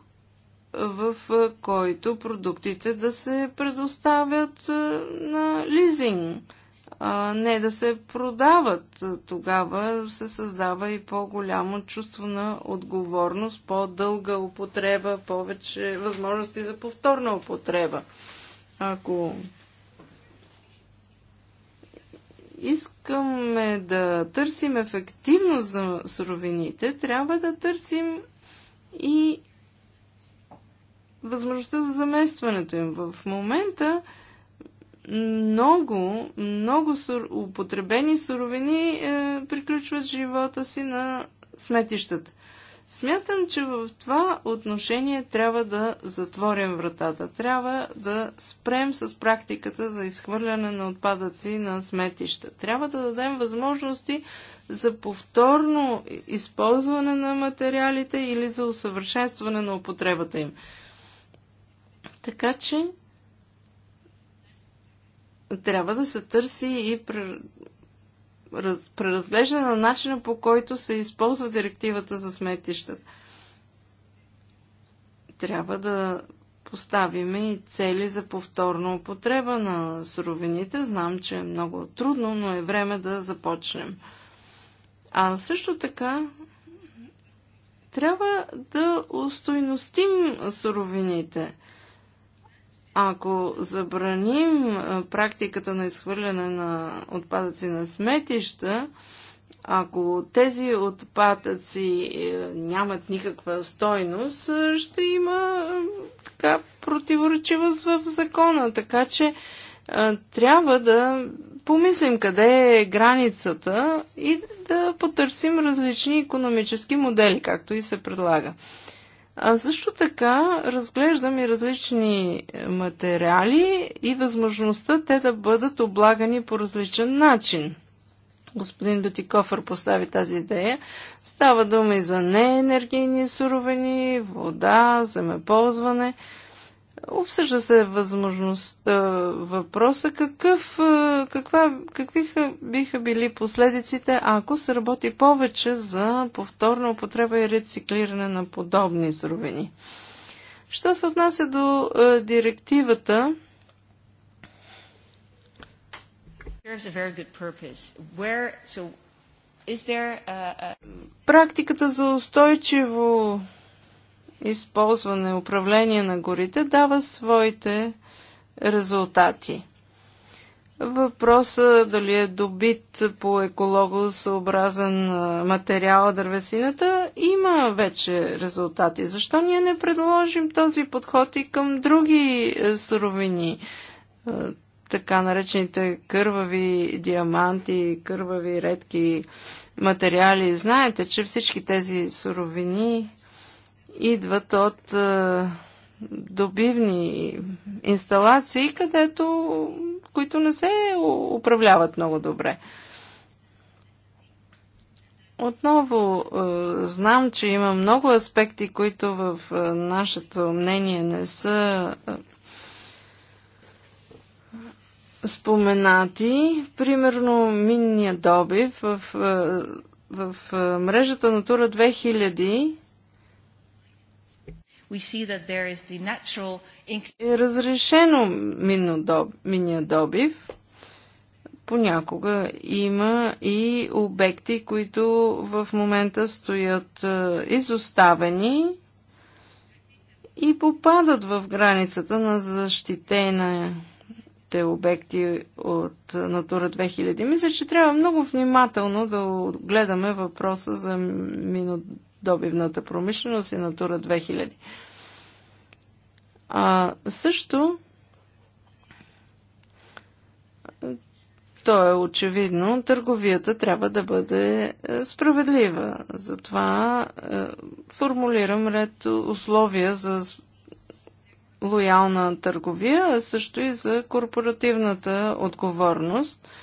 в който продуктите да се предоставят на лизинг а, не да се продават. Тогава се създава и по-голямо чувство на отговорност, по-дълга употреба, повече възможности за повторна употреба. Ако искаме да търсим ефективност за суровините, трябва да търсим и възможността за заместването им. В момента много, много сур... употребени суровини е, приключват живота си на сметищата. Смятам, че в това отношение трябва да затворим вратата. Трябва да спрем с практиката за изхвърляне на отпадъци на сметища. Трябва да дадем възможности за повторно използване на материалите или за усъвършенстване на употребата им. Така че трябва да се търси и преразглеждане на начина по който се използва директивата за сметищата. Трябва да поставиме и цели за повторна употреба на суровините. Знам, че е много трудно, но е време да започнем. А също така трябва да устойностим суровините. Ако забраним практиката на изхвърляне на отпадъци на сметища, ако тези отпадъци е, нямат никаква стойност, е, ще има е, така противоречивост в закона. Така че трябва да помислим къде е границата и да потърсим различни економически модели, както и се предлага. А също така разглеждам и различни материали и възможността те да бъдат облагани по различен начин. Господин Дотикофър постави тази идея. Става дума и за неенергийни суровини, вода, земеползване – Обсъжда се възможност, е, въпроса какъв, е, каква, какви биха били последиците, ако се работи повече за повторна употреба и рециклиране на подобни суровини. Що се отнася до е, директивата, Практиката за устойчиво използване, управление на горите дава своите резултати. Въпросът дали е добит по екологосъобразен материал дървесината, има вече резултати. Защо ние не предложим този подход и към други е, суровини? Е, така наречените кървави диаманти, кървави редки материали. Знаете, че всички тези суровини идват от е, добивни инсталации, където, които не се управляват много добре. Отново е, знам, че има много аспекти, които в е, нашето мнение не са е, споменати. Примерно минния добив в, е, в е, мрежата Натура 2000 е разрешено миния добив. Понякога има и обекти, които в момента стоят е, изоставени и попадат в границата на защитена обекти от Натура 2000. Мисля, че трябва много внимателно да гледаме въпроса за минодобивната промишленост и Натура 2000. А също то е очевидно, търговията трябва да бъде е, справедлива. Затова е, формулирам ред условия за лоялна търговия, а също и за корпоративната отговорност –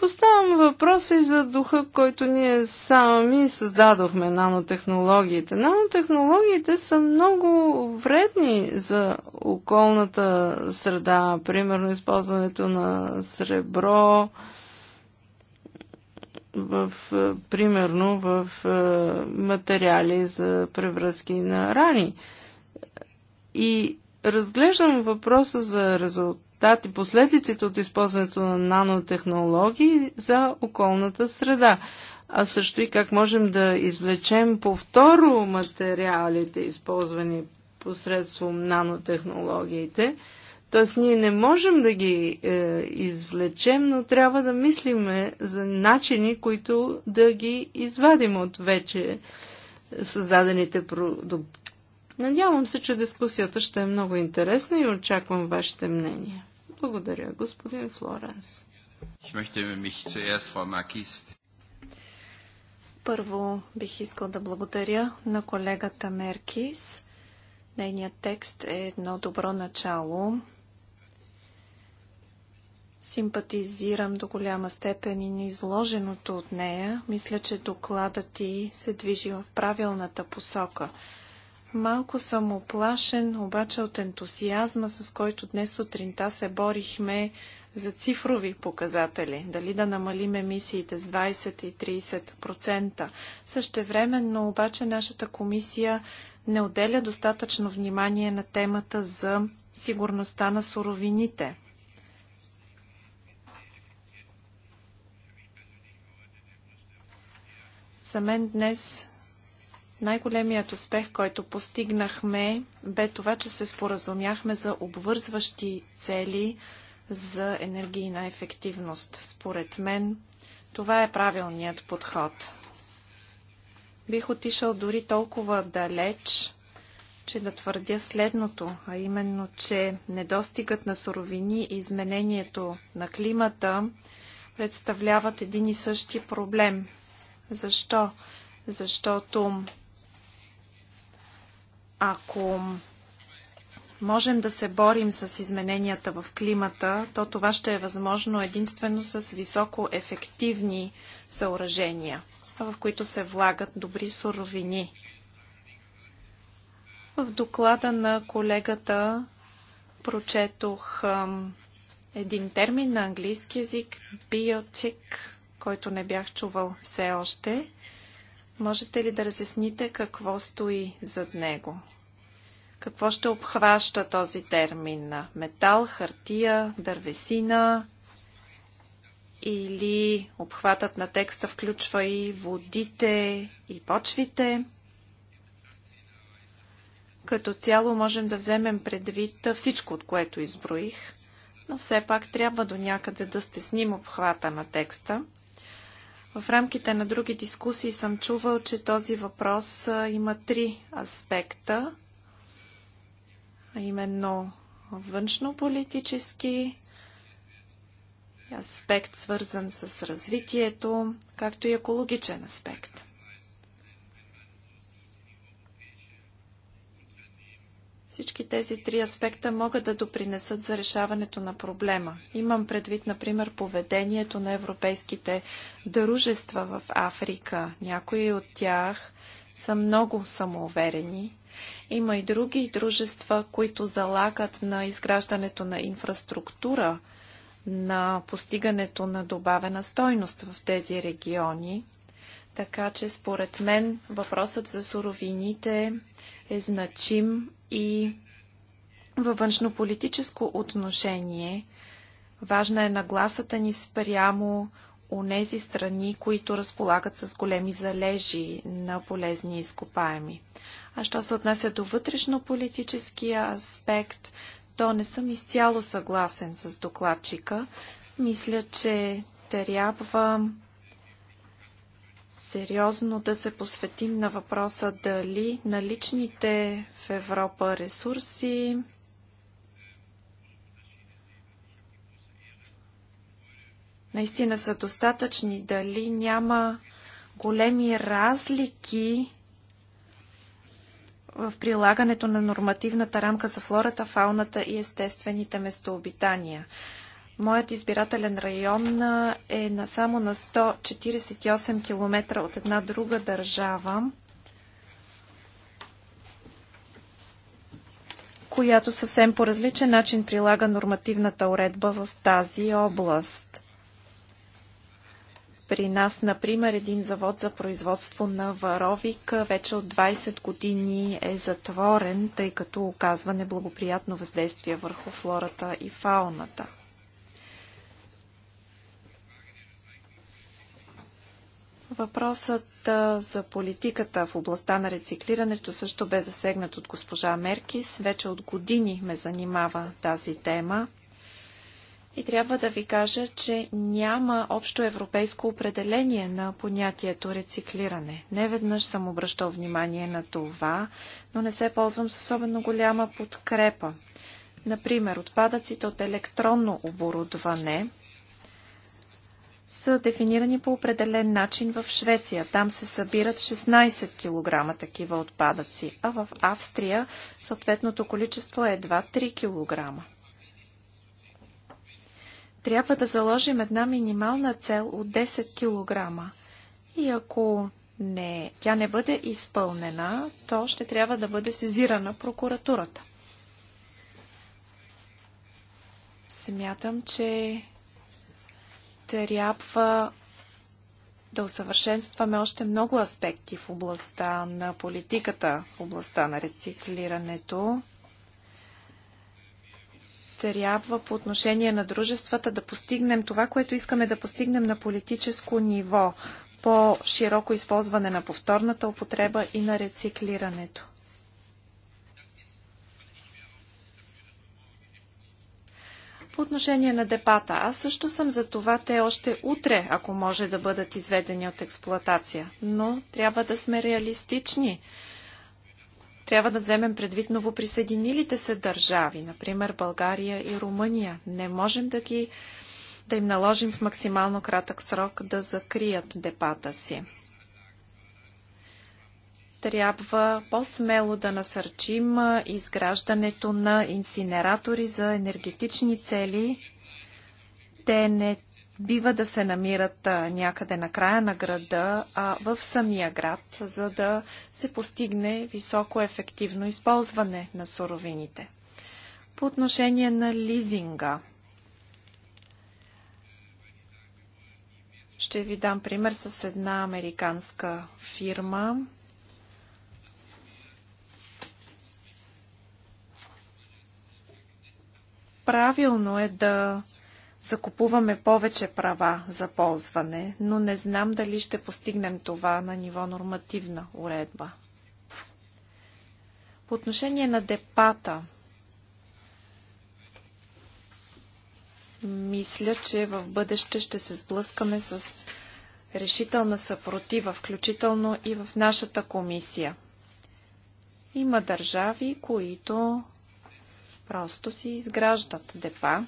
Поставяме въпроса и за духа, който ние сами създадохме нанотехнологиите. Нанотехнологиите са много вредни за околната среда, примерно използването на сребро, в, примерно в е, материали за превръзки на рани. И разглеждам въпроса за резултат резултат и последиците от използването на нанотехнологии за околната среда. А също и как можем да извлечем повторно материалите, използвани посредством нанотехнологиите. Тоест ние не можем да ги е, извлечем, но трябва да мислиме за начини, които да ги извадим от вече създадените продукти. Надявам се, че дискусията ще е много интересна и очаквам вашите мнения. Благодаря, господин Флоренс. Първо бих искал да благодаря на колегата Меркис. Нейният текст е едно добро начало. Симпатизирам до голяма степен и на изложеното от нея. Мисля, че докладът ти се движи в правилната посока. Малко съм оплашен, обаче от ентусиазма, с който днес сутринта се борихме за цифрови показатели. Дали да намалим емисиите с 20 и 30%. Същевременно обаче нашата комисия не отделя достатъчно внимание на темата за сигурността на суровините. За мен днес най-големият успех, който постигнахме, бе това, че се споразумяхме за обвързващи цели за енергийна ефективност. Според мен, това е правилният подход. Бих отишъл дори толкова далеч, че да твърдя следното, а именно, че недостигът на суровини и изменението на климата представляват един и същи проблем. Защо? Защото ако можем да се борим с измененията в климата, то това ще е възможно единствено с високо ефективни съоръжения, в които се влагат добри суровини. В доклада на колегата прочетох един термин на английски язик – биотик, който не бях чувал все още. Можете ли да разясните какво стои зад него? Какво ще обхваща този термин? Метал, хартия, дървесина или обхватът на текста включва и водите и почвите? Като цяло можем да вземем предвид всичко, от което изброих, но все пак трябва до някъде да стесним обхвата на текста – в рамките на други дискусии съм чувал, че този въпрос има три аспекта, а именно външно-политически, аспект свързан с развитието, както и екологичен аспект. Всички тези три аспекта могат да допринесат за решаването на проблема. Имам предвид, например, поведението на европейските дружества в Африка. Някои от тях са много самоуверени. Има и други дружества, които залагат на изграждането на инфраструктура, на постигането на добавена стойност в тези региони. Така че според мен въпросът за суровините е значим и във външнополитическо отношение важна е нагласата ни спрямо нези страни, които разполагат с големи залежи на полезни изкопаеми. А що се отнася до вътрешнополитическия аспект, то не съм изцяло съгласен с докладчика. Мисля, че трябва сериозно да се посветим на въпроса дали наличните в Европа ресурси наистина са достатъчни, дали няма големи разлики в прилагането на нормативната рамка за флората, фауната и естествените местообитания. Моят избирателен район е на само на 148 км от една друга държава, която съвсем по различен начин прилага нормативната уредба в тази област. При нас, например, един завод за производство на варовик вече от 20 години е затворен, тъй като оказва неблагоприятно въздействие върху флората и фауната. Въпросът за политиката в областта на рециклирането също бе засегнат от госпожа Меркис. Вече от години ме занимава тази тема. И трябва да ви кажа, че няма общо европейско определение на понятието рециклиране. Не веднъж съм обръщал внимание на това, но не се ползвам с особено голяма подкрепа. Например, отпадъците от електронно оборудване са дефинирани по определен начин в Швеция. Там се събират 16 кг такива отпадъци, а в Австрия съответното количество е едва 3 кг. Трябва да заложим една минимална цел от 10 кг. И ако не, тя не бъде изпълнена, то ще трябва да бъде сезирана прокуратурата. Смятам, че трябва да усъвършенстваме още много аспекти в областта на политиката, в областта на рециклирането. Трябва по отношение на дружествата да постигнем това, което искаме да постигнем на политическо ниво по-широко използване на повторната употреба и на рециклирането. По отношение на депата, аз също съм за това те още утре, ако може да бъдат изведени от експлоатация. Но трябва да сме реалистични. Трябва да вземем предвид новоприсъединилите се държави, например България и Румъния. Не можем да ги да им наложим в максимално кратък срок да закрият депата си трябва по-смело да насърчим изграждането на инсинератори за енергетични цели. Те не бива да се намират някъде на края на града, а в самия град, за да се постигне високо ефективно използване на суровините. По отношение на лизинга, ще ви дам пример с една американска фирма, Правилно е да закупуваме повече права за ползване, но не знам дали ще постигнем това на ниво нормативна уредба. По отношение на депата, мисля, че в бъдеще ще се сблъскаме с решителна съпротива, включително и в нашата комисия. Има държави, които Просто си изграждат депа.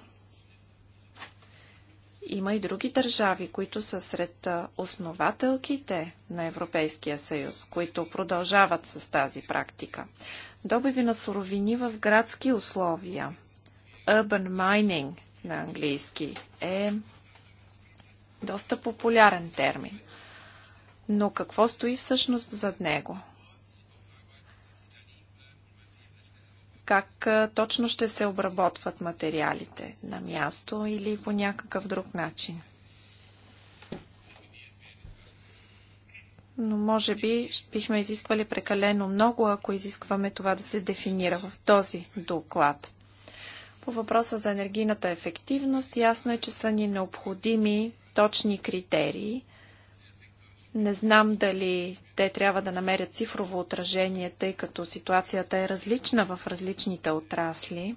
Има и други държави, които са сред основателките на Европейския съюз, които продължават с тази практика. Добиви на суровини в градски условия. Urban mining на английски е доста популярен термин. Но какво стои всъщност зад него? как точно ще се обработват материалите? На място или по някакъв друг начин? Но може би бихме изисквали прекалено много, ако изискваме това да се дефинира в този доклад. По въпроса за енергийната ефективност, ясно е, че са ни необходими точни критерии, не знам дали те трябва да намерят цифрово отражение, тъй като ситуацията е различна в различните отрасли.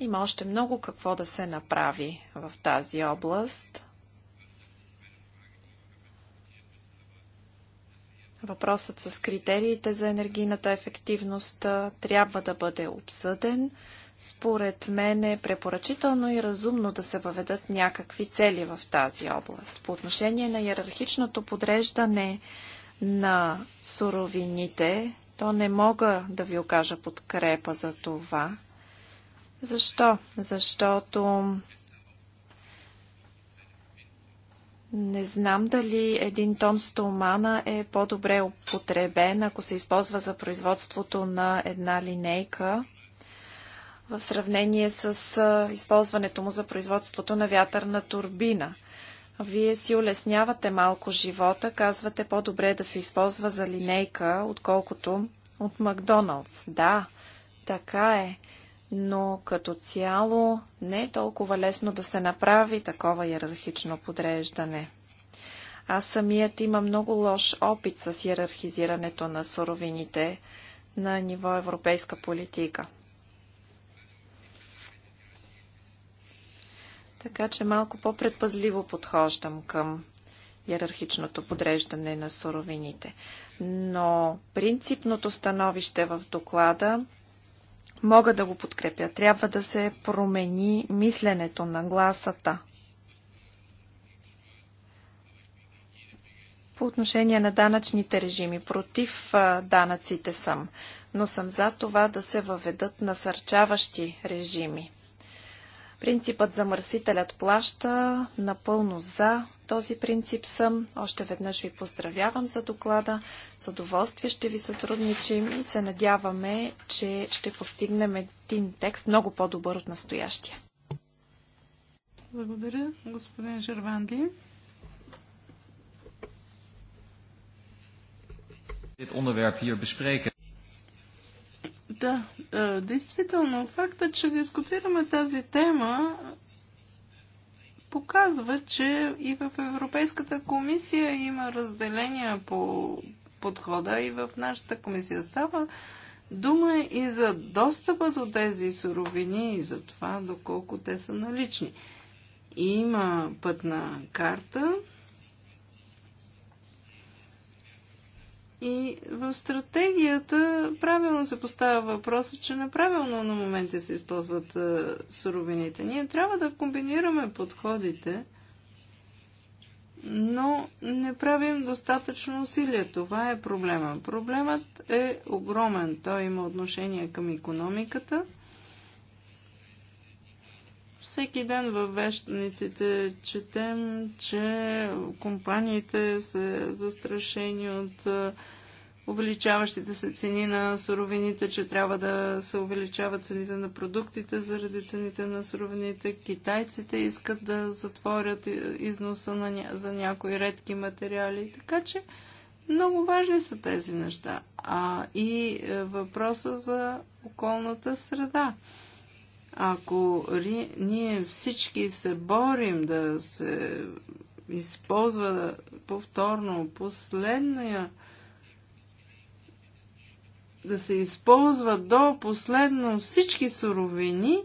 Има още много какво да се направи в тази област. Въпросът с критериите за енергийната ефективност трябва да бъде обсъден. Според мен е препоръчително и разумно да се въведат някакви цели в тази област. По отношение на иерархичното подреждане на суровините, то не мога да ви окажа подкрепа за това. Защо? Защото не знам дали един тон стомана е по-добре употребен, ако се използва за производството на една линейка в сравнение с използването му за производството на вятърна турбина. Вие си улеснявате малко живота, казвате по-добре е да се използва за линейка, отколкото от Макдоналдс. Да, така е, но като цяло не е толкова лесно да се направи такова иерархично подреждане. Аз самият има много лош опит с иерархизирането на суровините на ниво европейска политика. Така че малко по-предпазливо подхождам към иерархичното подреждане на суровините. Но принципното становище в доклада мога да го подкрепя. Трябва да се промени мисленето на гласата. По отношение на данъчните режими, против данъците съм, но съм за това да се въведат насърчаващи режими. Принципът замърсителят плаща напълно за този принцип съм. Още веднъж ви поздравявам за доклада. С удоволствие ще ви сътрудничим и се надяваме, че ще постигнем един текст много по-добър от настоящия. Благодаря, господин Жерванди. Dit onderwerp hier bespreken. Да, е, действително, факта, че дискутираме тази тема, показва, че и в Европейската комисия има разделения по подхода, и в нашата комисия става дума и за достъпа до тези суровини и за това доколко те са налични. Има пътна карта, И в стратегията правилно се поставя въпроса, че неправилно на моменти се използват е, суровините. Ние трябва да комбинираме подходите, но не правим достатъчно усилия. Това е проблема. Проблемът е огромен. Той има отношение към економиката, всеки ден във вещниците четем, че компаниите са застрашени от увеличаващите се цени на суровините, че трябва да се увеличават цените на продуктите заради цените на суровините. Китайците искат да затворят износа на, ня... за някои редки материали. Така че много важни са тези неща. А и е, въпроса за околната среда. Ако ние всички се борим да се използва повторно последния да се използва до последно всички суровини,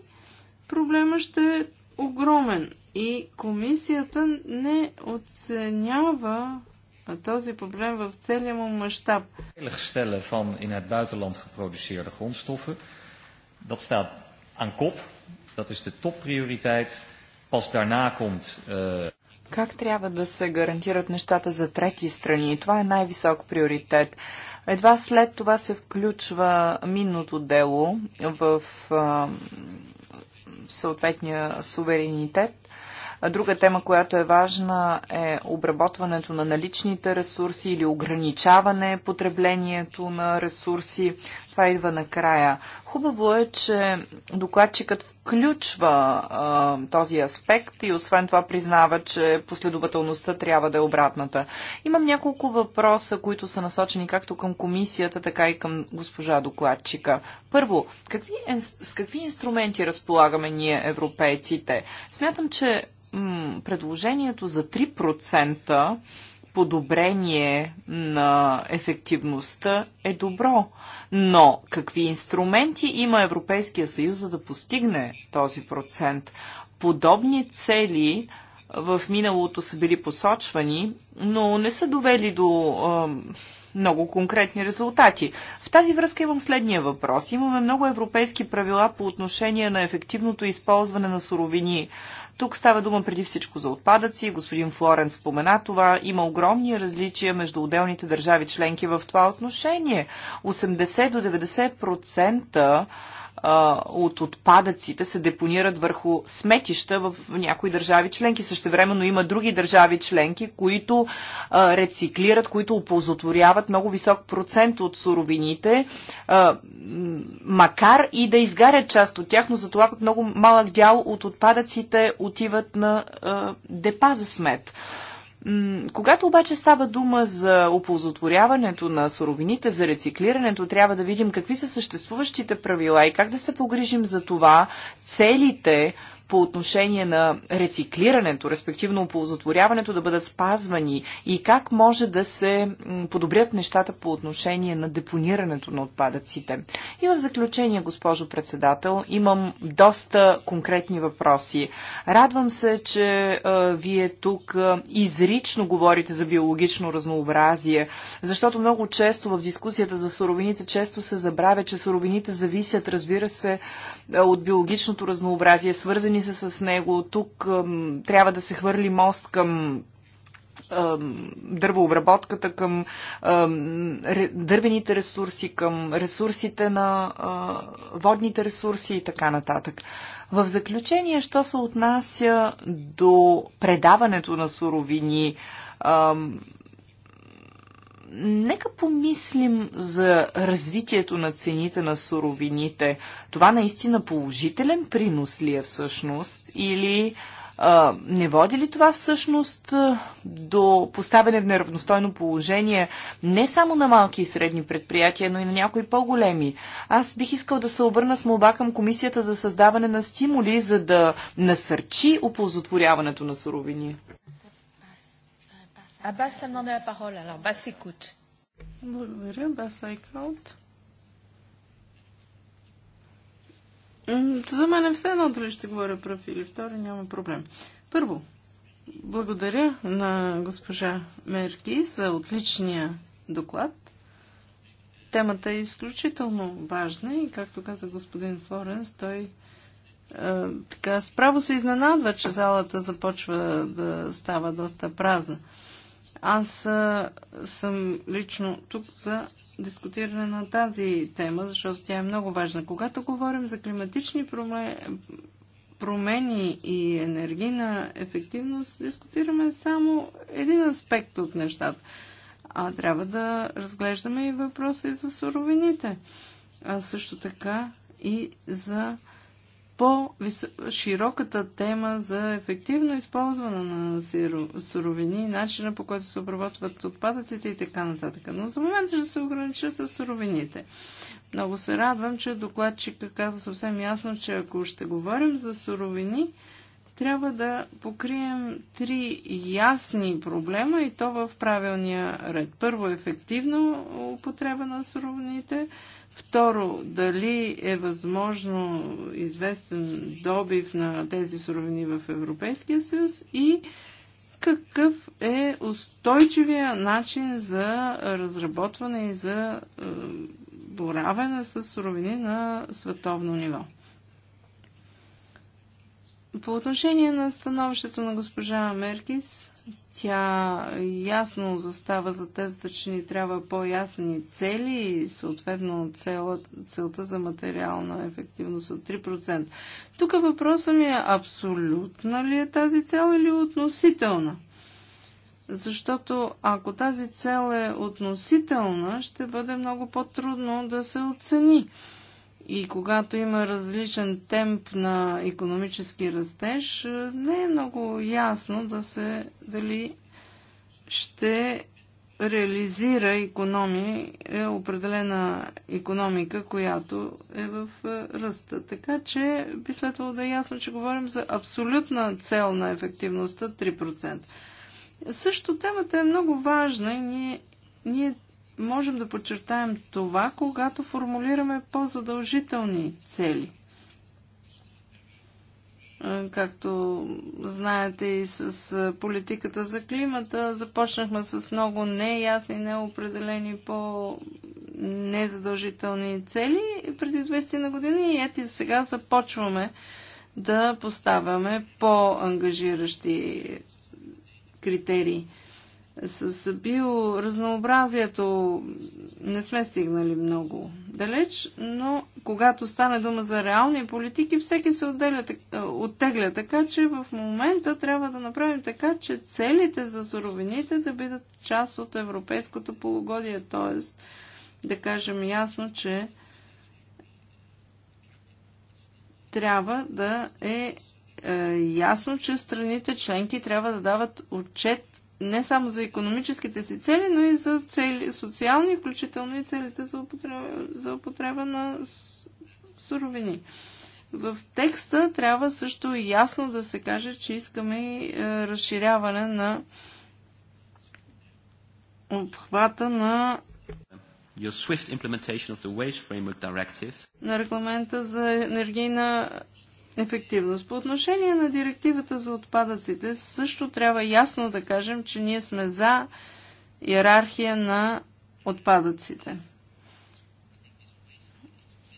проблема ще е огромен. И комисията не оценява този проблем в целия му мащаб. Veilig van in het buitenland geproduceerde grondstoffen, dat staat aan kop. Dat is de topprioriteit. Pas daarna komt. Uh... Как трябва да се гарантират нещата за трети страни? Това е най-висок приоритет. Едва след това се включва минното дело в а, съответния суверенитет. Друга тема, която е важна е обработването на наличните ресурси или ограничаване потреблението на ресурси. Това идва накрая. Хубаво е, че докладчикът включва а, този аспект и освен това признава, че последователността трябва да е обратната. Имам няколко въпроса, които са насочени както към комисията, така и към госпожа докладчика. Първо, какви, с какви инструменти разполагаме ние, европейците? Смятам, че предложението за 3% подобрение на ефективността е добро. Но какви инструменти има Европейския съюз, за да постигне този процент? Подобни цели в миналото са били посочвани, но не са довели до е, много конкретни резултати. В тази връзка имам следния въпрос. Имаме много европейски правила по отношение на ефективното използване на суровини тук става дума преди всичко за отпадъци. Господин Флорен спомена това. Има огромни различия между отделните държави членки в това отношение. 80 до 90% процента а, от отпадъците се депонират върху сметища в някои държави членки. времено има други държави членки, които а, рециклират, които оползотворяват много висок процент от суровините, а, макар и да изгарят част от тях, но за това много малък дял от отпадъците отиват на а, депа за смет. А, когато обаче става дума за оползотворяването на суровините, за рециклирането, трябва да видим какви са съществуващите правила и как да се погрижим за това целите по отношение на рециклирането, респективно оползотворяването да бъдат спазвани и как може да се подобрят нещата по отношение на депонирането на отпадъците. И в заключение, госпожо председател, имам доста конкретни въпроси. Радвам се, че а, вие тук а, изрично говорите за биологично разнообразие, защото много често в дискусията за суровините често се забравя, че суровините зависят, разбира се, от биологичното разнообразие, свързани са с него. Тук трябва да се хвърли мост към дървообработката, към дървените ресурси, към ресурсите на водните ресурси и така нататък. В заключение, що се отнася до предаването на суровини, нека помислим за развитието на цените на суровините. Това наистина положителен принос ли е всъщност или а, не води ли това всъщност до поставяне в неравностойно положение не само на малки и средни предприятия, но и на някои по-големи? Аз бих искал да се обърна с молба към Комисията за създаване на стимули, за да насърчи оползотворяването на суровини. А ah, съм demandé la parole, alors Бас écoute. Благодаря, Бас Айкаут. За мен е все едно дали ще говоря прав или втори, няма проблем. Първо, благодаря на госпожа Мерки за отличния доклад. Темата е изключително важна и, както каза господин Флоренс, той е, така справо се изненадва, че залата започва да става доста празна. Аз съм лично тук за дискутиране на тази тема, защото тя е много важна. Когато говорим за климатични промени и енергийна ефективност, дискутираме само един аспект от нещата. А трябва да разглеждаме и въпроси за суровините, а също така и за по-широката тема за ефективно използване на суровини, начина по който се обработват отпадъците и така нататък. Но за момента ще се огранича с суровините. Много се радвам, че докладчика каза съвсем ясно, че ако ще говорим за суровини, трябва да покрием три ясни проблема и то в правилния ред. Първо, ефективно употреба на суровините – Второ, дали е възможно известен добив на тези суровини в Европейския съюз и какъв е устойчивия начин за разработване и за е, боравене с суровини на световно ниво. По отношение на становището на госпожа Меркис, тя ясно застава за тезата, че ни трябва по-ясни цели и съответно цела, целта за материална ефективност от 3%. Тук въпросът ми е абсолютна ли е тази цел или относителна? Защото ако тази цел е относителна, ще бъде много по-трудно да се оцени. И когато има различен темп на економически растеж, не е много ясно да се дали ще реализира економия, е определена економика, която е в е, ръста. Така че би следвало да е ясно, че говорим за абсолютна цел на ефективността 3%. Също темата е много важна и ние, ние можем да подчертаем това, когато формулираме по-задължителни цели. Както знаете и с политиката за климата, започнахме с много неясни, неопределени, по-незадължителни цели преди 200 на години и ето сега започваме да поставяме по-ангажиращи критерии. С биоразнообразието не сме стигнали много далеч, но когато стане дума за реални политики, всеки се отделя, е, оттегля. Така че в момента трябва да направим така, че целите за суровините да бъдат част от европейското полугодие. т.е. да кажем ясно, че трябва да е, е ясно, че страните членки трябва да дават отчет не само за економическите си цели, но и за цели социални, включително и целите за употреба, за употреба на суровини. В текста трябва също ясно да се каже, че искаме и е, разширяване на обхвата на Your swift implementation of the Waste Framework Directive. на регламента за енергийна ефективност. По отношение на директивата за отпадъците, също трябва ясно да кажем, че ние сме за иерархия на отпадъците.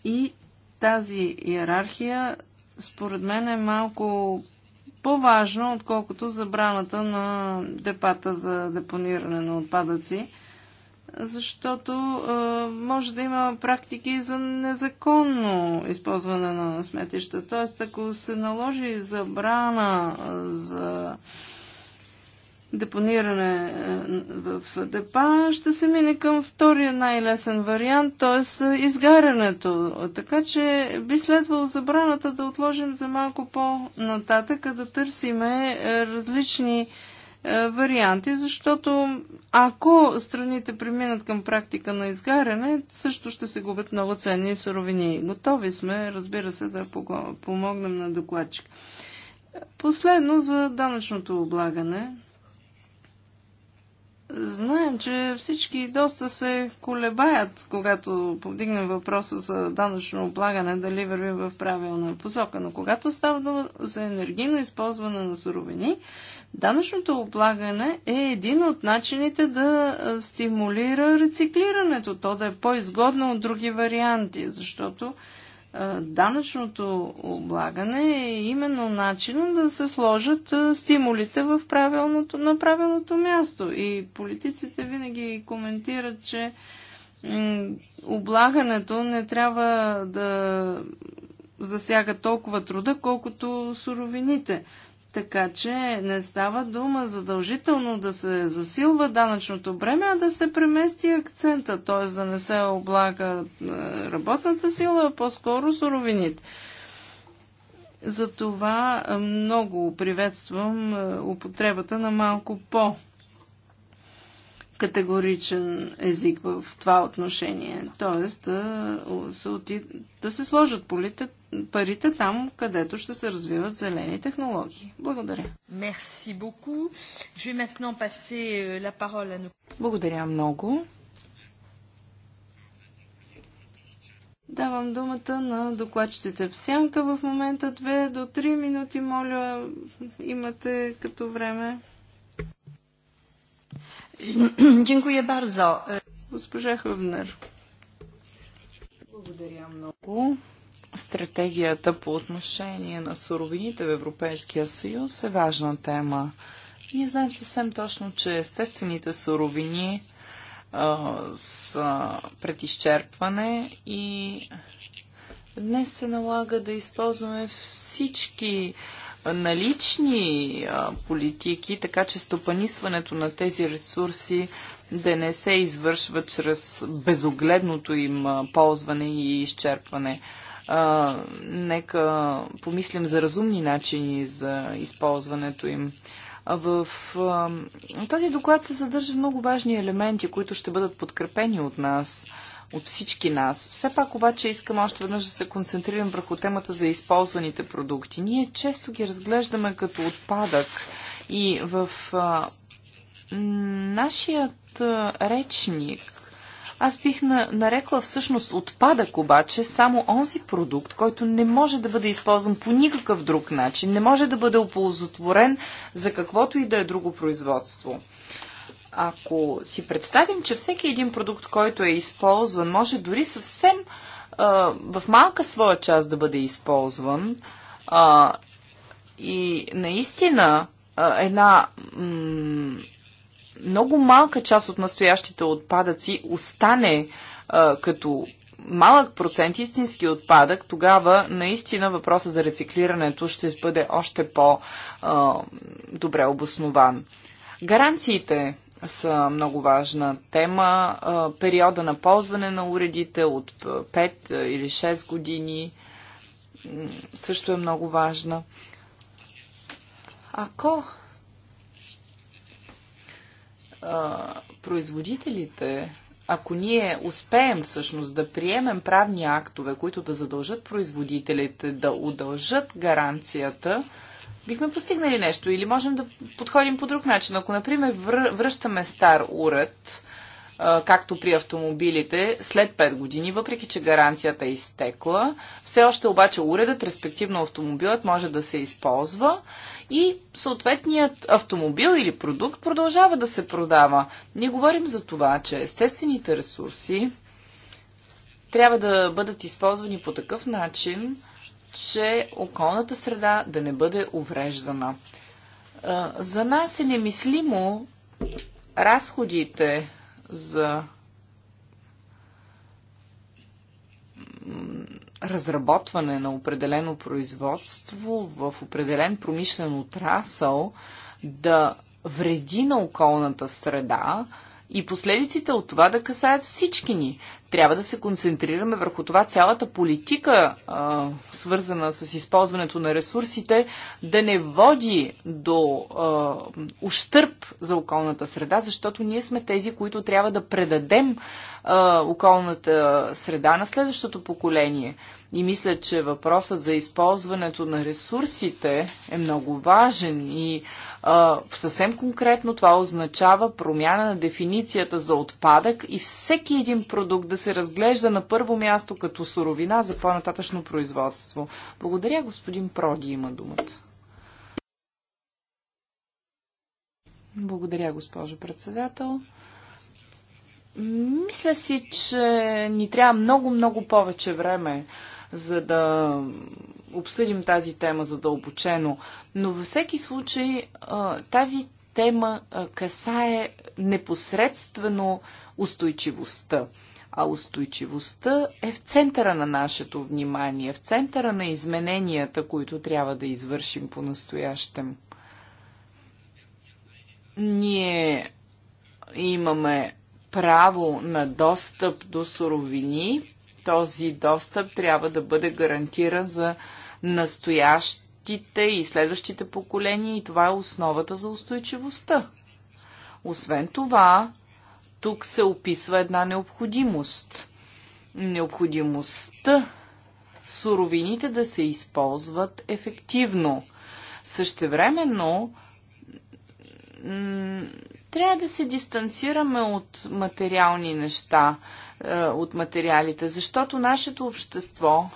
И тази иерархия, според мен, е малко по-важна, отколкото забраната на депата за депониране на отпадъци – защото а, може да има практики за незаконно използване на сметища. Тоест, ако се наложи забрана за депониране е, в депа, ще се мине към втория най-лесен вариант, т.е. изгарянето. Така че би следвало забраната да отложим за малко по-нататък, да търсиме е, различни е, варианти, защото ако страните преминат към практика на изгаряне, също ще се губят много ценни суровини. Готови сме, разбира се, да помогнем на докладчик. Последно за данъчното облагане. Знаем, че всички доста се колебаят, когато повдигнем въпроса за данъчно облагане, дали вървим в правилна посока. Но когато става за енергийно използване на суровини, Данъчното облагане е един от начините да стимулира рециклирането, то да е по-изгодно от други варианти, защото данъчното облагане е именно начин да се сложат стимулите в правилното, на правилното място. И политиците винаги коментират, че облагането не трябва да засяга толкова труда, колкото суровините. Така че не става дума задължително да се засилва данъчното бреме, а да се премести акцента, т.е. да не се облага е, работната сила, а по-скоро суровините. Затова много приветствам е, употребата на малко по категоричен език в това отношение. Тоест да се, оти... да се сложат полите... парите там, където ще се развиват зелени технологии. Благодаря. Merci beaucoup. Je vais maintenant passer euh, la parole à nous. Благодаря много. Давам думата на докладчиците в сянка в момента две до три минути, моля, имате като време. Госпожа Хъбнер. Благодаря много. Стратегията по отношение на суровините в Европейския съюз е важна тема. Ние знаем съвсем точно, че естествените суровини а, са пред изчерпване и днес се налага да използваме всички а, налични политики, така че стопанисването на тези ресурси да не се извършва чрез безогледното им ползване и изчерпване. А, нека помислим за разумни начини за използването им. В този доклад се съдържат много важни елементи, които ще бъдат подкрепени от нас от всички нас. Все пак обаче искам още веднъж да се концентрирам върху темата за използваните продукти. Ние често ги разглеждаме като отпадък и в а, нашият а, речник аз бих на, нарекла всъщност отпадък обаче само онзи продукт, който не може да бъде използван по никакъв друг начин, не може да бъде оползотворен за каквото и да е друго производство. Ако си представим, че всеки един продукт, който е използван, може дори съвсем а, в малка своя част да бъде използван а, и наистина а, една много малка част от настоящите отпадъци остане а, като малък процент истински отпадък, тогава наистина въпроса за рециклирането ще бъде още по-добре обоснован. Гаранциите са много важна тема. Периода на ползване на уредите от 5 или 6 години също е много важна. Ако производителите, ако ние успеем всъщност да приемем правни актове, които да задължат производителите да удължат гаранцията, бихме постигнали нещо. Или можем да подходим по друг начин. Ако, например, връщаме стар уред, както при автомобилите, след 5 години, въпреки че гаранцията е изтекла, все още обаче уредът, респективно автомобилът, може да се използва и съответният автомобил или продукт продължава да се продава. Ние говорим за това, че естествените ресурси трябва да бъдат използвани по такъв начин, че околната среда да не бъде увреждана. За нас е немислимо разходите за разработване на определено производство в определен промишлен отрасъл да вреди на околната среда и последиците от това да касаят всички ни трябва да се концентрираме върху това цялата политика, а, свързана с използването на ресурсите, да не води до а, ущърп за околната среда, защото ние сме тези, които трябва да предадем а, околната среда на следващото поколение. И мисля, че въпросът за използването на ресурсите е много важен и а, съвсем конкретно това означава промяна на дефиницията за отпадък и всеки един продукт да се разглежда на първо място като суровина за по-нататъчно производство. Благодаря, господин Проди има думата. Благодаря, госпожо председател. Мисля си, че ни трябва много-много повече време, за да обсъдим тази тема задълбочено. Но във всеки случай тази тема касае непосредствено устойчивостта а устойчивостта е в центъра на нашето внимание, в центъра на измененията, които трябва да извършим по-настоящем. Ние имаме право на достъп до суровини. Този достъп трябва да бъде гарантиран за настоящите и следващите поколения и това е основата за устойчивостта. Освен това, тук се описва една необходимост. Необходимостта суровините да се използват ефективно. Същевременно трябва да се дистанцираме от материални неща, е, от материалите, защото нашето общество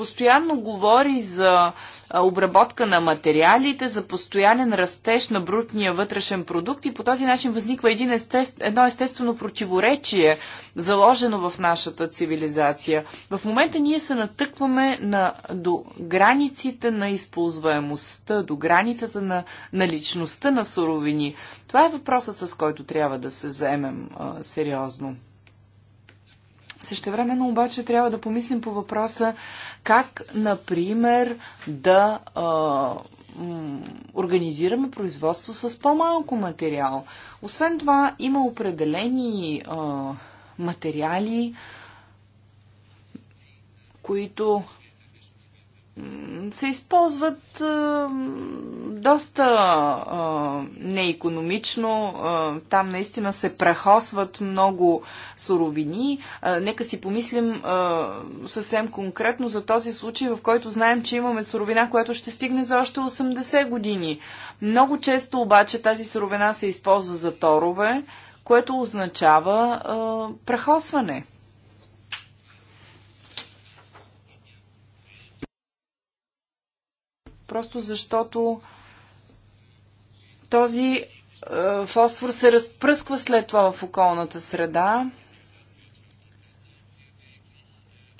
постоянно говори за обработка на материалите, за постоянен растеж на брутния вътрешен продукт и по този начин възниква един естест... едно естествено противоречие, заложено в нашата цивилизация. В момента ние се натъкваме на... до границите на използваемостта, до границата на наличността на суровини. Това е въпросът, с който трябва да се заемем а, сериозно. Същевременно обаче трябва да помислим по въпроса как, например, да а, организираме производство с по-малко материал. Освен това, има определени а, материали, които се използват а, доста а, неекономично. А, там наистина се прахосват много суровини. А, нека си помислим а, съвсем конкретно за този случай, в който знаем, че имаме суровина, която ще стигне за още 80 години. Много често обаче тази суровина се използва за торове, което означава а, прахосване. просто защото този е, фосфор се разпръсква след това в околната среда.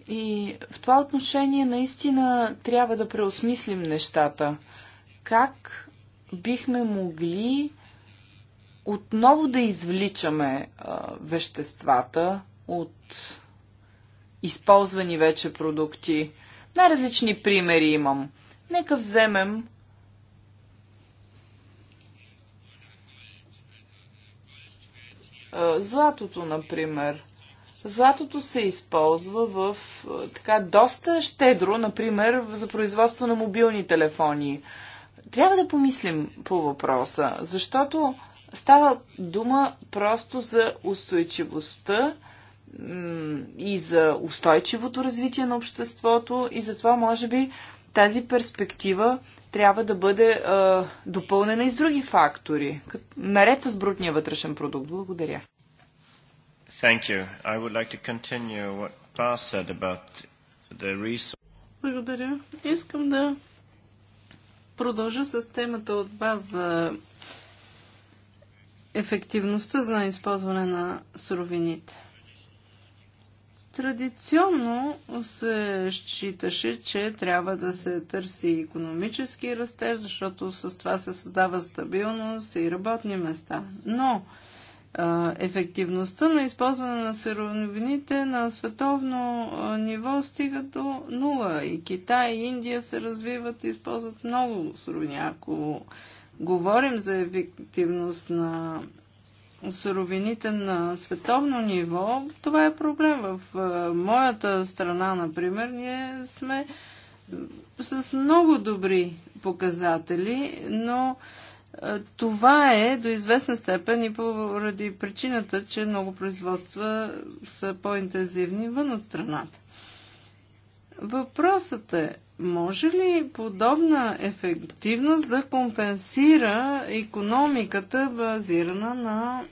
И в това отношение наистина трябва да преосмислим нещата. Как бихме могли отново да извличаме е, веществата от използвани вече продукти? Най-различни примери имам. Нека вземем златото, например. Златото се използва в така доста щедро, например, за производство на мобилни телефони. Трябва да помислим по въпроса, защото става дума просто за устойчивостта и за устойчивото развитие на обществото и затова може би тази перспектива трябва да бъде а, допълнена и с други фактори, като, наред с брутния вътрешен продукт. Благодаря. Thank you. I would like to continue what Pa said about the resource. Благодаря. Искам да продължа с темата от база ефективността за използване на суровините. Традиционно се считаше, че трябва да се търси економически растеж, защото с това се създава стабилност и работни места. Но ефективността на използване на сировините на световно ниво стига до нула. И Китай, и Индия се развиват и използват много суровини. Ако говорим за ефективност на суровините на световно ниво, това е проблем. В моята страна, например, ние сме с много добри показатели, но това е до известна степен и поради причината, че много производства са по-интензивни вън от страната. Въпросът е, може ли подобна ефективност да компенсира економиката базирана на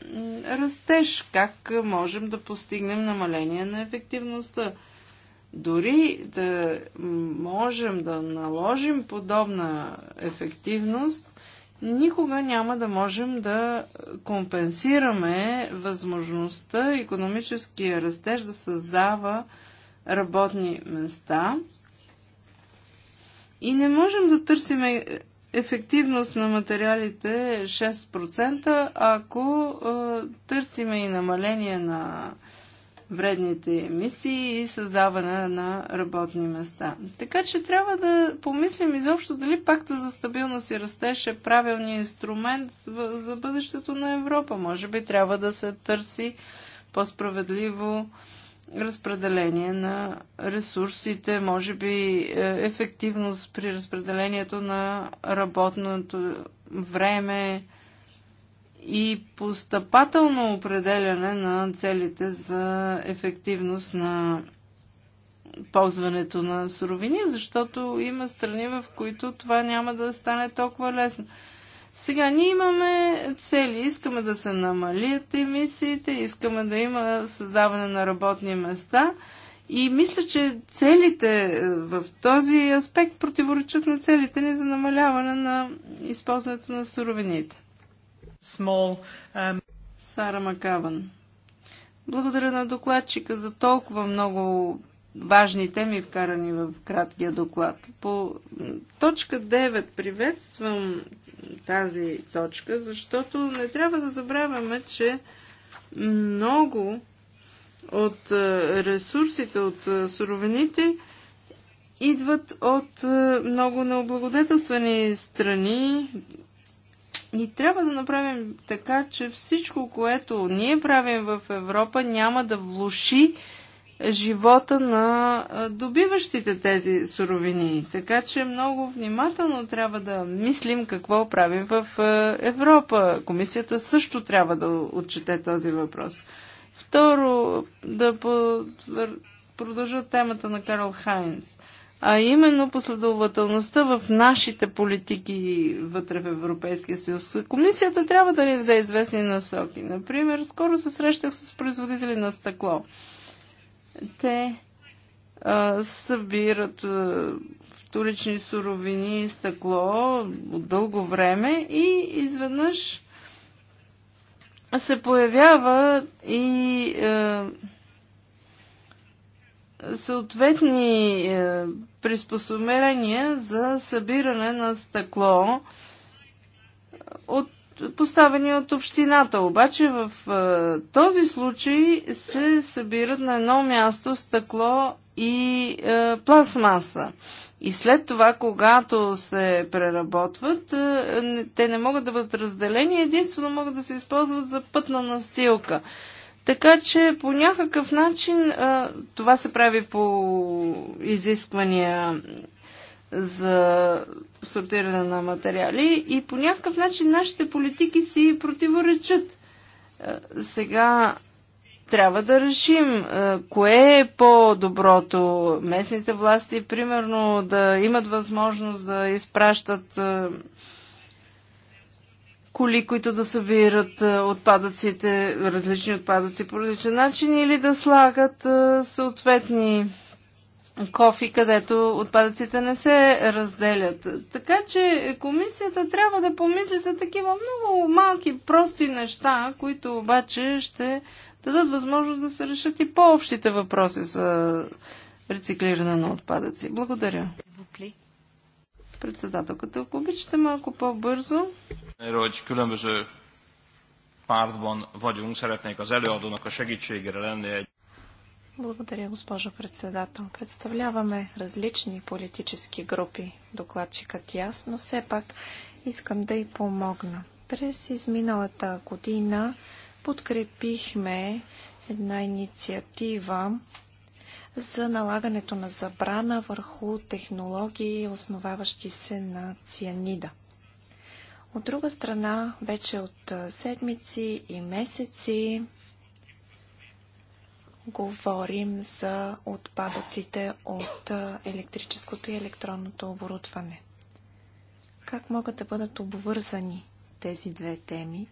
растеж? Как можем да постигнем намаление на ефективността? Дори да можем да наложим подобна ефективност, никога няма да можем да компенсираме възможността економическия растеж да създава работни места. И не можем да търсим е, ефективност на материалите 6%, ако е, търсиме и намаление на вредните емисии и създаване на работни места. Така че трябва да помислим изобщо дали пакта за стабилност и растеж е правилният инструмент за бъдещето на Европа. Може би трябва да се търси по-справедливо разпределение на ресурсите, може би е, ефективност при разпределението на работното време и постъпателно определяне на целите за ефективност на ползването на суровини, защото има страни, в които това няма да стане толкова лесно. Сега ние имаме цели. Искаме да се намалят емисиите, искаме да има създаване на работни места. И мисля, че целите е, в този аспект противоречат на целите ни за намаляване на използването на суровините. Small, um... Сара Макаван. Благодаря на докладчика за толкова много важни теми, вкарани в краткия доклад. По точка 9 приветствам тази точка, защото не трябва да забравяме, че много от е, ресурсите, от е, суровините идват от е, много необлагодетелствани страни и трябва да направим така, че всичко, което ние правим в Европа, няма да влуши живота на добиващите тези суровини. Така че много внимателно трябва да мислим какво правим в Европа. Комисията също трябва да отчете този въпрос. Второ, да продължа темата на Карл Хайнц, а именно последователността в нашите политики вътре в Европейския съюз. Комисията трябва да ни даде известни насоки. Например, скоро се срещах с производители на стъкло. Те а, събират а, вторични суровини и стъкло от дълго време и изведнъж се появява и е, съответни е, приспособления за събиране на стъкло от поставени от общината. Обаче в е, този случай се събират на едно място стъкло и е, пластмаса. И след това, когато се преработват, е, те не могат да бъдат разделени, единствено могат да се използват за пътна настилка. Така че по някакъв начин това се прави по изисквания за сортиране на материали и по някакъв начин нашите политики си противоречат. Е, сега трябва да решим е, кое е по-доброто. Местните власти, примерно, да имат възможност да изпращат е, коли, които да събират отпадъците, различни отпадъци по различен начин или да слагат съответни кофи, където отпадъците не се разделят. Така че комисията трябва да помисли за такива много малки, прости неща, които обаче ще дадат възможност да се решат и по-общите въпроси за рециклиране на отпадъци. Благодаря. Председателката, ако обичате малко по-бързо. Hogy különböző pártban vagyunk, szeretnék az előadónak a segítségére lenni egy благодаря, госпожо председател. Представляваме различни политически групи, докладчикът и аз, но все пак искам да й помогна. През изминалата година подкрепихме една инициатива за налагането на забрана върху технологии, основаващи се на цианида. От друга страна, вече от седмици и месеци говорим за отпадъците от електрическото и електронното оборудване. Как могат да бъдат обвързани тези две теми?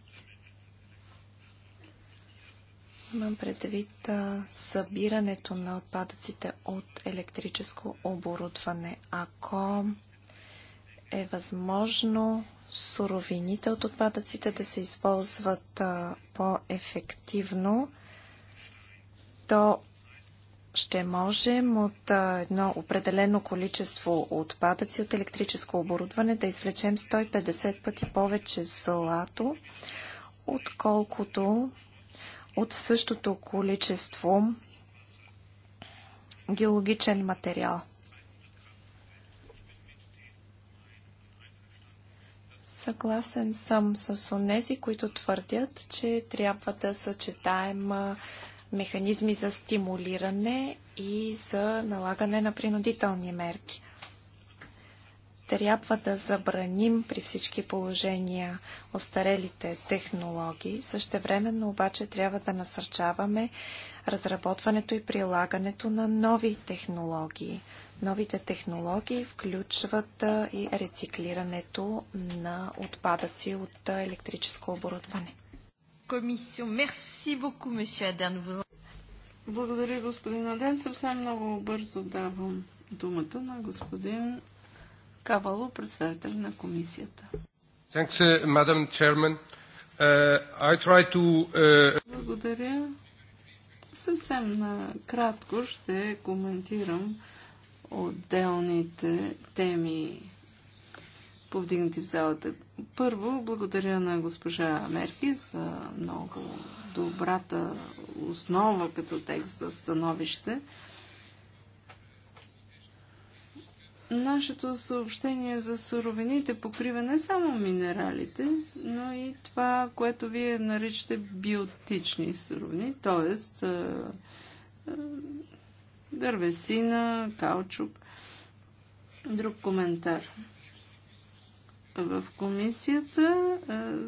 Имам предвид събирането на отпадъците от електрическо оборудване. Ако е възможно суровините от отпадъците да се използват по-ефективно, то ще можем от едно определено количество отпадъци от електрическо оборудване да извлечем 150 пъти повече злато, отколкото от същото количество геологичен материал. Съгласен съм с онези, които твърдят, че трябва да съчетаем механизми за стимулиране и за налагане на принудителни мерки. Трябва да забраним при всички положения остарелите технологии, същевременно обаче трябва да насърчаваме разработването и прилагането на нови технологии. Новите технологии включват и рециклирането на отпадъци от електрическо оборудване. Благодаря, господин Аден. Съвсем много бързо давам думата на господин Кавало, председател на комисията. Thanks, uh, madam chairman. Uh, I try to, uh... Благодаря. Съвсем uh, кратко ще коментирам отделните теми, повдигнати в залата. Първо, благодаря на госпожа Мерки за много добрата основа като текст за становище. Нашето съобщение за суровините покрива не само минералите, но и това, което вие наричате биотични суровини, т.е. Е, дървесина, каучук. Друг коментар. В комисията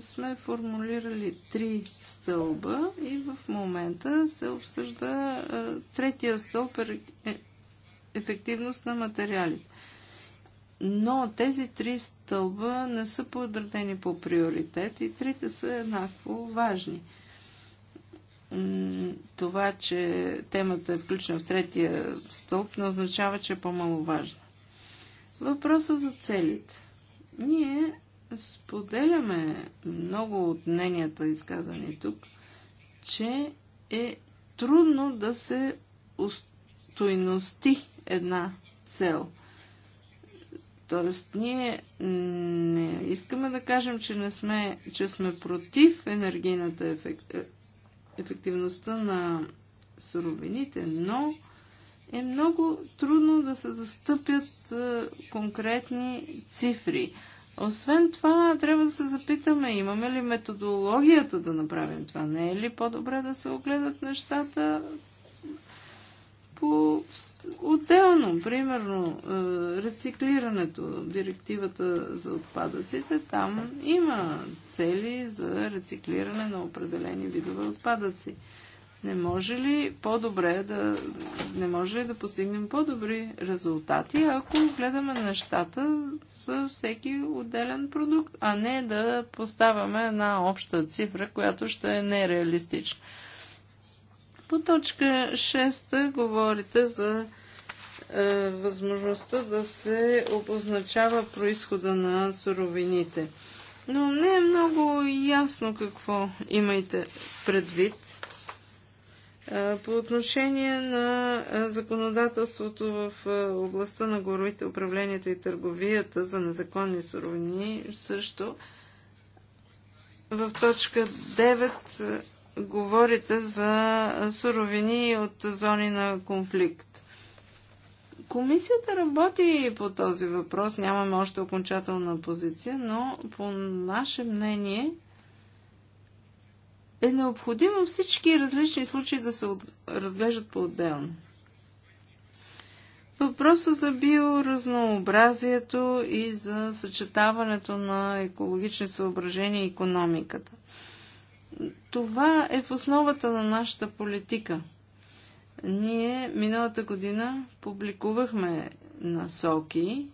сме формулирали три стълба и в момента се обсъжда третия стълб е, е ефективност на материалите. Но тези три стълба не са подредени по приоритет и трите са еднакво важни. Това, че темата е включена в третия стълб, не означава, че е по-маловажна. Въпросът за целите. Ние споделяме много от мненията, изказани тук, че е трудно да се устойности една цел. Тоест, ние не искаме да кажем, че, не сме, че сме против енергийната ефект, ефективността на суровините, но е много трудно да се застъпят е, конкретни цифри. Освен това, трябва да се запитаме, имаме ли методологията да направим това? Не е ли по-добре да се огледат нещата по отделно, примерно, е, рециклирането, директивата за отпадъците, там има цели за рециклиране на определени видове отпадъци. Не може ли по-добре да, не може ли да постигнем по-добри резултати, ако гледаме нещата за всеки отделен продукт, а не да поставяме една обща цифра, която ще е нереалистична? По точка 6 говорите за е, възможността да се обозначава происхода на суровините. Но не е много ясно какво имайте предвид по отношение на законодателството в областта на горовите управлението и търговията за незаконни суровини, също в точка 9 говорите за суровини от зони на конфликт. Комисията работи по този въпрос, нямаме още окончателна позиция, но по наше мнение – е необходимо всички различни случаи да се от... разглеждат по-отделно. Въпросът за биоразнообразието и за съчетаването на екологични съображения и економиката. Това е в основата на нашата политика. Ние миналата година публикувахме насоки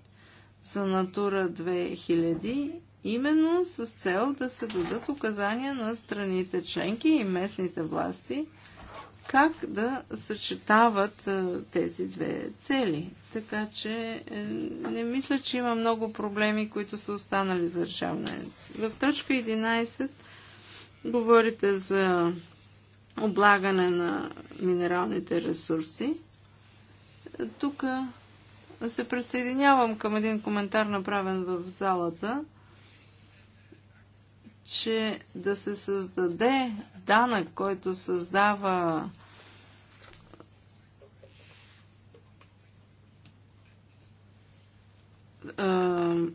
за Натура 2000 именно с цел да се дадат указания на страните членки и местните власти как да съчетават тези две цели. Така че е, не мисля, че има много проблеми, които са останали за решаване. В точка 11 говорите за облагане на минералните ресурси. Тук се присъединявам към един коментар, направен в залата че да се създаде данък, който създава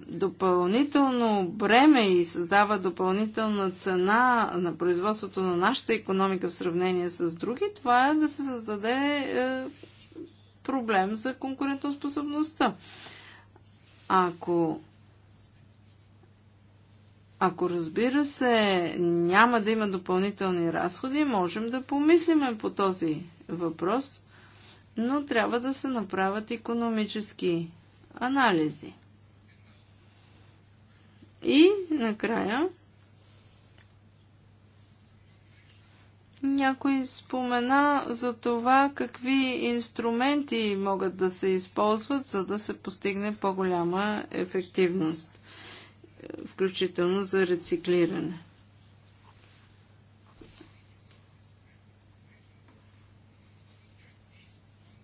допълнително бреме и създава допълнителна цена на производството на нашата економика в сравнение с други, това е да се създаде е, проблем за конкурентоспособността. Ако ако разбира се няма да има допълнителни разходи, можем да помислиме по този въпрос, но трябва да се направят економически анализи. И накрая някой спомена за това какви инструменти могат да се използват, за да се постигне по-голяма ефективност включително за рециклиране.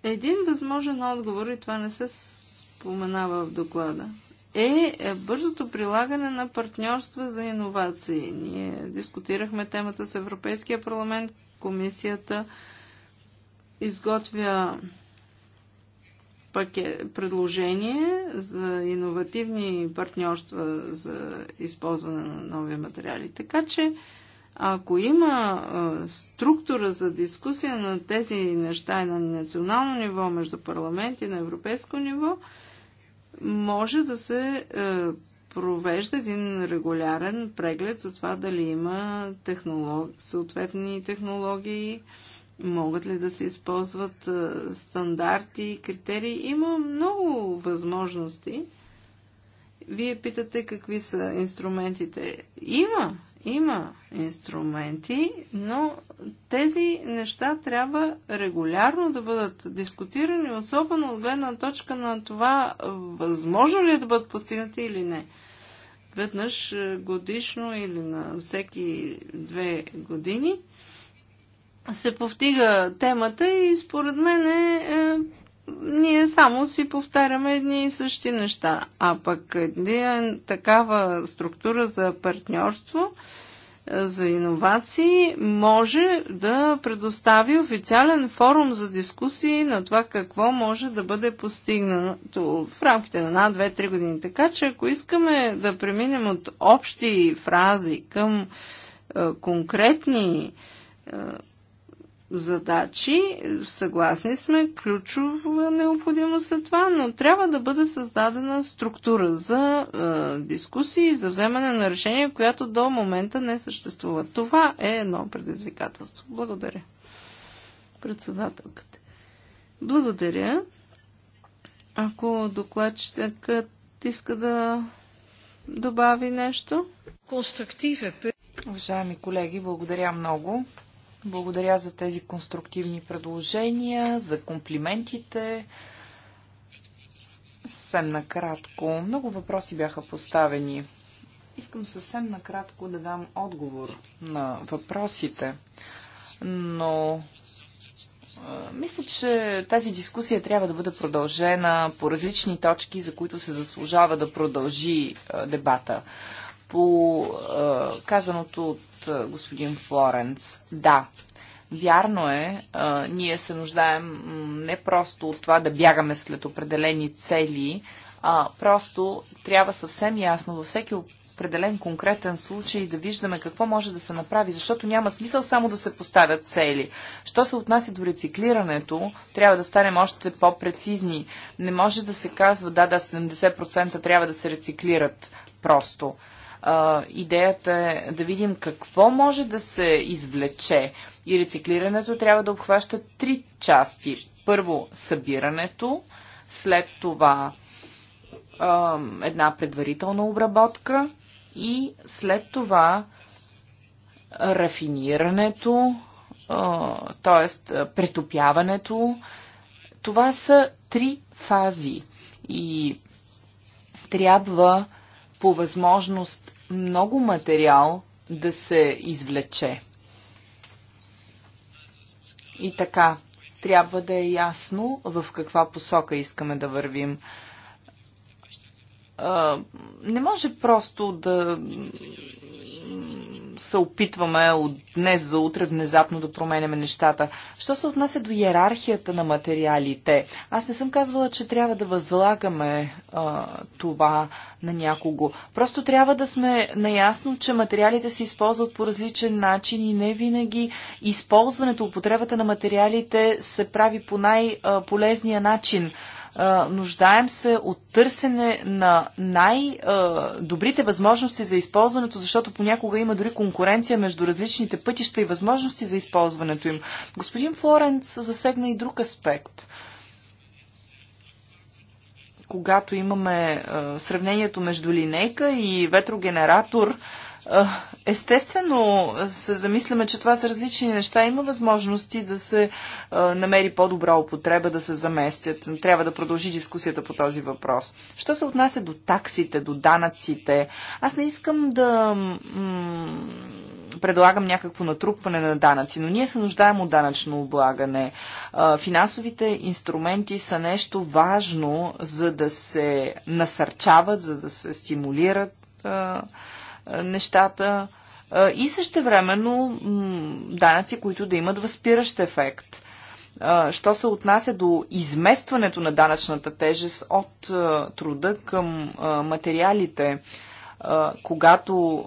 Един възможен отговор, и това не се споменава в доклада, е, е бързото прилагане на партньорства за иновации. Ние дискутирахме темата с Европейския парламент, комисията изготвя пакет, предложение за иновативни партньорства за използване на нови материали. Така че, ако има а, структура за дискусия на тези неща и на национално ниво, между парламент и на европейско ниво, може да се а, провежда един регулярен преглед за това дали има технолог, съответни технологии, могат ли да се използват стандарти и критерии? Има много възможности. Вие питате какви са инструментите. Има, има инструменти, но тези неща трябва регулярно да бъдат дискутирани, особено от гледна точка на това, възможно ли е да бъдат постигнати или не. Веднъж годишно или на всеки две години – се повдига темата и според мен е, е, ние само си повтаряме едни и същи неща. А пък една такава структура за партньорство, е, за иновации, може да предостави официален форум за дискусии на това какво може да бъде постигнато в рамките на една, две, три години. Така че ако искаме да преминем от общи фрази към е, конкретни е, задачи. Съгласни сме, ключова необходимост е това, но трябва да бъде създадена структура за е, дискусии, за вземане на решения, която до момента не съществува. Това е едно предизвикателство. Благодаря. Председателката. Благодаря. Ако докладчикът иска да добави нещо. Конструктивен. Уважаеми колеги, благодаря много. Благодаря за тези конструктивни предложения, за комплиментите. Съвсем накратко. Много въпроси бяха поставени. Искам съвсем накратко да дам отговор на въпросите, но мисля, че тази дискусия трябва да бъде продължена по различни точки, за които се заслужава да продължи дебата по казаното от господин Флоренц. Да, Вярно е, а, ние се нуждаем не просто от това да бягаме след определени цели, а просто трябва съвсем ясно във всеки определен конкретен случай да виждаме какво може да се направи, защото няма смисъл само да се поставят цели. Що се отнася до рециклирането, трябва да станем още по-прецизни. Не може да се казва, да, да, 70% трябва да се рециклират просто а, идеята е да видим какво може да се извлече. И рециклирането трябва да обхваща три части. Първо събирането, след това а, една предварителна обработка и след това рафинирането, т.е. претопяването. Това са три фази и трябва по възможност много материал да се извлече. И така, трябва да е ясно в каква посока искаме да вървим. А, не може просто да се опитваме от днес за утре внезапно да променяме нещата. Що се отнася до иерархията на материалите? Аз не съм казвала, че трябва да възлагаме а, това на някого. Просто трябва да сме наясно, че материалите се използват по различен начин и не винаги използването, употребата на материалите се прави по най-полезния начин нуждаем се от търсене на най-добрите възможности за използването, защото понякога има дори конкуренция между различните пътища и възможности за използването им. Господин Флоренц засегна и друг аспект когато имаме сравнението между линейка и ветрогенератор, Естествено се замисляме, че това са различни неща. Има възможности да се а, е, намери по-добра употреба, да се заместят. Трябва да продължи дискусията по този въпрос. Що се отнася до таксите, до данъците? Аз не искам да предлагам някакво натрупване на данъци, но ние се нуждаем от данъчно облагане. А, е, финансовите инструменти са нещо важно, за да се насърчават, за да се стимулират а, е, нещата и също времено данъци, които да имат възпиращ ефект. Що се отнася до изместването на данъчната тежест от труда към материалите, когато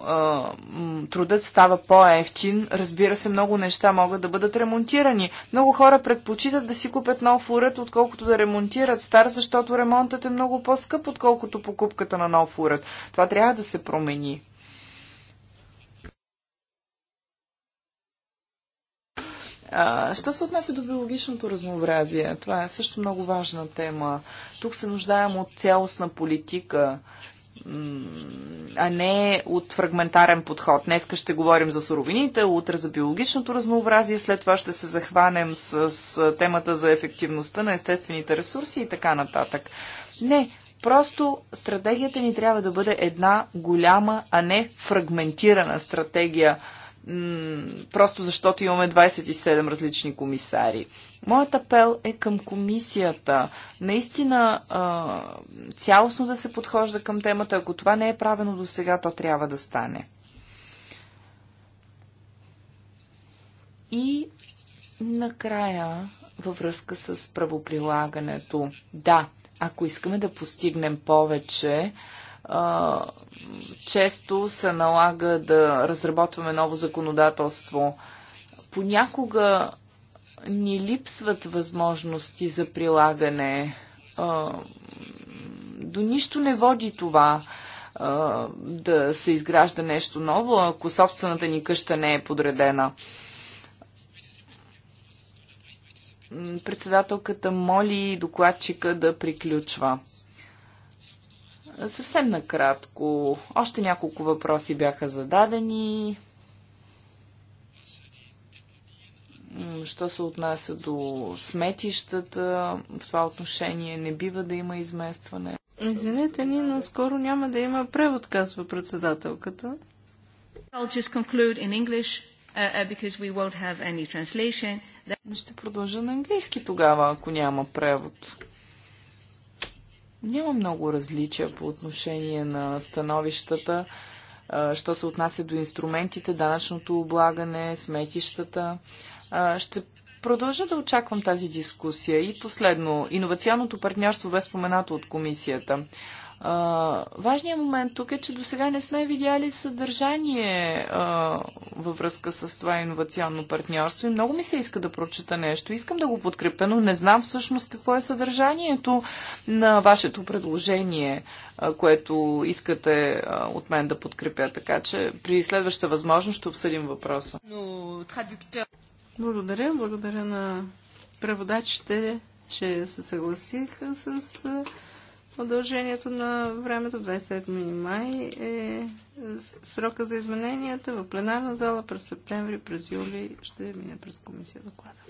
трудът става по-ефтин, разбира се, много неща могат да бъдат ремонтирани. Много хора предпочитат да си купят нов уред, отколкото да ремонтират стар, защото ремонтът е много по-скъп, отколкото покупката на нов уред. Това трябва да се промени. А, що се отнася до биологичното разнообразие? Това е също много важна тема. Тук се нуждаем от цялостна политика, а не от фрагментарен подход. Днеска ще говорим за суровините, утре за биологичното разнообразие, след това ще се захванем с, с темата за ефективността на естествените ресурси и така нататък. Не, Просто стратегията ни трябва да бъде една голяма, а не фрагментирана стратегия просто защото имаме 27 различни комисари. Моят апел е към комисията. Наистина цялостно да се подхожда към темата. Ако това не е правено до сега, то трябва да стане. И накрая, във връзка с правоприлагането. Да, ако искаме да постигнем повече, често се налага да разработваме ново законодателство. Понякога ни липсват възможности за прилагане. до нищо не води това да се изгражда нещо ново, ако собствената ни къща не е подредена. Председателката моли докладчика да приключва. Съвсем накратко, още няколко въпроси бяха зададени. Що се отнася до сметищата, в това отношение не бива да има изместване. Извинете ни, но скоро няма да има превод, казва председателката. Ще продължа на английски тогава, ако няма превод. Няма много различия по отношение на становищата, що се отнася до инструментите, данъчното облагане, сметищата. Ще продължа да очаквам тази дискусия. И последно, иновационното партньорство бе споменато от комисията. А, важният момент тук е, че до сега не сме видяли съдържание а, във връзка с това иновационно партньорство и много ми се иска да прочета нещо. Искам да го подкрепя, но не знам всъщност какво е съдържанието на вашето предложение, а, което искате а, от мен да подкрепя. Така че при следваща възможност ще обсъдим въпроса. Но, традуктор... Благодаря, благодаря на преводачите, че се съгласиха с Удължението на времето 27 май е срока за измененията в пленарна зала през септември, през юли ще мине през комисия доклада.